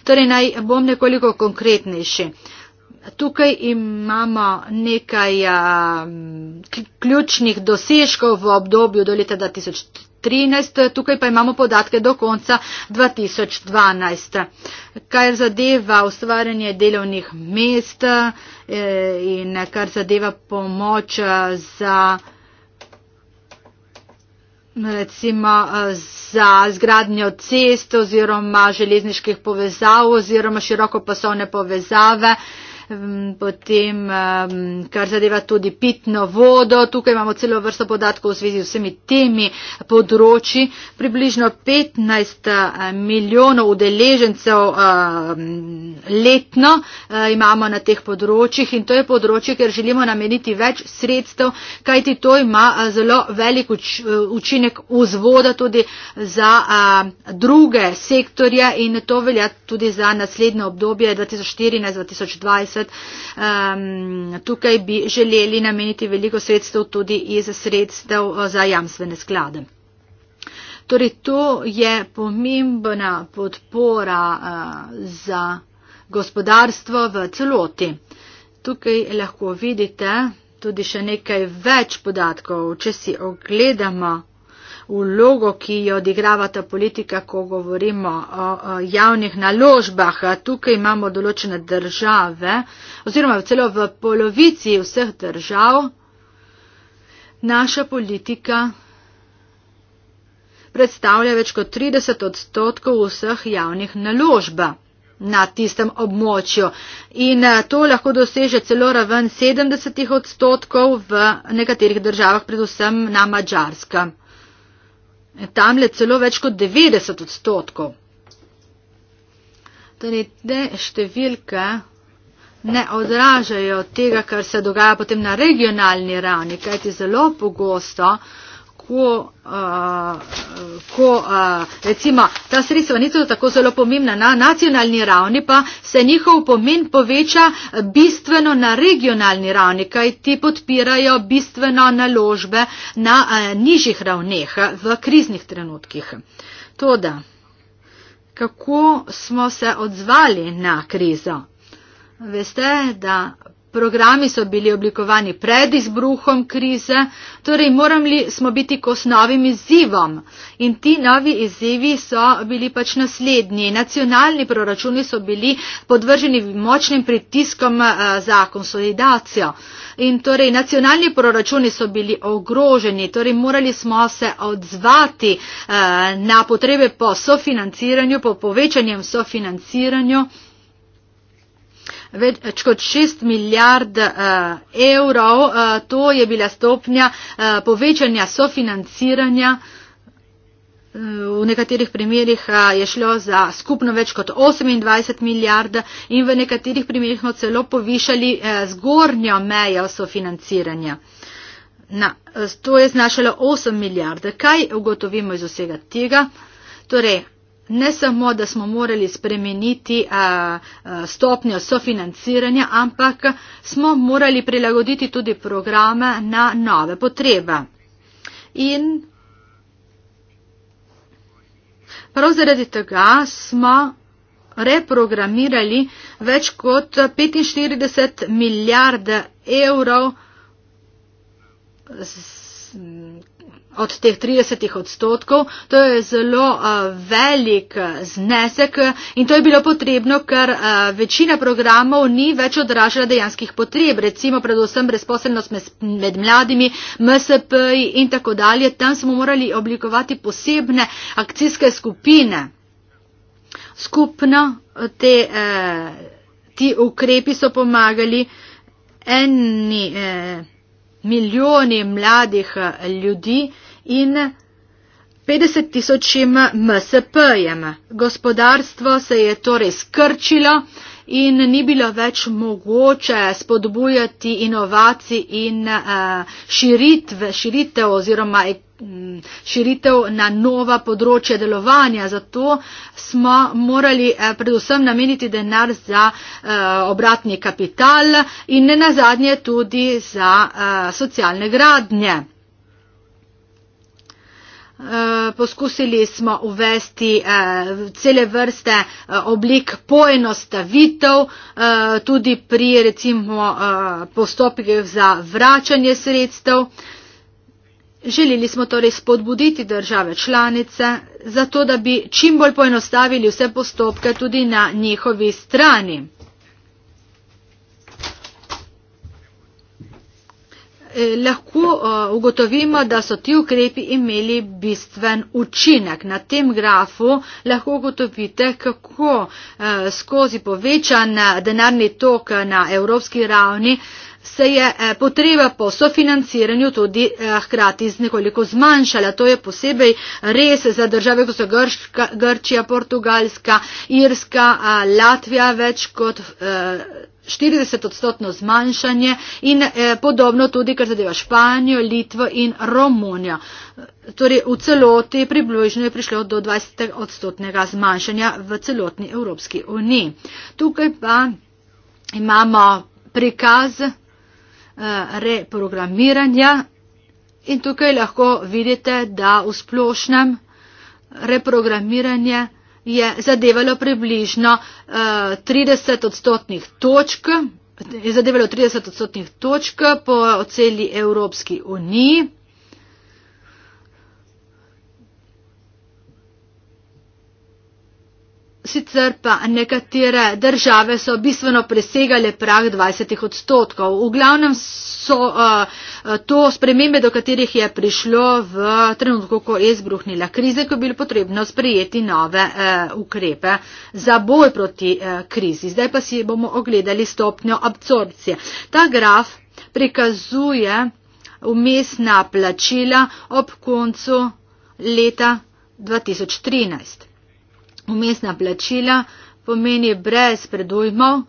S3: Torej naj bom nekoliko konkretnejši. Tukaj imamo nekaj um, ključnih dosežkov v obdobju do leta 2013, tukaj pa imamo podatke do konca 2012. Kar zadeva ustvarjanje delovnih mest eh, in kar zadeva pomoč eh, za, recimo, eh, za zgradnjo cest oziroma železniških povezav oziroma širokopasovne povezave. Potem, kar zadeva tudi pitno vodo, tukaj imamo celo vrsto podatkov v zvezi z vsemi temi področji. Približno 15 eh, milijonov udeležencev letno eh, imamo na teh področjih in to je področje, ker želimo nameniti več sredstev, kajti to ima eh, zelo velik učinek vzvoda tudi za druge sektorje in to velja tudi za naslednje obdobje 2014-2020 dvajset ehm, tukaj bi želeli nameniti veliko sredstev tudi iz sredstev eh, za jamstvene sklade. Torej, to je pomembna podpora eh, za gospodarstvo v celoti. Tukaj lahko vidite tudi še nekaj več podatkov, če si ogledamo vlogo, ki jo odigrava ta politika, ko govorimo o javnih naložbah. Tukaj imamo določene države oziroma celo v polovici vseh držav naša politika predstavlja več kot 30 odstotkov vseh javnih naložb na tistem območju. In eh, to lahko doseže celo raven 70 odstotkov v nekaterih državah, predvsem na Mačarskem tam le celo več kot 90 odstotkov. Torej, te številke ne odražajo tega, kar se dogaja potem na regionalni ravni, kajti zelo pogosto uh, lahko, uh, ko uh, recimo ta sredstva niso tako zelo pomembna na nacionalni ravni, pa se njihov pomen poveča bistveno na regionalni ravni, kaj ti podpirajo bistveno naložbe na uh, nižjih ravneh v kriznih trenutkih. Toda, kako smo se odzvali na krizo? Veste, da Programi so bili oblikovani pred izbruhom krize, torej morali smo biti kos novim izzivom. In ti novi izzivi so bili pač naslednji. Nacionalni proračuni so bili podvrženi močnim pritiskom eh, za konsolidacijo. In torej nacionalni proračuni so bili ogroženi, torej morali smo se odzvati eh, na potrebe po sofinanciranju, po povečanjem sofinanciranju več kot 6 milijard eh, evrov. Eh, to je bila stopnja eh, povečanja sofinanciranja. V nekaterih primerjih je šlo za skupno več kot 28 milijard in v nekaterih primerjih smo celo povišali zgornjo mejo sofinanciranja. Na, to je znašalo 8 milijard. Kaj ugotovimo iz vsega tega? Torej, Ne samo, da smo morali spremeniti a, a, stopnjo sofinanciranja, ampak smo morali prilagoditi tudi programe na nove potrebe. In prav zaradi tega smo reprogramirali več kot 45 milijard evrov. Z, od teh 30 odstotkov. To je zelo velik znesek in to je bilo potrebno, ker večina programov ni več odražala dejanskih potreb, recimo predvsem brezposelnost med mladimi, MSP in tako dalje. Tam smo morali oblikovati posebne akcijske skupine. Skupno te, eh, ti ukrepi so pomagali eni eh, milijoni mladih ljudi eh, in 50 tisočim MSP-jem. Gospodarstvo se je torej skrčilo in ni bilo več mogoče spodbujati inovacij in eh, širitve, širitev oziroma mm, širitev na nova področja delovanja. Zato smo morali eh, predvsem nameniti denar za eh, obratni kapital in ne nazadnje tudi za socialne gradnje. Eh, poskusili smo uvesti eh, cele vrste eh, oblik poenostavitev, tudi pri recimo postopkih za vračanje sredstev. Želeli smo torej spodbuditi države članice, zato da bi čim bolj poenostavili vse postopke tudi na njihovi strani. Eh, lahko eh, ugotovimo, da so ti ukrepi imeli bistven učinek. Na tem grafu lahko ugotovite, kako eh, skozi povečan denarni tok na evropski ravni se je potreba po sofinanciranju tudi hkrati nekoliko zmanjšala. To je posebej res za države, kot so Grčija, Portugalska, Irska, Latvija, več kot 40-odstotno zmanjšanje in eh, podobno tudi, kar zadeva Španijo, Litvo in Romunijo. Torej v celoti približno je prišlo do 20-odstotnega zmanjšanja v celotni Evropski uniji. Tukaj pa imamo prikaz eh, reprogramiranja in tukaj lahko vidite, da v splošnem reprogramiranje je zadevalo približno uh, eh, 30 odstotnih točk, je zadevalo 30 odstotnih točk po celi Evropski uniji. Sicer pa nekatere države so bistveno presegale prah 20 odstotkov. V glavnem so uh, to spremembe, do katerih je prišlo v trenutku, ko je izbruhnila krize, ko je bilo potrebno sprejeti nove uh, ukrepe za boj proti uh, krizi. Zdaj pa si bomo ogledali stopnjo absorpcije. Ta graf prikazuje umestna plačila ob koncu leta 2013 umestna plačila pomeni brez predujmov,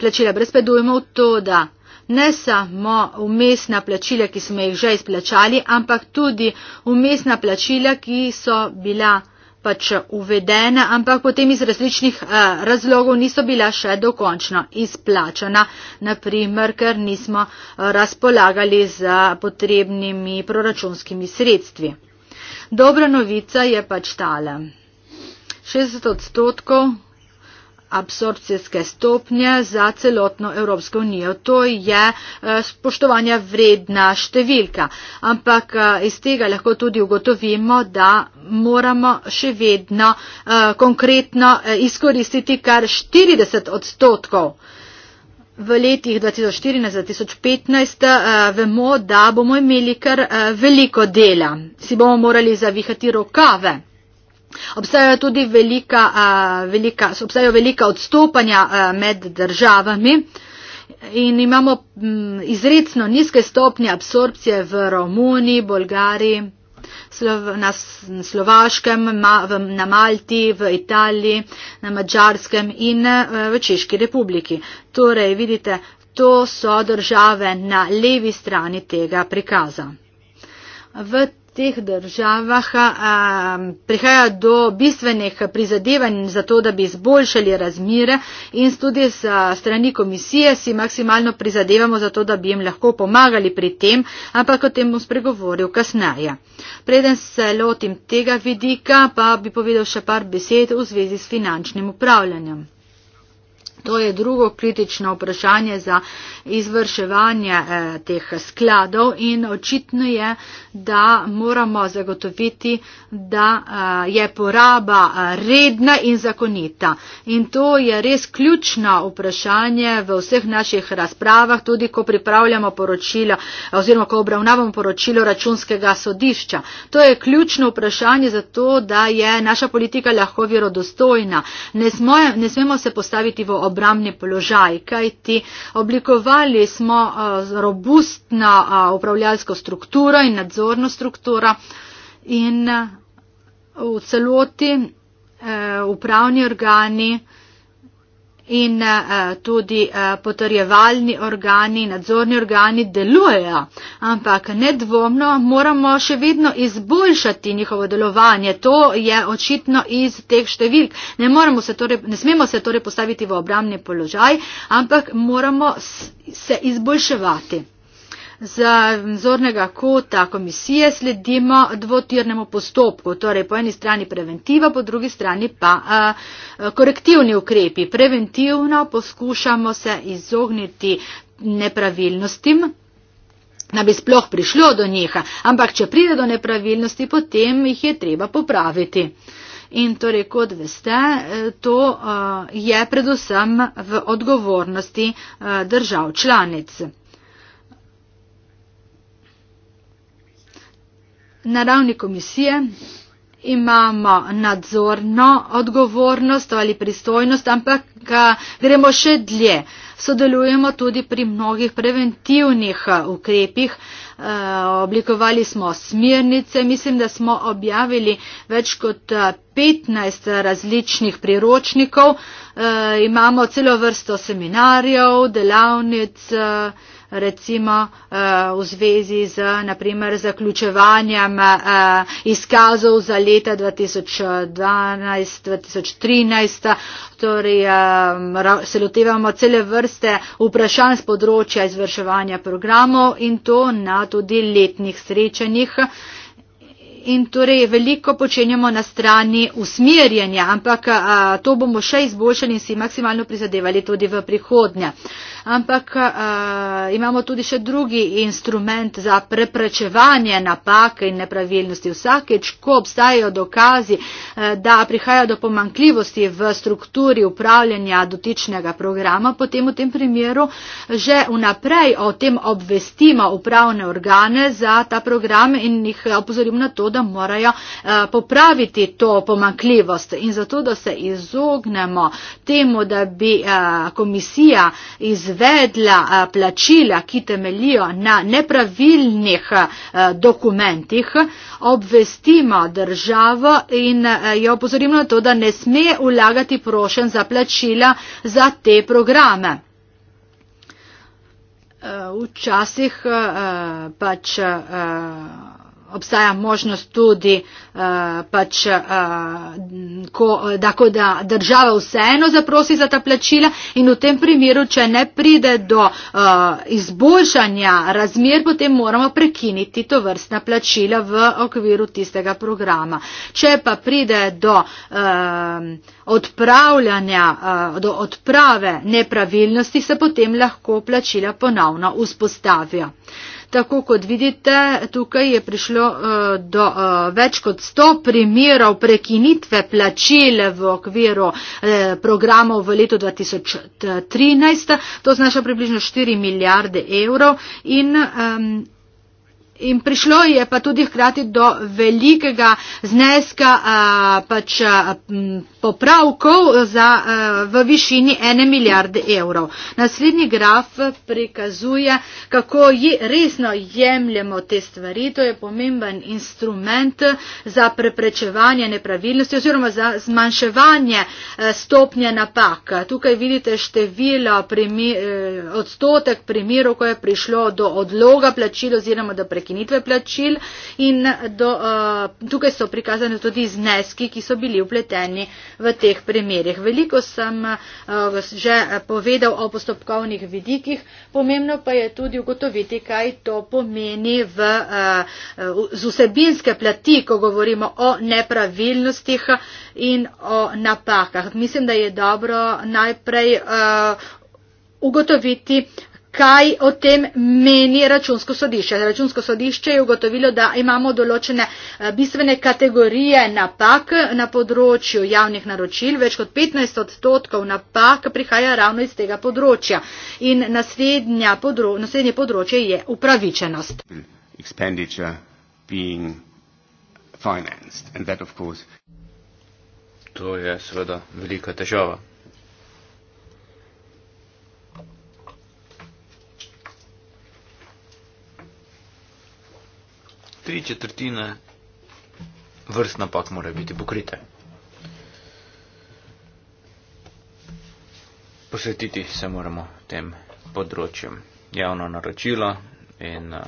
S3: plačila brez predujmov, to da ne samo umestna plačila, ki smo jih že izplačali, ampak tudi umestna plačila, ki so bila pač uvedena, ampak potem iz različnih eh, razlogov niso bila še dokončno izplačana, naprimer, ker nismo eh, razpolagali z potrebnimi proračunskimi sredstvi. Dobra novica je pač tale. 60 odstotkov absorpcijske stopnje za celotno Evropsko unijo. To je eh, spoštovanja vredna številka, ampak eh, iz tega lahko tudi ugotovimo, da moramo še vedno eh, konkretno izkoristiti kar 40 odstotkov. V letih 2014-2015 vemo, da bomo imeli kar veliko dela. Si bomo morali zavihati rokave. Obstajajo tudi velika, velika, obstajajo velika odstopanja med državami in imamo mm, izredno nizke stopnje absorpcije v Romuniji, Bolgariji, na Slovaškem, na Malti, v Italiji, na Mačarskem in e, v Češki republiki. Torej, vidite, to so države na levi strani tega prikaza. V teh državah a, prihaja do bistvenih prizadevanj za to, da bi izboljšali razmire in tudi s strani komisije si maksimalno prizadevamo za to, da bi jim lahko pomagali pri tem, ampak o tem bom spregovoril kasneje. Preden se lotim tega vidika, pa bi povedal še par besed v zvezi s finančnim upravljanjem. To je drugo kritično vprašanje za izvrševanje eh, teh skladov in očitno je, da moramo zagotoviti, da eh, je poraba eh, redna in zakonita. In to je res ključno vprašanje v vseh naših razpravah, tudi ko pripravljamo poročila oziroma ko obravnavamo poročilo računskega sodišča. To je ključno vprašanje za to, da je naša politika lahko verodostojna. Ne, smo, ne smemo se postaviti v obrazovanje obramni položaj, kajti oblikovali smo robustna upravljalsko strukturo in nadzorno strukturo in v celoti e, upravni organi in eh, tudi eh, potrjevalni organi, nadzorni organi delujejo, ampak nedvomno moramo še vedno izboljšati njihovo delovanje. To je očitno iz teh številk. Ne, se torej, ne smemo se torej postaviti v obramni položaj, ampak moramo se izboljševati z zornega kota komisije sledimo dvotirnemu postopku, torej po eni strani preventiva, po drugi strani pa a, korektivni ukrepi. Preventivno poskušamo se izogniti nepravilnostim da bi sploh prišlo do njih, ampak če pride do nepravilnosti, potem jih je treba popraviti. In torej, kot veste, e, to je predvsem v odgovornosti držav članic. Na ravni komisije imamo nadzorno odgovornost ali pristojnost, ampak gremo še dlje. Sodelujemo tudi pri mnogih preventivnih eh, ukrepih. Eh, oblikovali smo smernice, mislim, da smo objavili več kot 15 eh, različnih priročnikov. Imamo celo vrsto seminarjev, delavnic recimo eh, v zvezi z naprimer zaključevanjem eh, izkazov za leta 2012-2013. Torej eh, se lotevamo cele vrste vprašanj z področja izvrševanja programov in to na tudi letnih srečanjih in torej veliko počenjamo na strani usmerjanja, ampak a, to bomo še izboljšali in si maksimalno prizadevali tudi v prihodnje. Ampak a, imamo tudi še drugi instrument za preprečevanje napake in nepravilnosti. Vsakeč, ko obstajajo dokazi, a, da prihaja do pomankljivosti v strukturi upravljanja dotičnega programa, potem v tem primeru že vnaprej o tem obvestimo upravne organe za ta program in jih opozorimo na to, seveda morajo eh, popraviti to pomankljivost in zato, da se izognemo temu, da bi eh, komisija izvedla eh, plačila, ki temelijo na nepravilnih dokumentih, obvestimo državo in jo opozorimo na to, da ne sme ulagati prošen za plačila za te programe. Včasih pač obstaja možnost tudi, uh, pač, uh, ko, tako da država vseeno zaprosi za ta plačila in v tem primeru, če ne pride do uh, izboljšanja razmer, potem moramo prekiniti to vrstna plačila v okviru tistega programa. Če pa pride do uh, odpravljanja, uh, do odprave nepravilnosti, se potem lahko plačila ponovno vzpostavijo. Uh, Tako kot vidite, tukaj je prišlo eh, do eh, več kot 100 primerov prekinitve plačil v okviru eh, programov v letu 2013. To znaša približno 4 milijarde evrov in In prišlo je pa tudi hkrati do velikega zneska a, pač, a, popravkov za, a, v višini ene milijarde evrov. Naslednji graf prikazuje, kako ji resno jemljemo te stvari. To je pomemben instrument za preprečevanje nepravilnosti oziroma za zmanjševanje stopnje napak. Tukaj vidite število primi, e, odstotek primerov, ko je prišlo do odloga plačilo oziroma do prekinitev prekinitve plačil in do, uh, tukaj so prikazane tudi zneski, ki so bili upleteni v teh primerjih. Veliko sem uh, že povedal o postopkovnih vidikih, pomembno pa je tudi ugotoviti, kaj to pomeni v, uh, z vsebinske plati, ko govorimo o nepravilnostih in o napakah. Mislim, da je dobro najprej uh, ugotoviti, uh, kaj o tem meni računsko sodišče. Računsko sodišče je ugotovilo, da imamo določene eh, bistvene kategorije napak na področju javnih naročil. Več kot 15 odstotkov napak prihaja ravno iz tega področja. In podro naslednje področje je upravičenost.
S1: To je seveda velika težava. tri četrtine vrst napak morajo biti pokrite. Posvetiti se moramo tem področjem javno naročilo in uh,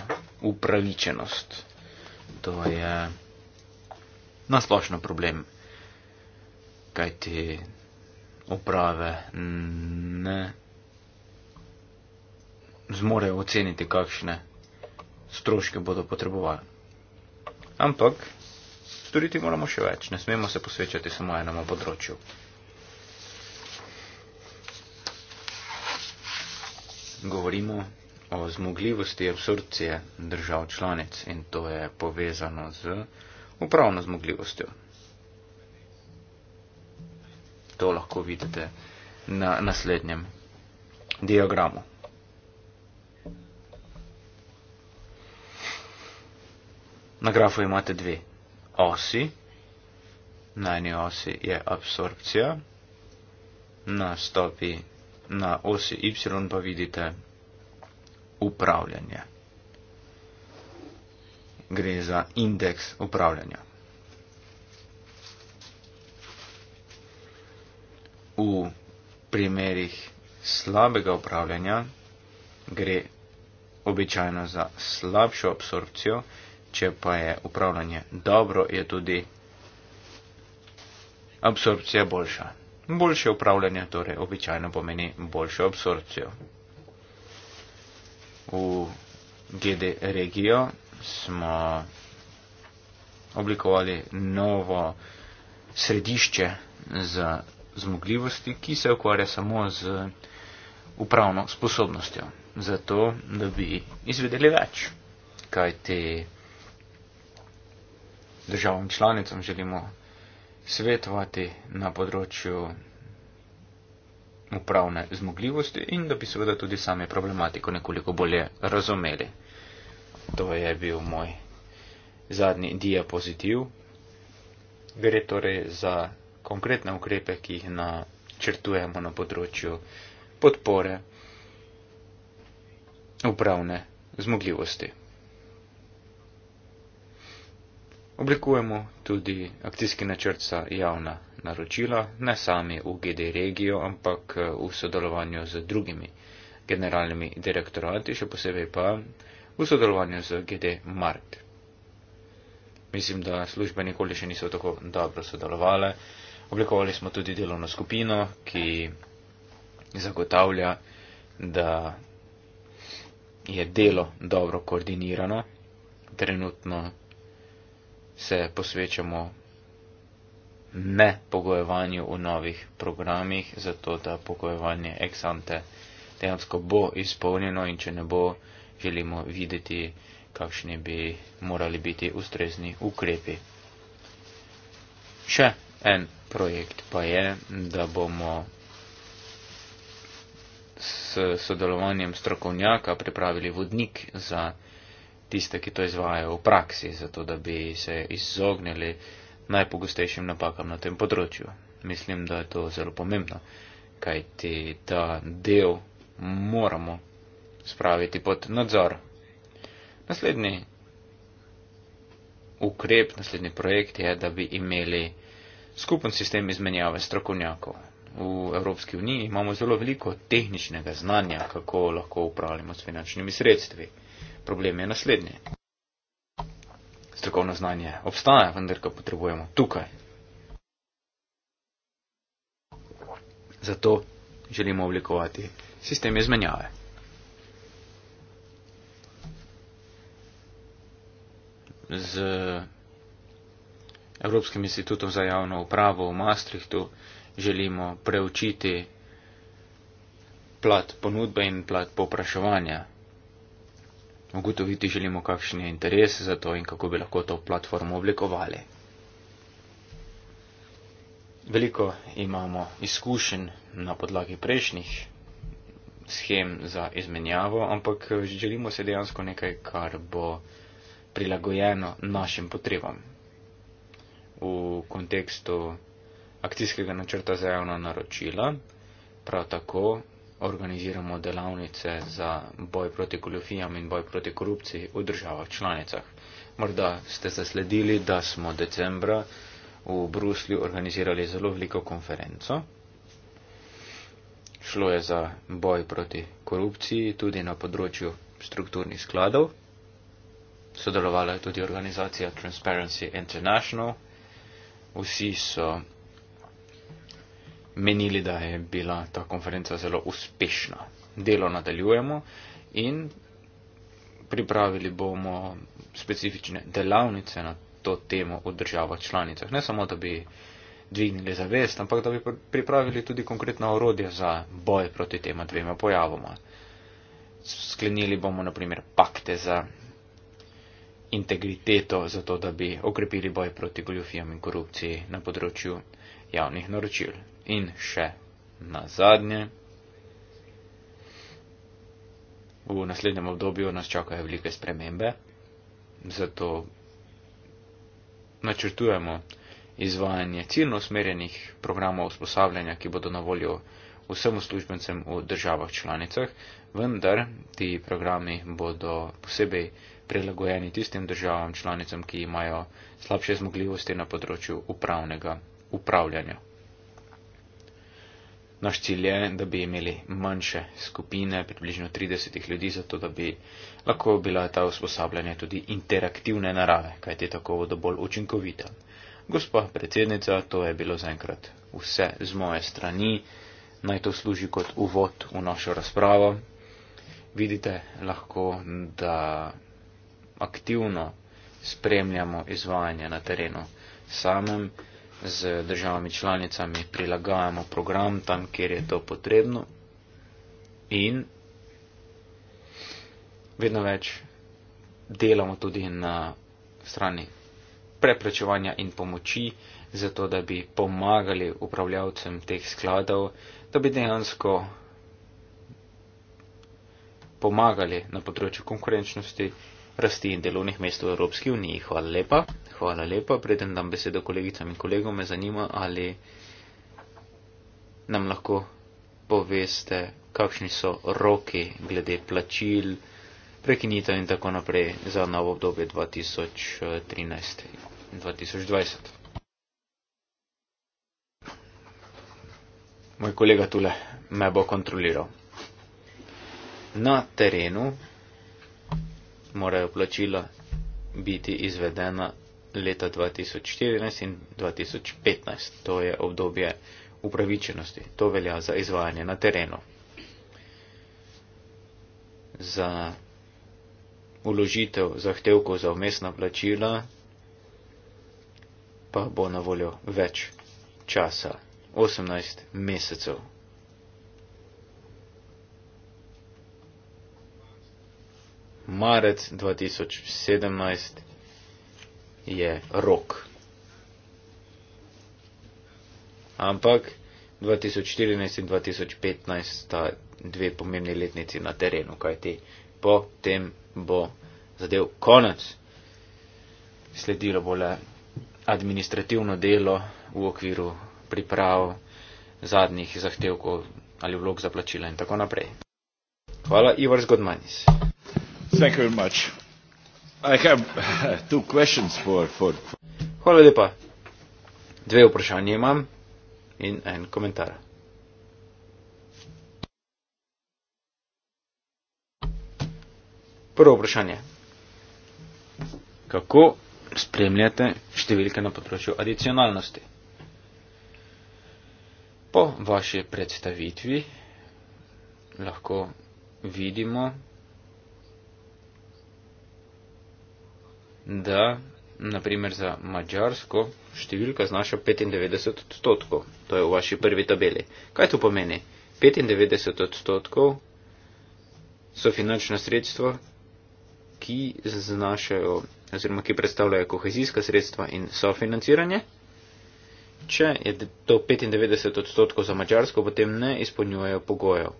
S1: upravičenost. To je nasplošno problem, kajti uprave ne zmorejo oceniti, kakšne stroške bodo potrebovali. Ampak storiti moramo še več, ne smemo se posvečati samo enemu področju. Govorimo o zmogljivosti absorpcije držav članic in to je povezano z upravno zmogljivostjo. To lahko vidite na naslednjem diagramu. na grafu imate dve osi. Na eni osi je absorpcija, na stopi na osi y pa vidite upravljanje. Gre za indeks upravljanja. V primerih slabega upravljanja gre običajno za slabšo absorpcijo, če pa je upravljanje dobro, je tudi absorpcija boljša. Boljše upravljanje torej običajno pomeni boljšo absorpcijo. V GD regijo smo oblikovali novo središče za zmogljivosti, ki se ukvarja samo z upravno sposobnostjo, zato da bi izvedeli več, kaj te državam članicam želimo svetovati na področju upravne zmogljivosti in da bi seveda tudi sami problematiko nekoliko bolje razumeli. To je bil moj zadnji diapozitiv. Gre torej za konkretne ukrepe, ki jih načrtujemo na področju podpore upravne zmogljivosti. Oblikujemo tudi akcijski načrt za javna naročila, ne sami v GD regijo, ampak eh, v sodelovanju z drugimi generalnimi direktorati, še posebej pa v sodelovanju z GD Mart. Mislim, da službe nikoli še niso tako dobro sodelovale. Oblikovali smo tudi delovno skupino, ki zagotavlja, da je delo dobro koordinirano. Trenutno se posvečamo ne pogojevanju v novih programih, zato da pogojevanje eksante dejansko bo izpolnjeno in če ne bo, želimo videti, kakšni bi morali biti ustrezni ukrepi. Še en projekt pa je, da bomo s sodelovanjem strokovnjaka pripravili vodnik za tiste, ki to izvajajo v praksi, zato da bi se izognili najpogostejšim napakam na tem področju. Mislim, da je to zelo pomembno, kajti ta del moramo spraviti pod nadzor. Naslednji ukrep, naslednji projekt je, da bi imeli skupen sistem izmenjave strokovnjakov. V Evropski uniji imamo zelo veliko tehničnega znanja, kako lahko upravljamo s finančnimi sredstvi. Problem je naslednji. Strokovno znanje obstaja, vendar ga potrebujemo tukaj. Zato želimo oblikovati sistem izmenjave. Z Evropskim institutom za javno upravo v Maastrichtu želimo preučiti plat ponudbe in plat popraševanja. Po ugotoviti želimo, kakšen je interes za to in kako bi lahko to platformo oblikovali. Veliko imamo izkušenj na podlagi prejšnjih schem za izmenjavo, ampak želimo se dejansko nekaj, kar bo prilagojeno našim potrebam. V kontekstu akcijskega načrta za javna naročila, prav tako organiziramo delavnice za boj proti goljofijam in boj proti korupciji v državah članicah. Morda ste zasledili, da smo decembra v Bruslju organizirali zelo veliko konferenco. Šlo je za boj proti korupciji tudi na področju strukturnih skladov. Sodelovala je tudi organizacija Transparency International. Vsi so menili, da je bila ta konferenca zelo uspešna. Delo nadaljujemo in pripravili bomo specifične delavnice na to temo v državah članicah. Ne samo, da bi dvignili zavest, ampak da bi pripravili tudi konkretna orodja za boj proti tema dvema pojavoma. Sklenili bomo naprimer pakte za integriteto, zato da bi okrepili boj proti goljufijam in korupciji na področju javnih naročil in še na zadnje. V naslednjem obdobju nas čakajo velike spremembe, zato načrtujemo izvajanje ciljno usmerjenih programov usposabljanja, ki bodo na voljo vsem uslužbencem v državah članicah, vendar ti programi bodo posebej prilagojeni tistim državam članicam, ki imajo slabše zmogljivosti na področju upravnega upravljanja. Naš cilj je, da bi imeli manjše skupine, približno 30 ljudi, zato da bi lahko bila ta usposabljanja tudi interaktivne narave, kajti tako bodo bolj učinkovita. Gospa predsednica, to je bilo zaenkrat vse z moje strani. Naj to služi kot uvod v našo razpravo. Vidite lahko, da aktivno spremljamo izvajanje na terenu samem z državami članicami prilagajamo program tam, kjer je to potrebno in vedno več delamo tudi na strani preprečevanja in pomoči, zato da bi pomagali upravljavcem teh skladov, da bi dejansko pomagali na področju konkurenčnosti rasti in delovnih mest v Evropski uniji. Hvala lepa. Hvala lepa. Preden dam besedo kolegicam in kolegom, me zanima, ali nam lahko poveste, kakšni so roki glede plačil, prekinitev in tako naprej za novo obdobje 2013-2020. Moj kolega tule me bo kontroliral. Na terenu morajo plačila biti izvedena leta 2014 in 2015. To je obdobje upravičenosti. To velja za izvajanje na terenu. Za uložitev zahtevkov za umestna plačila pa bo na voljo več časa, 18 mesecev marec 2017 je rok. Ampak 2014 in 2015 sta dve pomembni letnici na terenu, kajti potem bo zadev konec. Sledilo bo le administrativno delo v okviru priprav zadnjih zahtevkov ali vlog za plačila in tako naprej. Hvala, Ivar Zgodmanis. Thank you very much. I have [LAUGHS] two questions for, for, for... Hvala lepa. Dve vprašanje imam in en komentar. Prvo vprašanje. Kako spremljate številke na področju adicionalnosti? Po vaši predstavitvi lahko vidimo, da, naprimer, za mačarsko številka znaša 95 odstotkov. To je v vaši prvi tabeli. Kaj to pomeni? 95 odstotkov so finančna sredstva, ki znašajo oziroma ki predstavljajo kohezijska sredstva in sofinanciranje. Če je to 95 odstotkov za mačarsko, potem ne izpolnjujejo pogojev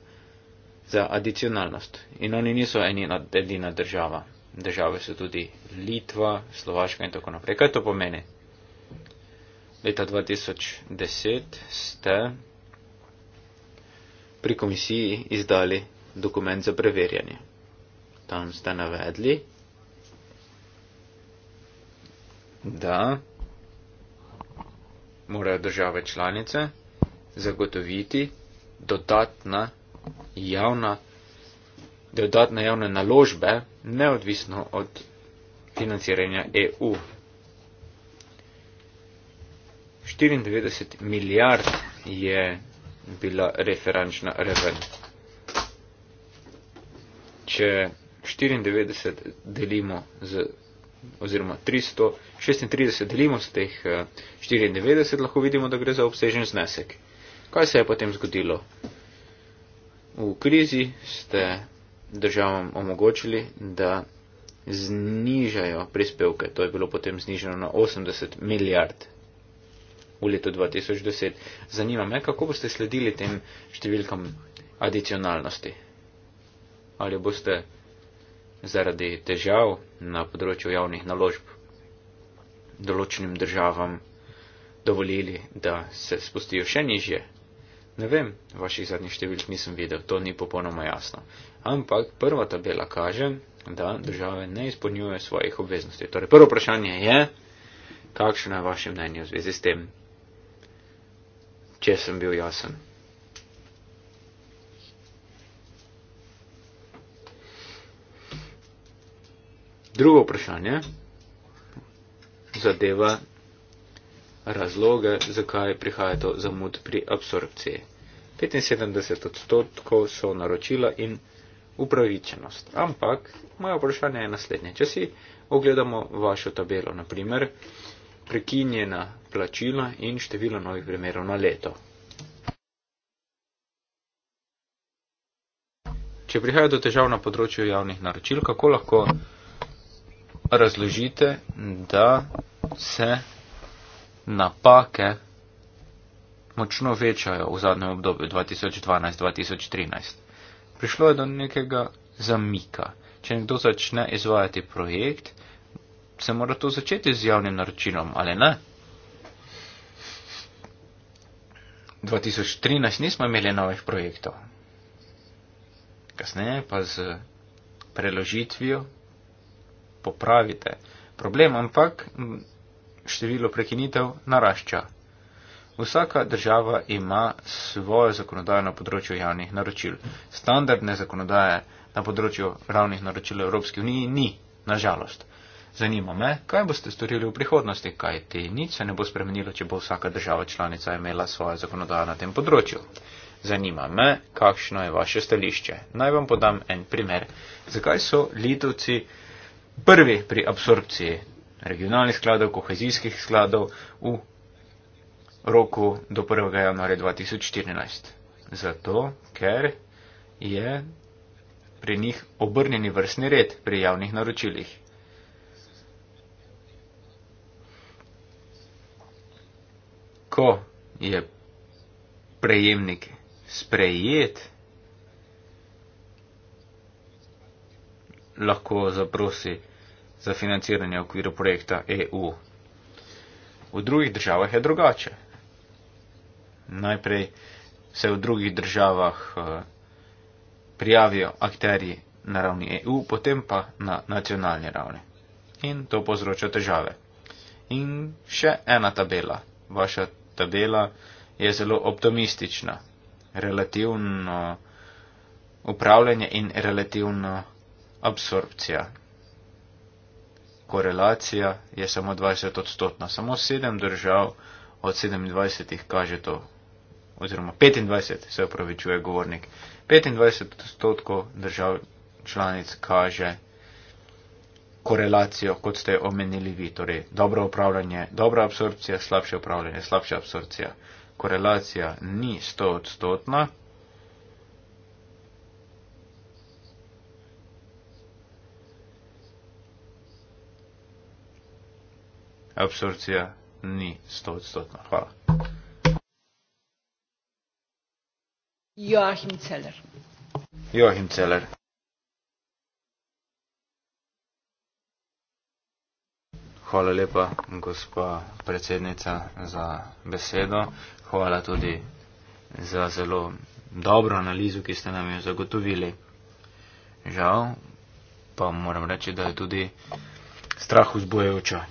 S1: za adicionalnost. In oni niso enina, edina država države so tudi Litva, Slovaška in tako naprej. Kaj to pomeni? Leta 2010 ste pri komisiji izdali dokument za preverjanje. Tam ste navedli, da morajo države članice zagotoviti dodatna javna, dodatna javne naložbe neodvisno od financiranja EU. 94 milijard je bila referančna raven. Če 94 delimo z oziroma 336 delimo z teh 94, eh, lahko vidimo, da gre za obsežen znesek. Kaj se je potem zgodilo? V krizi ste državam omogočili, da znižajo prispevke. To je bilo potem zniženo na 80 milijard v letu 2010. Zanima me, kako boste sledili tem številkam adicionalnosti. Ali boste zaradi težav na področju javnih naložb določenim državam dovolili, da se spustijo še nižje. Ne vem, vaših zadnjih številk nisem videl, to ni popolnoma jasno ampak prva tabela kaže, da države ne izpolnjujejo svojih obveznosti. Torej, prvo vprašanje je, kakšno je vaše mnenje v zvezi s tem, če sem bil jasen. Drugo vprašanje zadeva razloge, zakaj prihaja do zamud pri absorpciji. 75 odstotkov so naročila in upravičenost. Ampak moje vprašanje je naslednje. Če si ogledamo vašo tabelo, naprimer prekinjena plačila in število novih primerov na leto. Če prihaja do težav na področju javnih naročil, kako lahko razložite, da se napake močno večajo v zadnjem obdobju 2012-2013? prišlo je do nekega zamika. Če nekdo začne izvajati projekt, se mora to začeti z javnim naročilom, ali ne? 2013 nismo imeli novih projektov. Kasneje pa z preložitvijo popravite problem, ampak število prekinitev narašča. Vsaka država ima svojo zakonodajo na področju javnih naročil. Standardne zakonodaje na področju ravnih naročil Evropske unije ni, nažalost. Zanima me, kaj boste storili v prihodnosti, kaj te nič se ne bo spremenilo, če bo vsaka država članica imela svojo zakonodajo na tem področju. Zanima me, kakšno je vaše stališče. Naj vam podam en primer. Zakaj so Litovci prvi pri absorpciji regionalnih skladov, kohezijskih skladov v roku do 1. januarja 2014. Zato, ker je pri njih obrnjeni vrstni red pri javnih naročilih. Ko je prejemnik sprejet, lahko zaprosi za financiranje v okviru projekta EU. V drugih državah je drugače najprej se v drugih državah eh, prijavijo akterji na ravni EU, potem pa na nacionalni ravni. In to povzroča težave. In še ena tabela. Vaša tabela je zelo optimistična. Relativno upravljanje in relativna absorpcija. Korelacija je samo 20 odstotna. Samo 7 držav od 27 kaže to oziroma 25, se upravičuje govornik, 25 odstotkov držav članic kaže korelacijo, kot ste omenili vi, torej dobro upravljanje, dobra absorpcija, slabše upravljanje, slabša absorpcija. Korelacija ni 100 odstotna. Absorpcija ni 100 odstotna. Hvala.
S3: Joachim Zeller.
S1: Joachim Zeller. Hvala lepa, gospa predsednica, za besedo. Hvala tudi za zelo dobro analizo, ki ste nam jo zagotovili. Žal pa moram reči, da je tudi strah vzbojevča.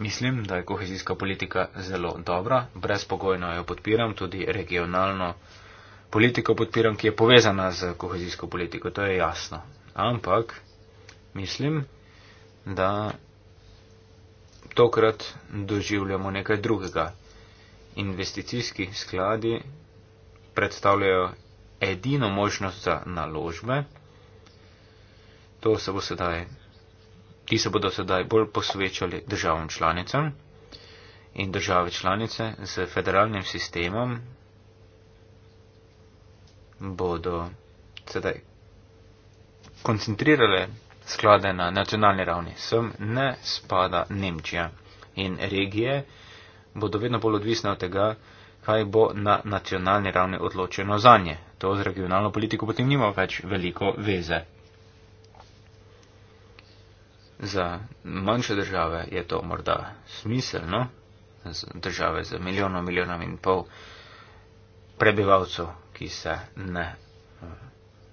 S1: Mislim, da je kohezijska politika zelo dobra, brezpogojno jo podpiram, tudi regionalno politiko podpiram, ki je povezana z kohezijsko politiko, to je jasno. Ampak mislim, da tokrat doživljamo nekaj drugega. Investicijski skladi predstavljajo edino možnost za naložbe. To se bo sedaj Ti se bodo sedaj bolj posvečali državam članicam in države članice z federalnim sistemom bodo sedaj koncentrirale sklade na nacionalni ravni. Sem ne spada Nemčija in regije bodo vedno bolj odvisne od tega, kaj bo na nacionalni ravni odločeno za nje. To z regionalno politiko potem nima več veliko veze za manjše države je to morda smiselno, države z milijonom, milijonom in pol prebivalcev, ki se ne eh,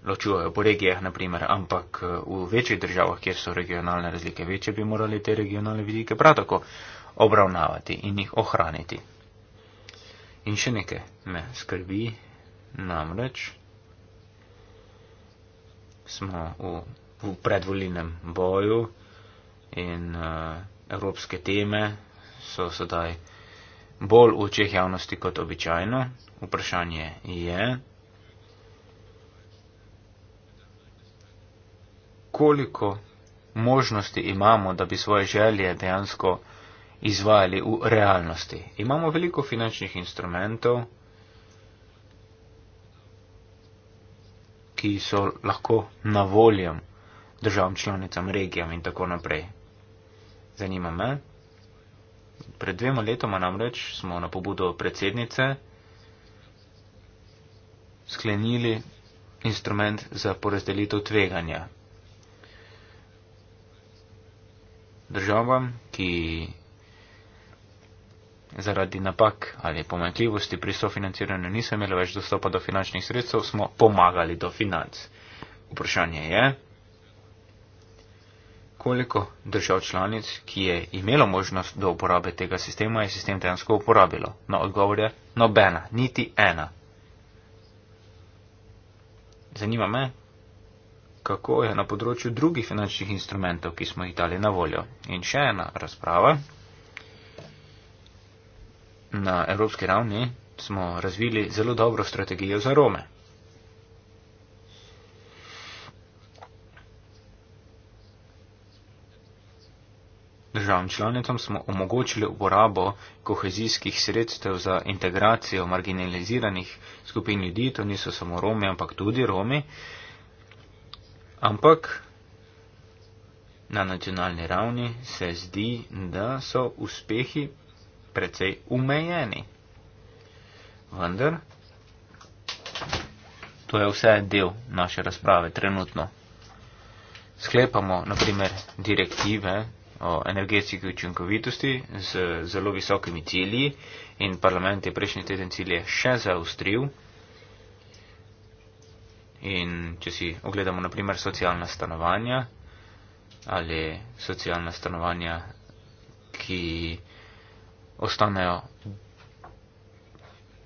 S1: ločujejo po regijah, naprimer, ampak eh, v večjih državah, kjer so regionalne razlike večje, bi morali te regionalne vidike prav tako obravnavati in jih ohraniti. In še nekaj me skrbi, namreč smo v, v predvolinem boju, in uh, evropske teme so sedaj bolj v očeh javnosti kot običajno. Vprašanje je, koliko možnosti imamo, da bi svoje želje dejansko izvajali v realnosti. Imamo veliko finančnih instrumentov, ki so lahko na voljem državam članicam, regijam in tako naprej. Zanima me. Pred dvema letoma namreč smo na pobudo predsednice sklenili instrument za porazdelitev tveganja. Državam, ki zaradi napak ali pomankljivosti pri sofinanciranju niso imeli več dostopa do finančnih sredstev, smo pomagali do financ. Vprašanje je, koliko držav članic, ki je imelo možnost do uporabe tega sistema, je sistem dejansko uporabilo. Na no, odgovor je nobena, niti ena. Zanima me, kako je na področju drugih finančnih instrumentov, ki smo jih dali na voljo. In še ena razprava. Na evropski ravni smo razvili zelo dobro strategijo za Rome. Državam članicam smo omogočili uporabo kohezijskih sredstev za integracijo marginaliziranih skupin ljudi, to niso samo Romi, ampak tudi Romi, ampak na nacionalni ravni se zdi, da so uspehi precej umejeni. Vendar, to je vse del naše razprave trenutno. Sklepamo, naprimer, direktive, o energetski učinkovitosti z zelo visokimi cilji in parlament je prejšnji teden cilje še zaustril. In če si ogledamo naprimer socialna stanovanja ali socialna stanovanja, ki ostanejo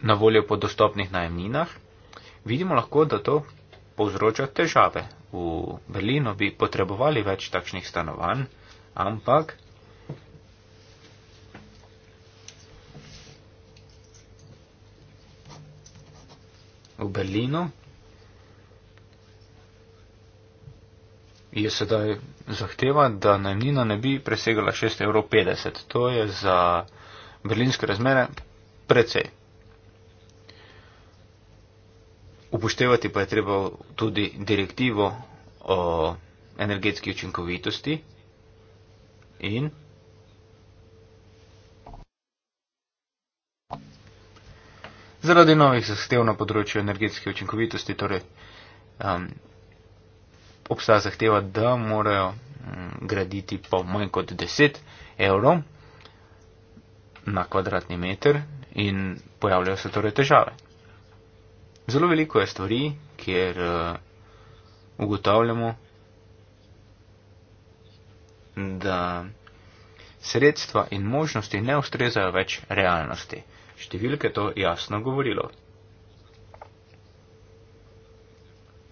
S1: na voljo po dostopnih najemninah, vidimo lahko, da to povzroča težave. V Berlinu bi potrebovali več takšnih stanovanj ampak v Berlinu je sedaj zahteva, da najemnina ne bi presegala 6,50 evrov. To je za berlinske razmere precej. Upoštevati pa je treba tudi direktivo o energetski učinkovitosti, in zaradi novih zahtev na področju energetske učinkovitosti, torej um, obstaja zahteva, da morajo mm, graditi po manj kot 10 evrov na kvadratni meter in pojavljajo se torej težave. Zelo veliko je stvari, kjer uh, ugotavljamo, da sredstva in možnosti ne ustrezajo več realnosti. Številke to jasno govorilo.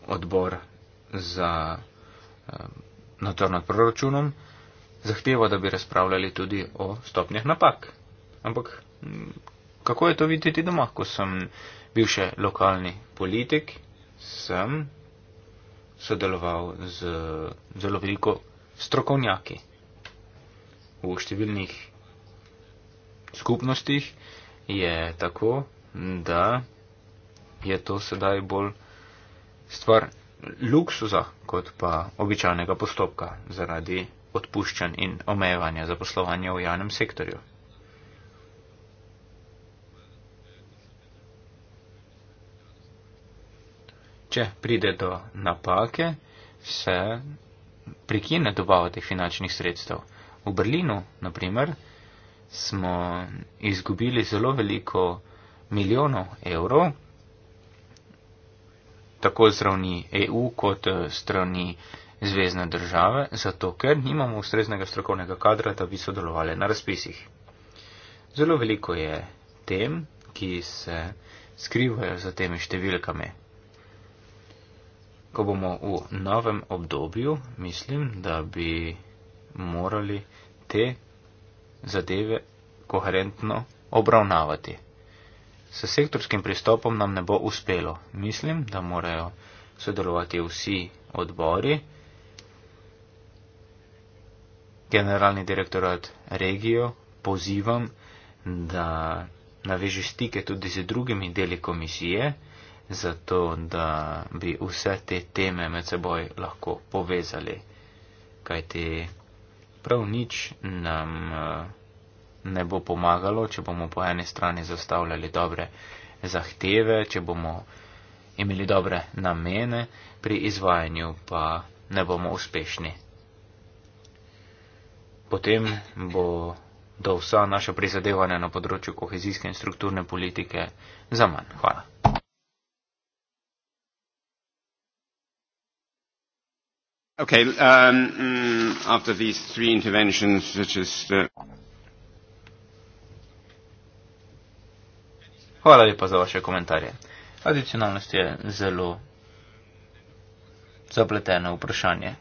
S1: Odbor za eh, nadzor nad proračunom zahteva, da bi razpravljali tudi o stopnjah napak. Ampak mm, kako je to videti doma, ko sem bil še lokalni politik, sem sodeloval z zelo veliko strokovnjaki. V številnih skupnostih je tako, da je to sedaj bolj stvar luksuza kot pa običajnega postopka zaradi odpuščanj in omejevanja za poslovanje v javnem sektorju. Če pride do napake, se prekine dobavo teh finančnih sredstev. V Berlinu, na primer, smo izgubili zelo veliko milijonov evrov, tako zravni EU kot eh, strani zvezdne države, zato ker nimamo ustreznega strokovnega kadra, da bi sodelovali na razpisih. Zelo veliko je tem, ki se skrivajo za temi številkami ko bomo v novem obdobju, mislim, da bi morali te zadeve koherentno obravnavati. S sektorskim pristopom nam ne bo uspelo. Mislim, da morajo sodelovati vsi odbori, generalni direktorat regijo, pozivam, da navežeš stike tudi z drugimi deli komisije, zato da bi vse te teme med seboj lahko povezali. Kajti prav nič nam eh, ne bo pomagalo, če bomo po eni strani zastavljali dobre zahteve, če bomo imeli dobre namene, pri izvajanju pa ne bomo uspešni. Potem bo do vsa naša prizadevanja na področju kohezijske in strukturne politike za manj. Hvala. Okay, um, mm, after these three interventions, which is... Hvala lepa za vaše komentarje. Adicionalnost je zelo zapleteno vprašanje.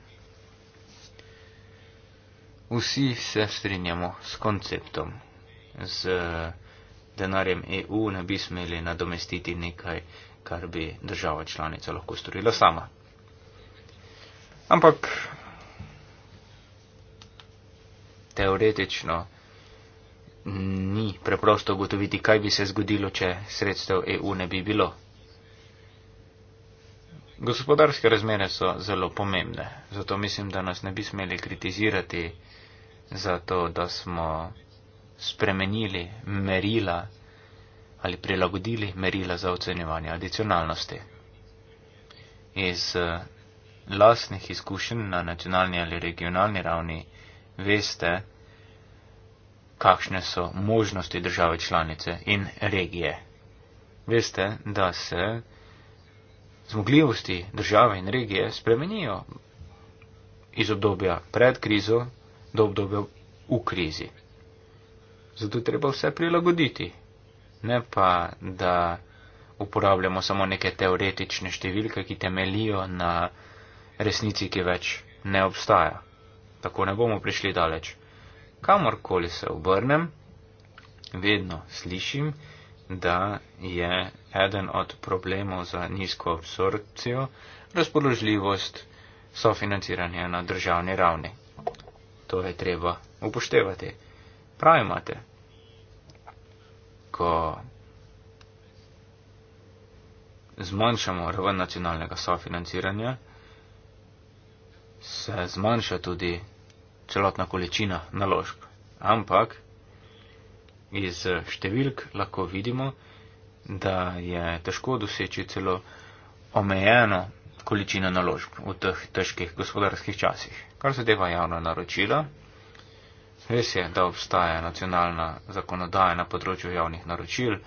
S1: Vsi se strinjamo s konceptom. Z denarjem EU ne bi smeli nadomestiti nekaj, kar bi država članica lahko storila sama. Ampak teoretično ni preprosto ugotoviti, kaj bi se zgodilo, če sredstev EU ne bi bilo. Gospodarske razmere so zelo pomembne, zato mislim, da nas ne bi smeli kritizirati za to, da smo spremenili merila ali prilagodili merila za ocenjevanje adicionalnosti. Iz eh, lastnih izkušenj na nacionalni ali regionalni ravni, veste, kakšne so možnosti države članice in regije. Veste, da se zmogljivosti države in regije spremenijo iz obdobja pred krizo do obdobja v krizi. Zato treba vse prilagoditi, ne pa, da uporabljamo samo neke teoretične številke, ki temelijo na resnici, ki več ne obstaja. Tako ne bomo prišli daleč. Kamorkoli se obrnem, vedno slišim, da je eden od problemov za nizko absorpcijo razpoložljivost sofinanciranja na državni ravni. To je treba upoštevati. Prav imate. Ko zmanjšamo raven nacionalnega sofinanciranja, se zmanjša tudi celotna količina naložb. Ampak iz številk lahko vidimo, da je težko doseči celo omejeno količino naložb v teh težkih gospodarskih časih. Kar zadeva javna naročila, res je, da obstaja nacionalna zakonodaja na področju javnih naročil,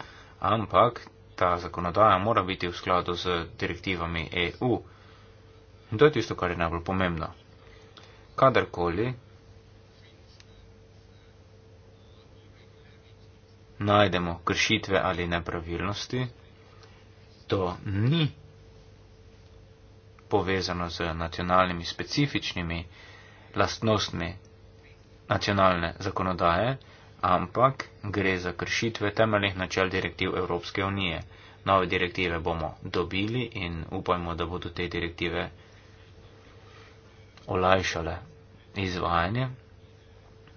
S1: ampak ta zakonodaja mora biti v skladu z direktivami EU. In to je tisto, kar je najbolj pomembno. Kadarkoli najdemo kršitve ali nepravilnosti, to ni povezano z nacionalnimi specifičnimi lastnostmi nacionalne zakonodaje, ampak gre za kršitve temeljnih načel direktiv Evropske unije. Nove direktive bomo dobili in upajmo, da bodo te direktive olajšale izvajanje,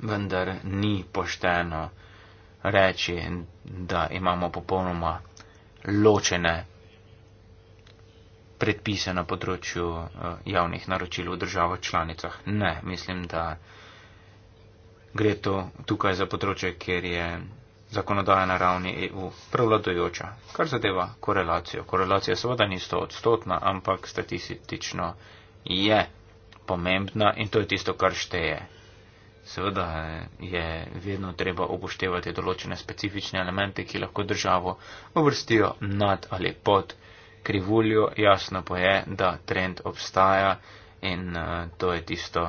S1: vendar ni pošteno reči, da imamo popolnoma ločene predpise na področju eh, javnih naročil v državah članicah. Ne, mislim, da gre to tukaj za področje, kjer je zakonodaja na ravni EU prevladojoča, kar zadeva korelacijo. Korelacija seveda ni 100-odstotna, ampak statistično je pomembna in to je tisto, kar šteje. Seveda je vedno treba upoštevati določene specifične elemente, ki lahko državo uvrstijo nad ali pod krivuljo. Jasno pa je, da trend obstaja in eh, to je tisto,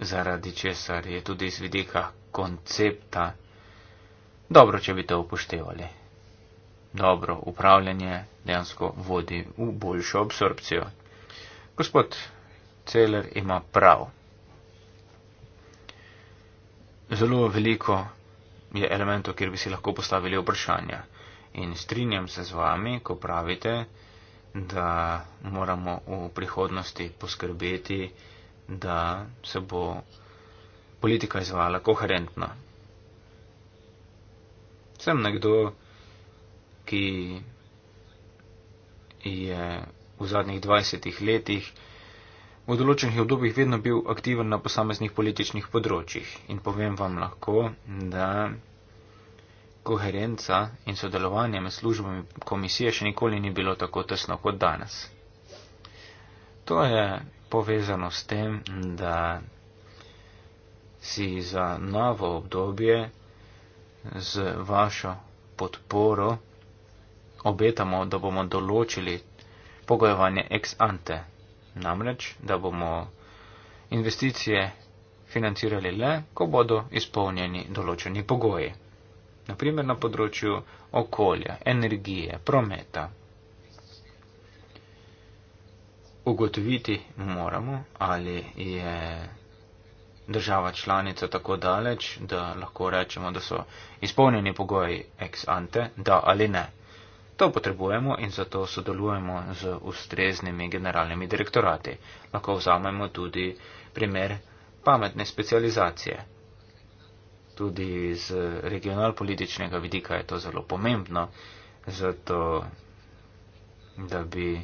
S1: zaradi česar je tudi iz vidika koncepta dobro, če bi to upoštevali. Dobro upravljanje dejansko vodi v boljšo absorpcijo. Gospod Celer ima prav. Zelo veliko je elementov, kjer bi si lahko postavili vprašanja. In strinjam se z vami, ko pravite, da moramo v prihodnosti poskrbeti, da se bo politika izvala koherentno. Sem nekdo, ki je v zadnjih 20 letih v določenih obdobjih vedno bil aktiven na posameznih političnih področjih in povem vam lahko, da koherenca in sodelovanje med službami komisije še nikoli ni bilo tako tesno kot danes. To je povezano s tem, da si za novo obdobje z vašo podporo obetamo, da bomo določili pogojevanje ex ante Namreč, da bomo investicije financirali le, ko bodo izpolnjeni določeni pogoji. Naprimer na področju okolja, energije, prometa. Ugotoviti moramo, ali je država članica tako daleč, da lahko rečemo, da so izpolnjeni pogoji ex ante, da ali ne. To potrebujemo in zato sodelujemo z ustreznimi generalnimi direktorati. Lahko vzamemo tudi primer pametne specializacije. Tudi z regionalpolitičnega vidika je to zelo pomembno, zato da bi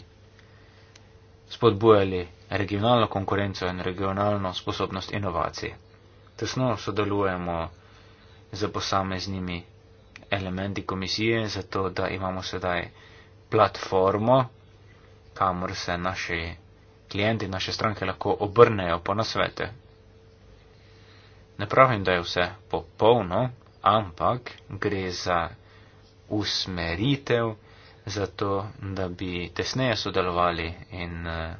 S1: spodbujali regionalno konkurenco in regionalno sposobnost inovacij. Tesno sodelujemo z posameznimi elementi komisije, zato da imamo sedaj platformo, kamor se naši klijenti, naše stranke lahko obrnejo po nasvete. Ne pravim, da je vse popolno, ampak gre za usmeritev, zato da bi tesneje sodelovali in eh,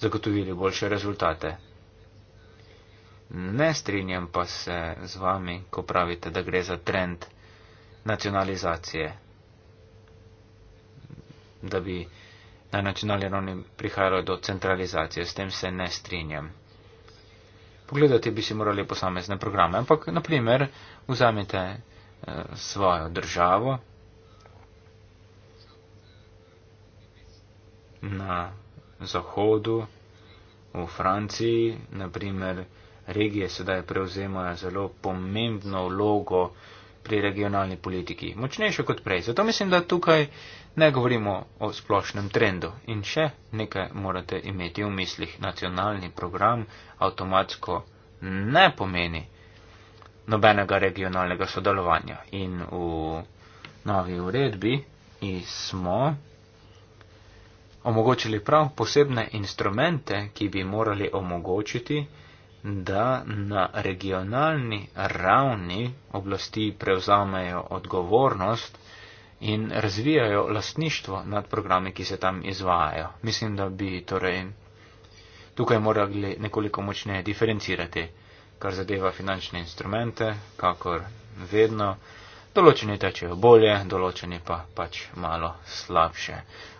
S1: zagotovili boljše rezultate. Ne strinjam pa se z vami, ko pravite, da gre za trend nacionalizacije, da bi na nacionalni ravni prihajalo do centralizacije. S tem se ne strinjam. Pogledati bi si morali posamezne programe, ampak naprimer vzamite eh, svojo državo na zahodu, v Franciji, naprimer regije sedaj prevzemajo zelo pomembno vlogo eh, pri regionalni politiki, močnejše kot prej. Zato mislim, da tukaj ne govorimo o splošnem trendu. In še nekaj morate imeti v mislih. Nacionalni program avtomatsko ne pomeni nobenega regionalnega sodelovanja. In v novi uredbi smo omogočili prav posebne instrumente, ki bi morali omogočiti, da na regionalni ravni oblasti prevzamejo odgovornost in razvijajo lastništvo nad programi, ki se tam izvajajo. Mislim, da bi torej tukaj morali nekoliko močneje diferencirati, kar zadeva finančne instrumente, kakor vedno. Določeni tečejo bolje, določeni pa pač malo slabše.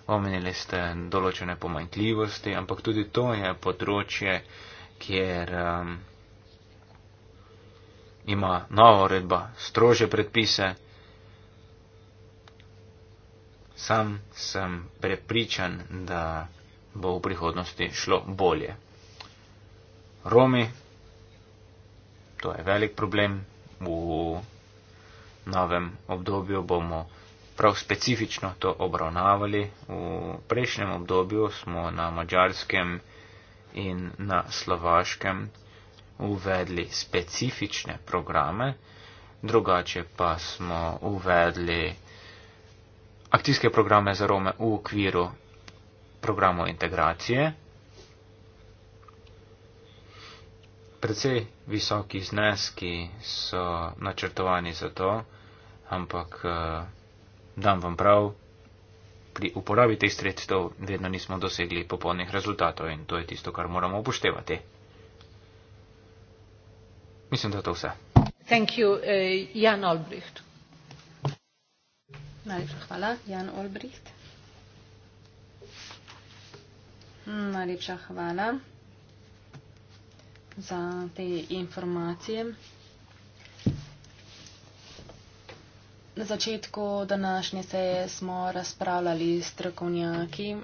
S1: Omenili ste določene pomanjkljivosti, ampak tudi to je področje, kjer um, ima nova uredba strože predpise. Sam sem prepričan, da bo v prihodnosti šlo bolje. Romi, to je velik problem, v novem obdobju bomo prav specifično to obravnavali. V prejšnjem obdobju smo na mačarskem in na Slovaškem uvedli specifične programe, drugače pa smo uvedli akcijske programe za Rome v okviru programov integracije. Predvsej visoki zneski so načrtovani za to, ampak eh, dam vam prav pri uporabi teh sredstev vedno nismo dosegli popolnih rezultatov in to je tisto, kar moramo upoštevati. Mislim, da je to vse.
S3: Thank you, uh, Jan Olbricht.
S2: Najlepša hvala, Jan Olbricht. Najlepša hvala za te informacije. Na začetku današnje seje smo razpravljali s strokovnjaki.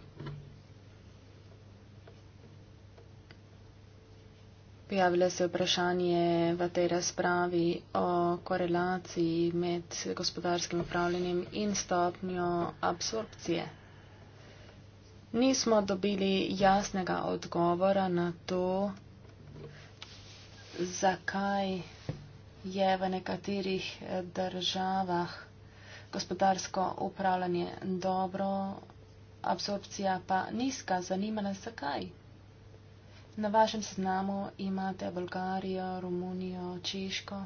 S2: Pojavilo se je vprašanje v tej razpravi o korelaciji med gospodarskim upravljanjem in stopnjo absorpcije. Nismo dobili jasnega odgovora na to, zakaj je v nekaterih eh, državah gospodarsko upravljanje dobro, absorpcija pa nizka, zanima nas zakaj. Na vašem seznamu imate Bolgarijo, Romunijo, Češko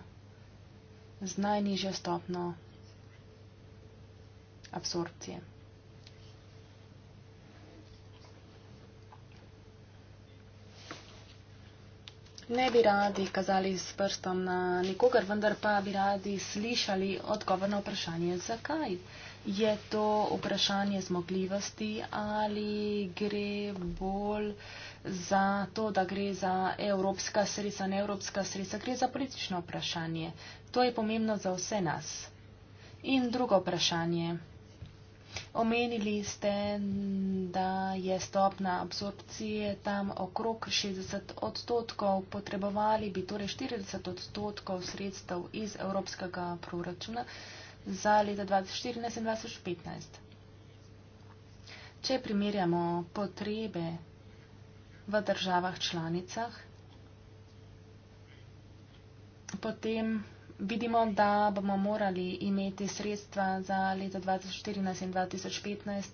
S2: z najnižjo stopno absorpcije. Ne bi radi kazali s prstom na nikogar, vendar pa bi radi slišali odgovor na vprašanje, zakaj. Je to vprašanje zmogljivosti ali gre bolj za to, da gre za evropska sredstva, ne evropska sredstva, gre za politično vprašanje. To je pomembno za vse nas. In drugo vprašanje. Omenili ste, da je stopna absorpcije tam okrog 60 odstotkov, potrebovali bi torej 40 odstotkov sredstev iz evropskega proračuna za leta 2014 in 2015. Če primerjamo potrebe v državah članicah, potem Vidimo, da bomo morali imeti sredstva za leto 2014 in 2015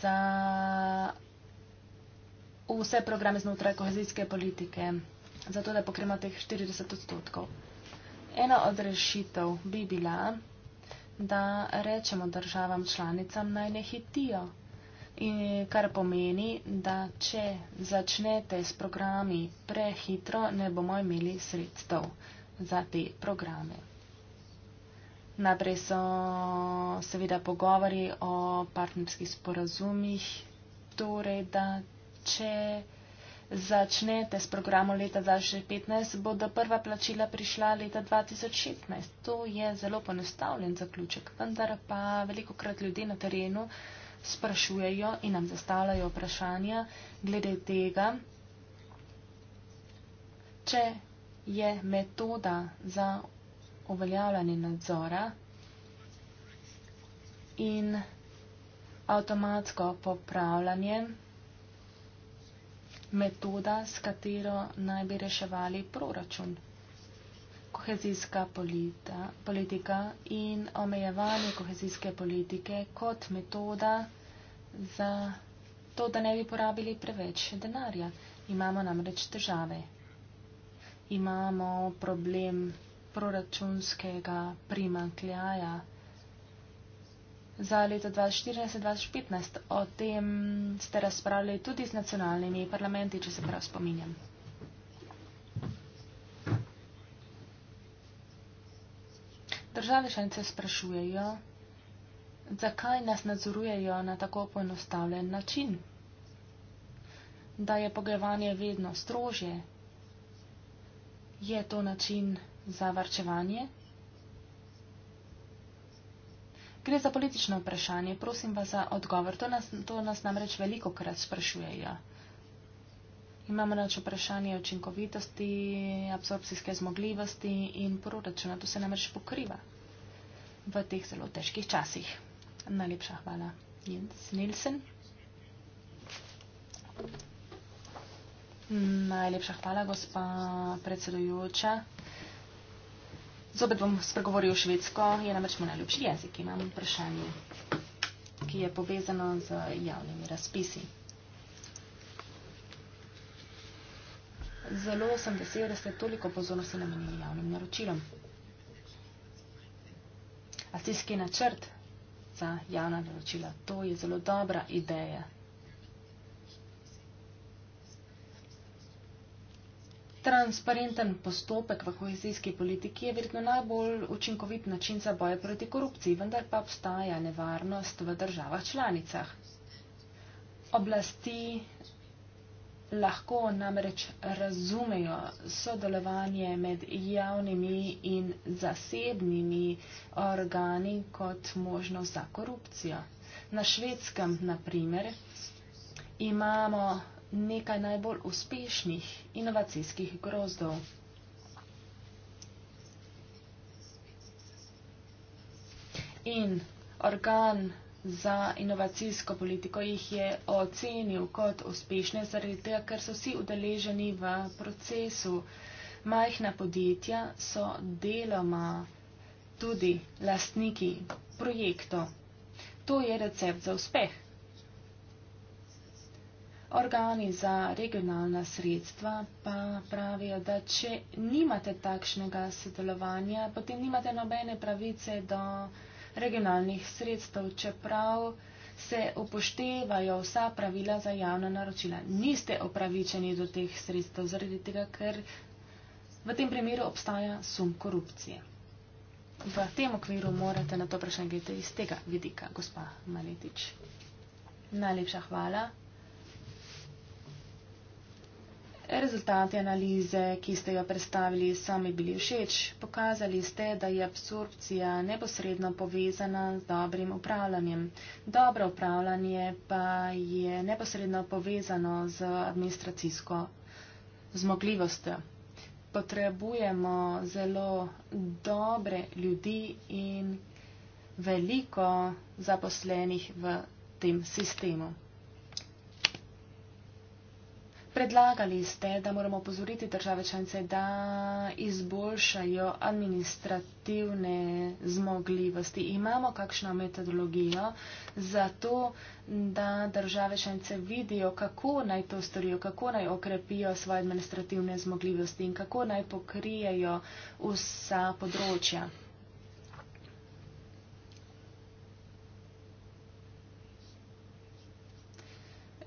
S2: za vse programe znotraj kohezijske politike, zato da pokrema teh 40 odstotkov. Ena od rešitev bi bila, da rečemo državam članicam naj ne hitijo. In kar pomeni, da če začnete s programi prehitro, ne bomo imeli sredstev za te programe. Najprej so seveda pogovori o partnerskih sporazumih, torej da če začnete s programom leta 2015, bodo prva plačila prišla leta 2016. To je zelo ponostavljen zaključek, vendar pa veliko krat ljudje na terenu sprašujejo in nam zastavljajo vprašanja glede tega, če je metoda za uveljavljanje nadzora in avtomatsko popravljanje metoda, s katero naj bi reševali proračun, kohezijska polita, politika in omejevanje kohezijske politike kot metoda za to, da ne bi porabili preveč denarja. Imamo namreč težave imamo problem proračunskega primankljaja za leto 2014-2015. O tem ste razpravljali tudi z nacionalnimi parlamenti, če se prav spominjam. Države šanice sprašujejo, zakaj nas nadzorujejo na tako poenostavljen način, da je pogajanje vedno strožje, je to način za varčevanje? Gre za politično vprašanje, prosim vas za odgovor. To nas, to nas namreč veliko krat sprašujejo. Imamo nač vprašanje očinkovitosti, absorpcijske zmogljivosti in proračuna. To se namreč pokriva v teh zelo težkih časih. Najlepša hvala. Jens Nielsen. Thank you. Najlepša hvala, gospa predsedujoča. Zopet bom spregovoril švedsko, je namreč moj najljubši jezik. Imam vprašanje, ki je povezano z javnimi razpisi. Zelo sem vesel, da ste toliko pozornosti namenili javnim naročilom. Akcijski načrt za javna naročila, to je zelo dobra ideja. Transparenten postopek v kohezijski politiki je verjetno najbolj učinkovit način za boje proti korupciji, vendar pa obstaja nevarnost v državah članicah. Oblasti lahko namreč razumejo sodelovanje med javnimi in zasebnimi organi kot možnost za korupcijo. Na švedskem, na primer, imamo nekaj najbolj uspešnih inovacijskih grozdov. In organ za inovacijsko politiko jih je ocenil kot uspešne, zaradi tega, ker so vsi udeleženi v procesu. Majhna podjetja so deloma tudi lastniki projektov. To je recept za uspeh. Organi za regionalna sredstva pa pravijo, da če nimate takšnega sodelovanja, potem nimate nobene pravice do regionalnih sredstev, čeprav se upoštevajo vsa pravila za javna naročila. Niste opravičeni do teh sredstev zaradi tega, ker v tem primeru obstaja sum korupcije. V tem okviru morate na to vprašanje gledati iz tega vidika, gospa Maletič. Najlepša hvala. Rezultati analize, ki ste jo predstavili, so mi bili všeč. Pokazali ste, da je absorpcija neposredno povezana z dobrim upravljanjem. Dobro upravljanje pa je neposredno povezano z administracijsko zmogljivostjo. Potrebujemo zelo dobre ljudi in veliko zaposlenih v tem sistemu. Predlagali ste, da moramo pozoriti države članice, da izboljšajo administrativne zmogljivosti. Imamo kakšno metodologijo za to, da države članice vidijo, kako naj to storijo, kako naj okrepijo svoje administrativne zmogljivosti in kako naj pokrijejo vsa področja.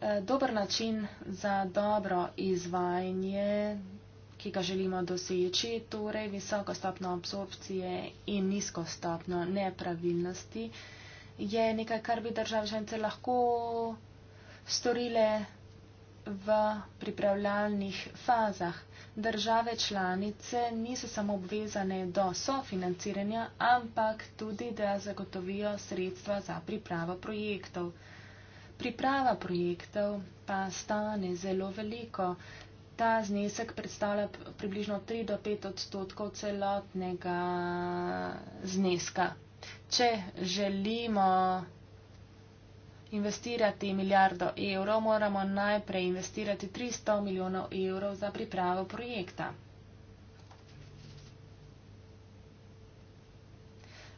S2: Eh, dober način za dobro izvajanje, ki ga želimo doseči, torej visoko stopno absorpcije in nizko stopno nepravilnosti, je nekaj, kar bi države žence lahko storile v pripravljalnih fazah. Države članice niso samo obvezane do sofinanciranja, ampak tudi, da zagotovijo sredstva za pripravo projektov. Priprava projektov pa stane zelo veliko. Ta znesek predstavlja približno 3 do 5 odstotkov celotnega zneska. Če želimo investirati milijardo evrov, moramo najprej investirati 300 milijonov evrov za pripravo projekta.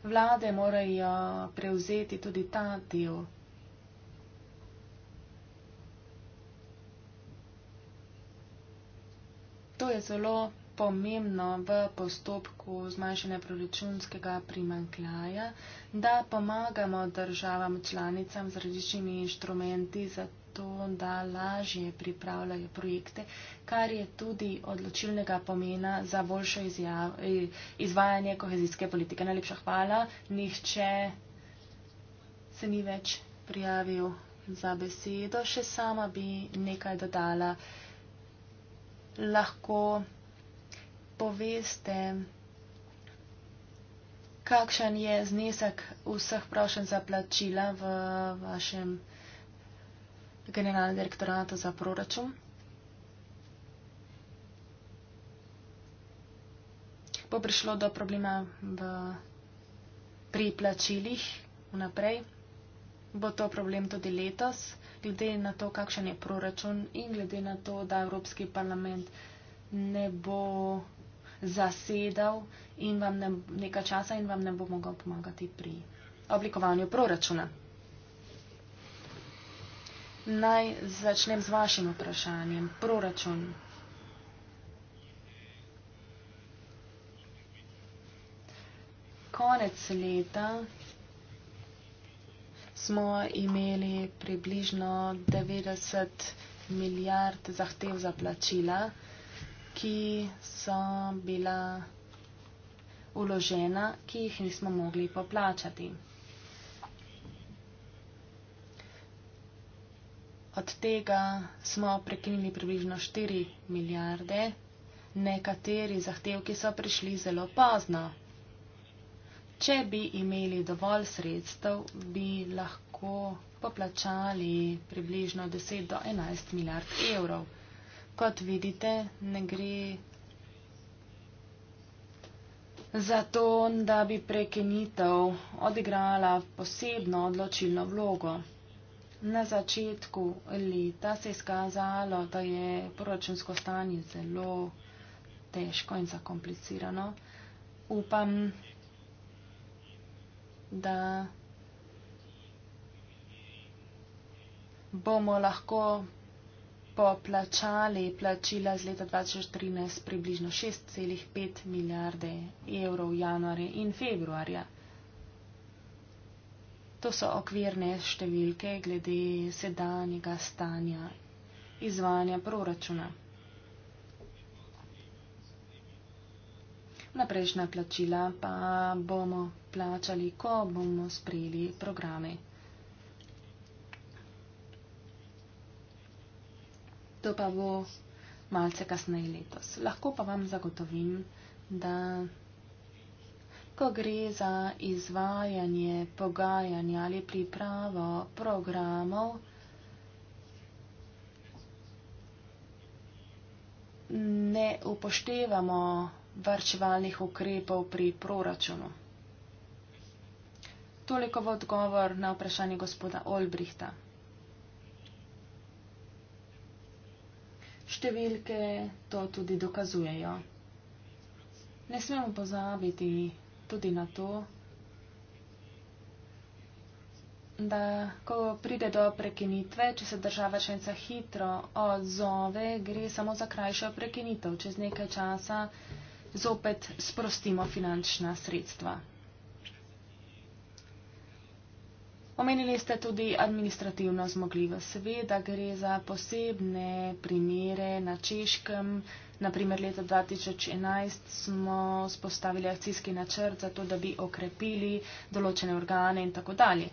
S2: Vlade morajo prevzeti tudi ta del. To je zelo pomembno v postopku zmanjšanja proračunskega primankljaja, da pomagamo državam članicam z različnimi inštrumenti za to, da lažje pripravljajo projekte, kar je tudi odločilnega pomena za boljše e, izvajanje kohezijske politike. Najlepša hvala. Nihče se ni več prijavil za besedo. Še sama bi nekaj dodala lahko poveste, kakšen je znesek vseh prošen za plačila v vašem generalnem direktoratu za proračun. Bo prišlo do problema v, pri plačilih vnaprej. Bo to problem tudi letos? glede na to, kakšen je proračun in glede na to, da Evropski parlament ne bo zasedal in vam ne, nekaj časa in vam ne bo mogel pomagati pri oblikovanju proračuna. Naj začnem z vašim vprašanjem. Proračun. Konec leta smo imeli približno 90 milijard zahtev za plačila, ki so bila uložena, ki jih nismo mogli poplačati. Od tega smo prekinili približno 4 milijarde, nekateri zahtevki so prišli zelo pozno. Če bi imeli dovolj sredstev, bi lahko poplačali približno 10 do 11 milijard evrov. Kot vidite, ne gre za to, da bi prekenitev odigrala posebno odločilno vlogo. Na začetku leta se je skazalo, da je poročensko stanje zelo težko in zakomplicirano. Upam, da bomo lahko poplačali plačila z leta 2013 približno 6,5 milijarde evrov januarja in februarja. To so okvirne številke glede sedanjega stanja izvajanja proračuna. Na prejšnja plačila pa bomo plačali, ko bomo sprejeli programe. To pa bo malce kasneje letos. Lahko pa vam zagotovim, da ko gre za izvajanje pogajanja ali pripravo programov, ne upoštevamo varčevalnih ukrepov pri proračunu. Toliko v odgovor na vprašanje gospoda Olbrihta. Številke to tudi dokazujejo. Ne smemo pozabiti tudi na to, da ko pride do prekinitve, če se država članica hitro odzove, gre samo za krajšo prekinitev. Čez nekaj časa zopet sprostimo finančna sredstva. Omenili ste tudi administrativno zmogljivost. Seveda gre za posebne primere na češkem. Naprimer, leta 2011 smo spostavili akcijski načrt za to, da bi okrepili določene organe in tako dalje.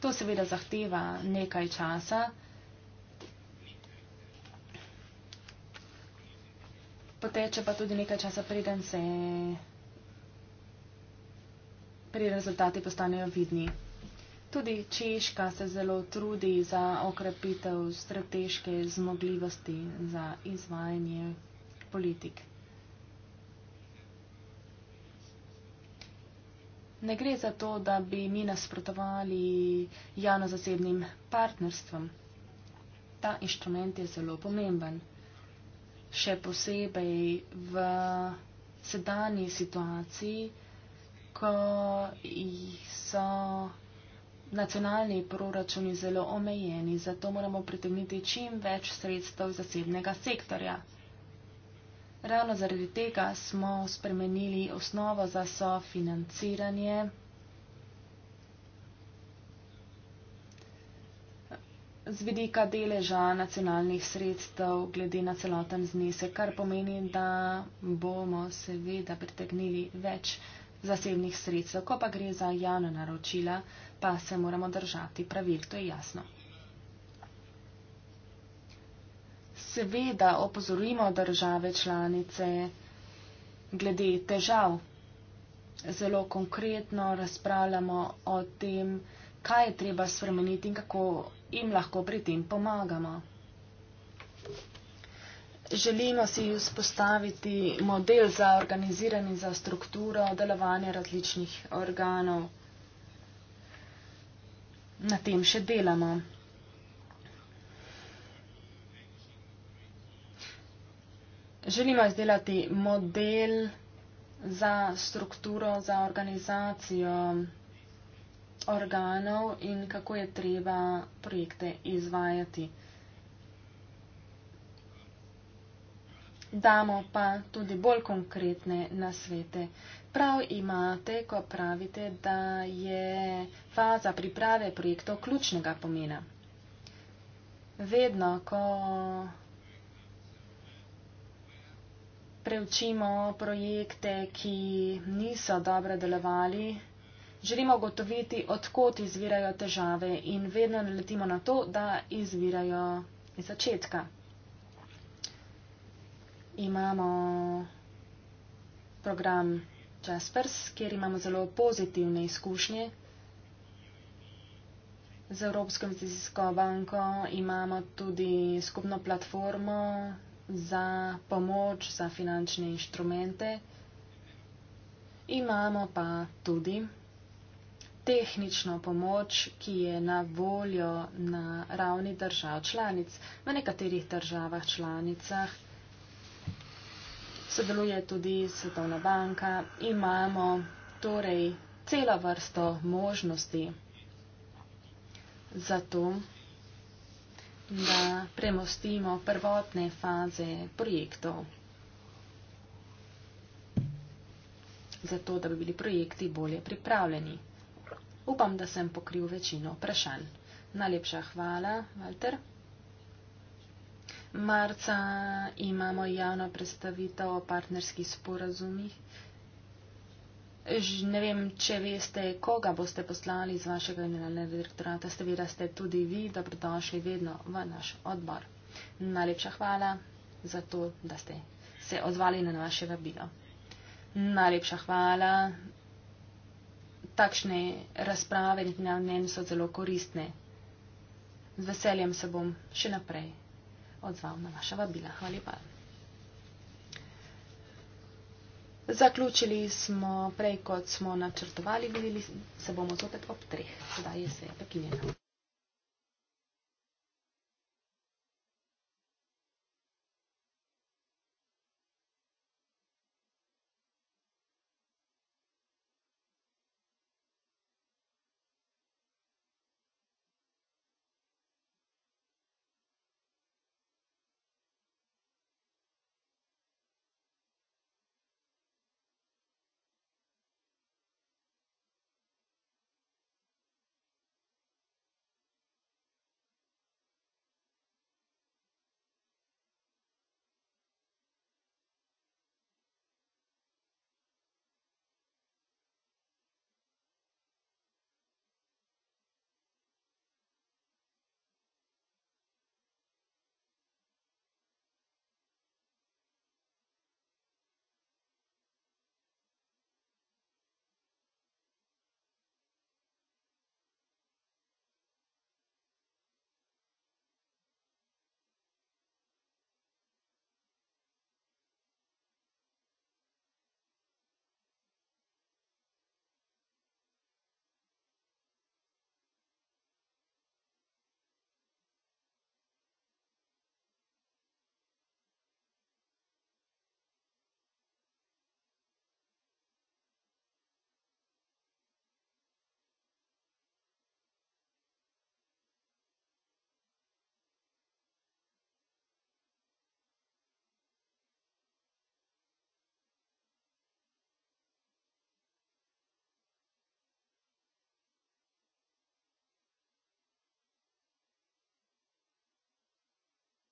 S2: To seveda zahteva nekaj časa. Poteče pa tudi nekaj časa, preden se pri rezultati postanejo vidni. Tudi Češka se zelo trudi za okrepitev strateške zmogljivosti za izvajanje politik. Ne gre za to, da bi mi nasprotovali javno-zasebnim partnerstvom. Ta inštrument je zelo pomemben, še posebej v sedanji situaciji, ko jih so. Nacionalni proračuni zelo omejeni, zato moramo pritegniti čim več sredstev zasebnega sektorja. Ravno zaradi tega smo spremenili osnovo za sofinanciranje. Z vidika deleža nacionalnih sredstev glede na celoten znesek, kar pomeni, da bomo seveda pritegnili več zasebnih sredstev. Ko pa gre za javna naročila, pa se moramo držati pravil, to je jasno. Seveda opozorimo države članice glede težav. Zelo konkretno razpravljamo o tem, kaj je treba spremeniti in kako jim lahko pri tem pomagamo. Želimo si vzpostaviti model za organiziranje in za strukturo delovanja različnih organov na tem še delamo. Želimo izdelati model za strukturo, za organizacijo organov in kako je treba projekte izvajati. damo pa tudi bolj konkretne nasvete. Prav imate, ko pravite, da je faza priprave projektov ključnega pomena. Vedno, ko preučimo projekte, ki niso dobro delovali, želimo gotoviti, odkot izvirajo težave in vedno naletimo na to, da izvirajo iz začetka imamo program Jaspers, kjer imamo zelo pozitivne izkušnje. Z Evropsko investicijsko banko imamo tudi skupno platformo za pomoč za finančne inštrumente. Imamo pa tudi tehnično pomoč, ki je na voljo na ravni držav članic. V nekaterih državah članicah sodeluje tudi Svetovna banka. Imamo torej celo vrsto možnosti za to, da premostimo prvotne faze projektov. Zato, da bi bili projekti bolje pripravljeni. Upam, da sem pokril večino vprašanj. Najlepša hvala, Walter. Marca imamo javno predstavitev o partnerskih sporazumih. Ne vem, če veste, koga boste poslali z vašega generalnega direktorata, seveda ste tudi vi, da pridošli vedno v naš odbor. Najlepša hvala za to, da ste se odzvali na naše vabilo. Najlepša hvala. Takšne razprave in mnenje so zelo koristne. Z veseljem se bom še naprej odzval na vaša vabila. Hvala lepa. Zaključili smo prej, kot smo načrtovali, videli se bomo zopet ob treh, sedaj je se prekinjeno.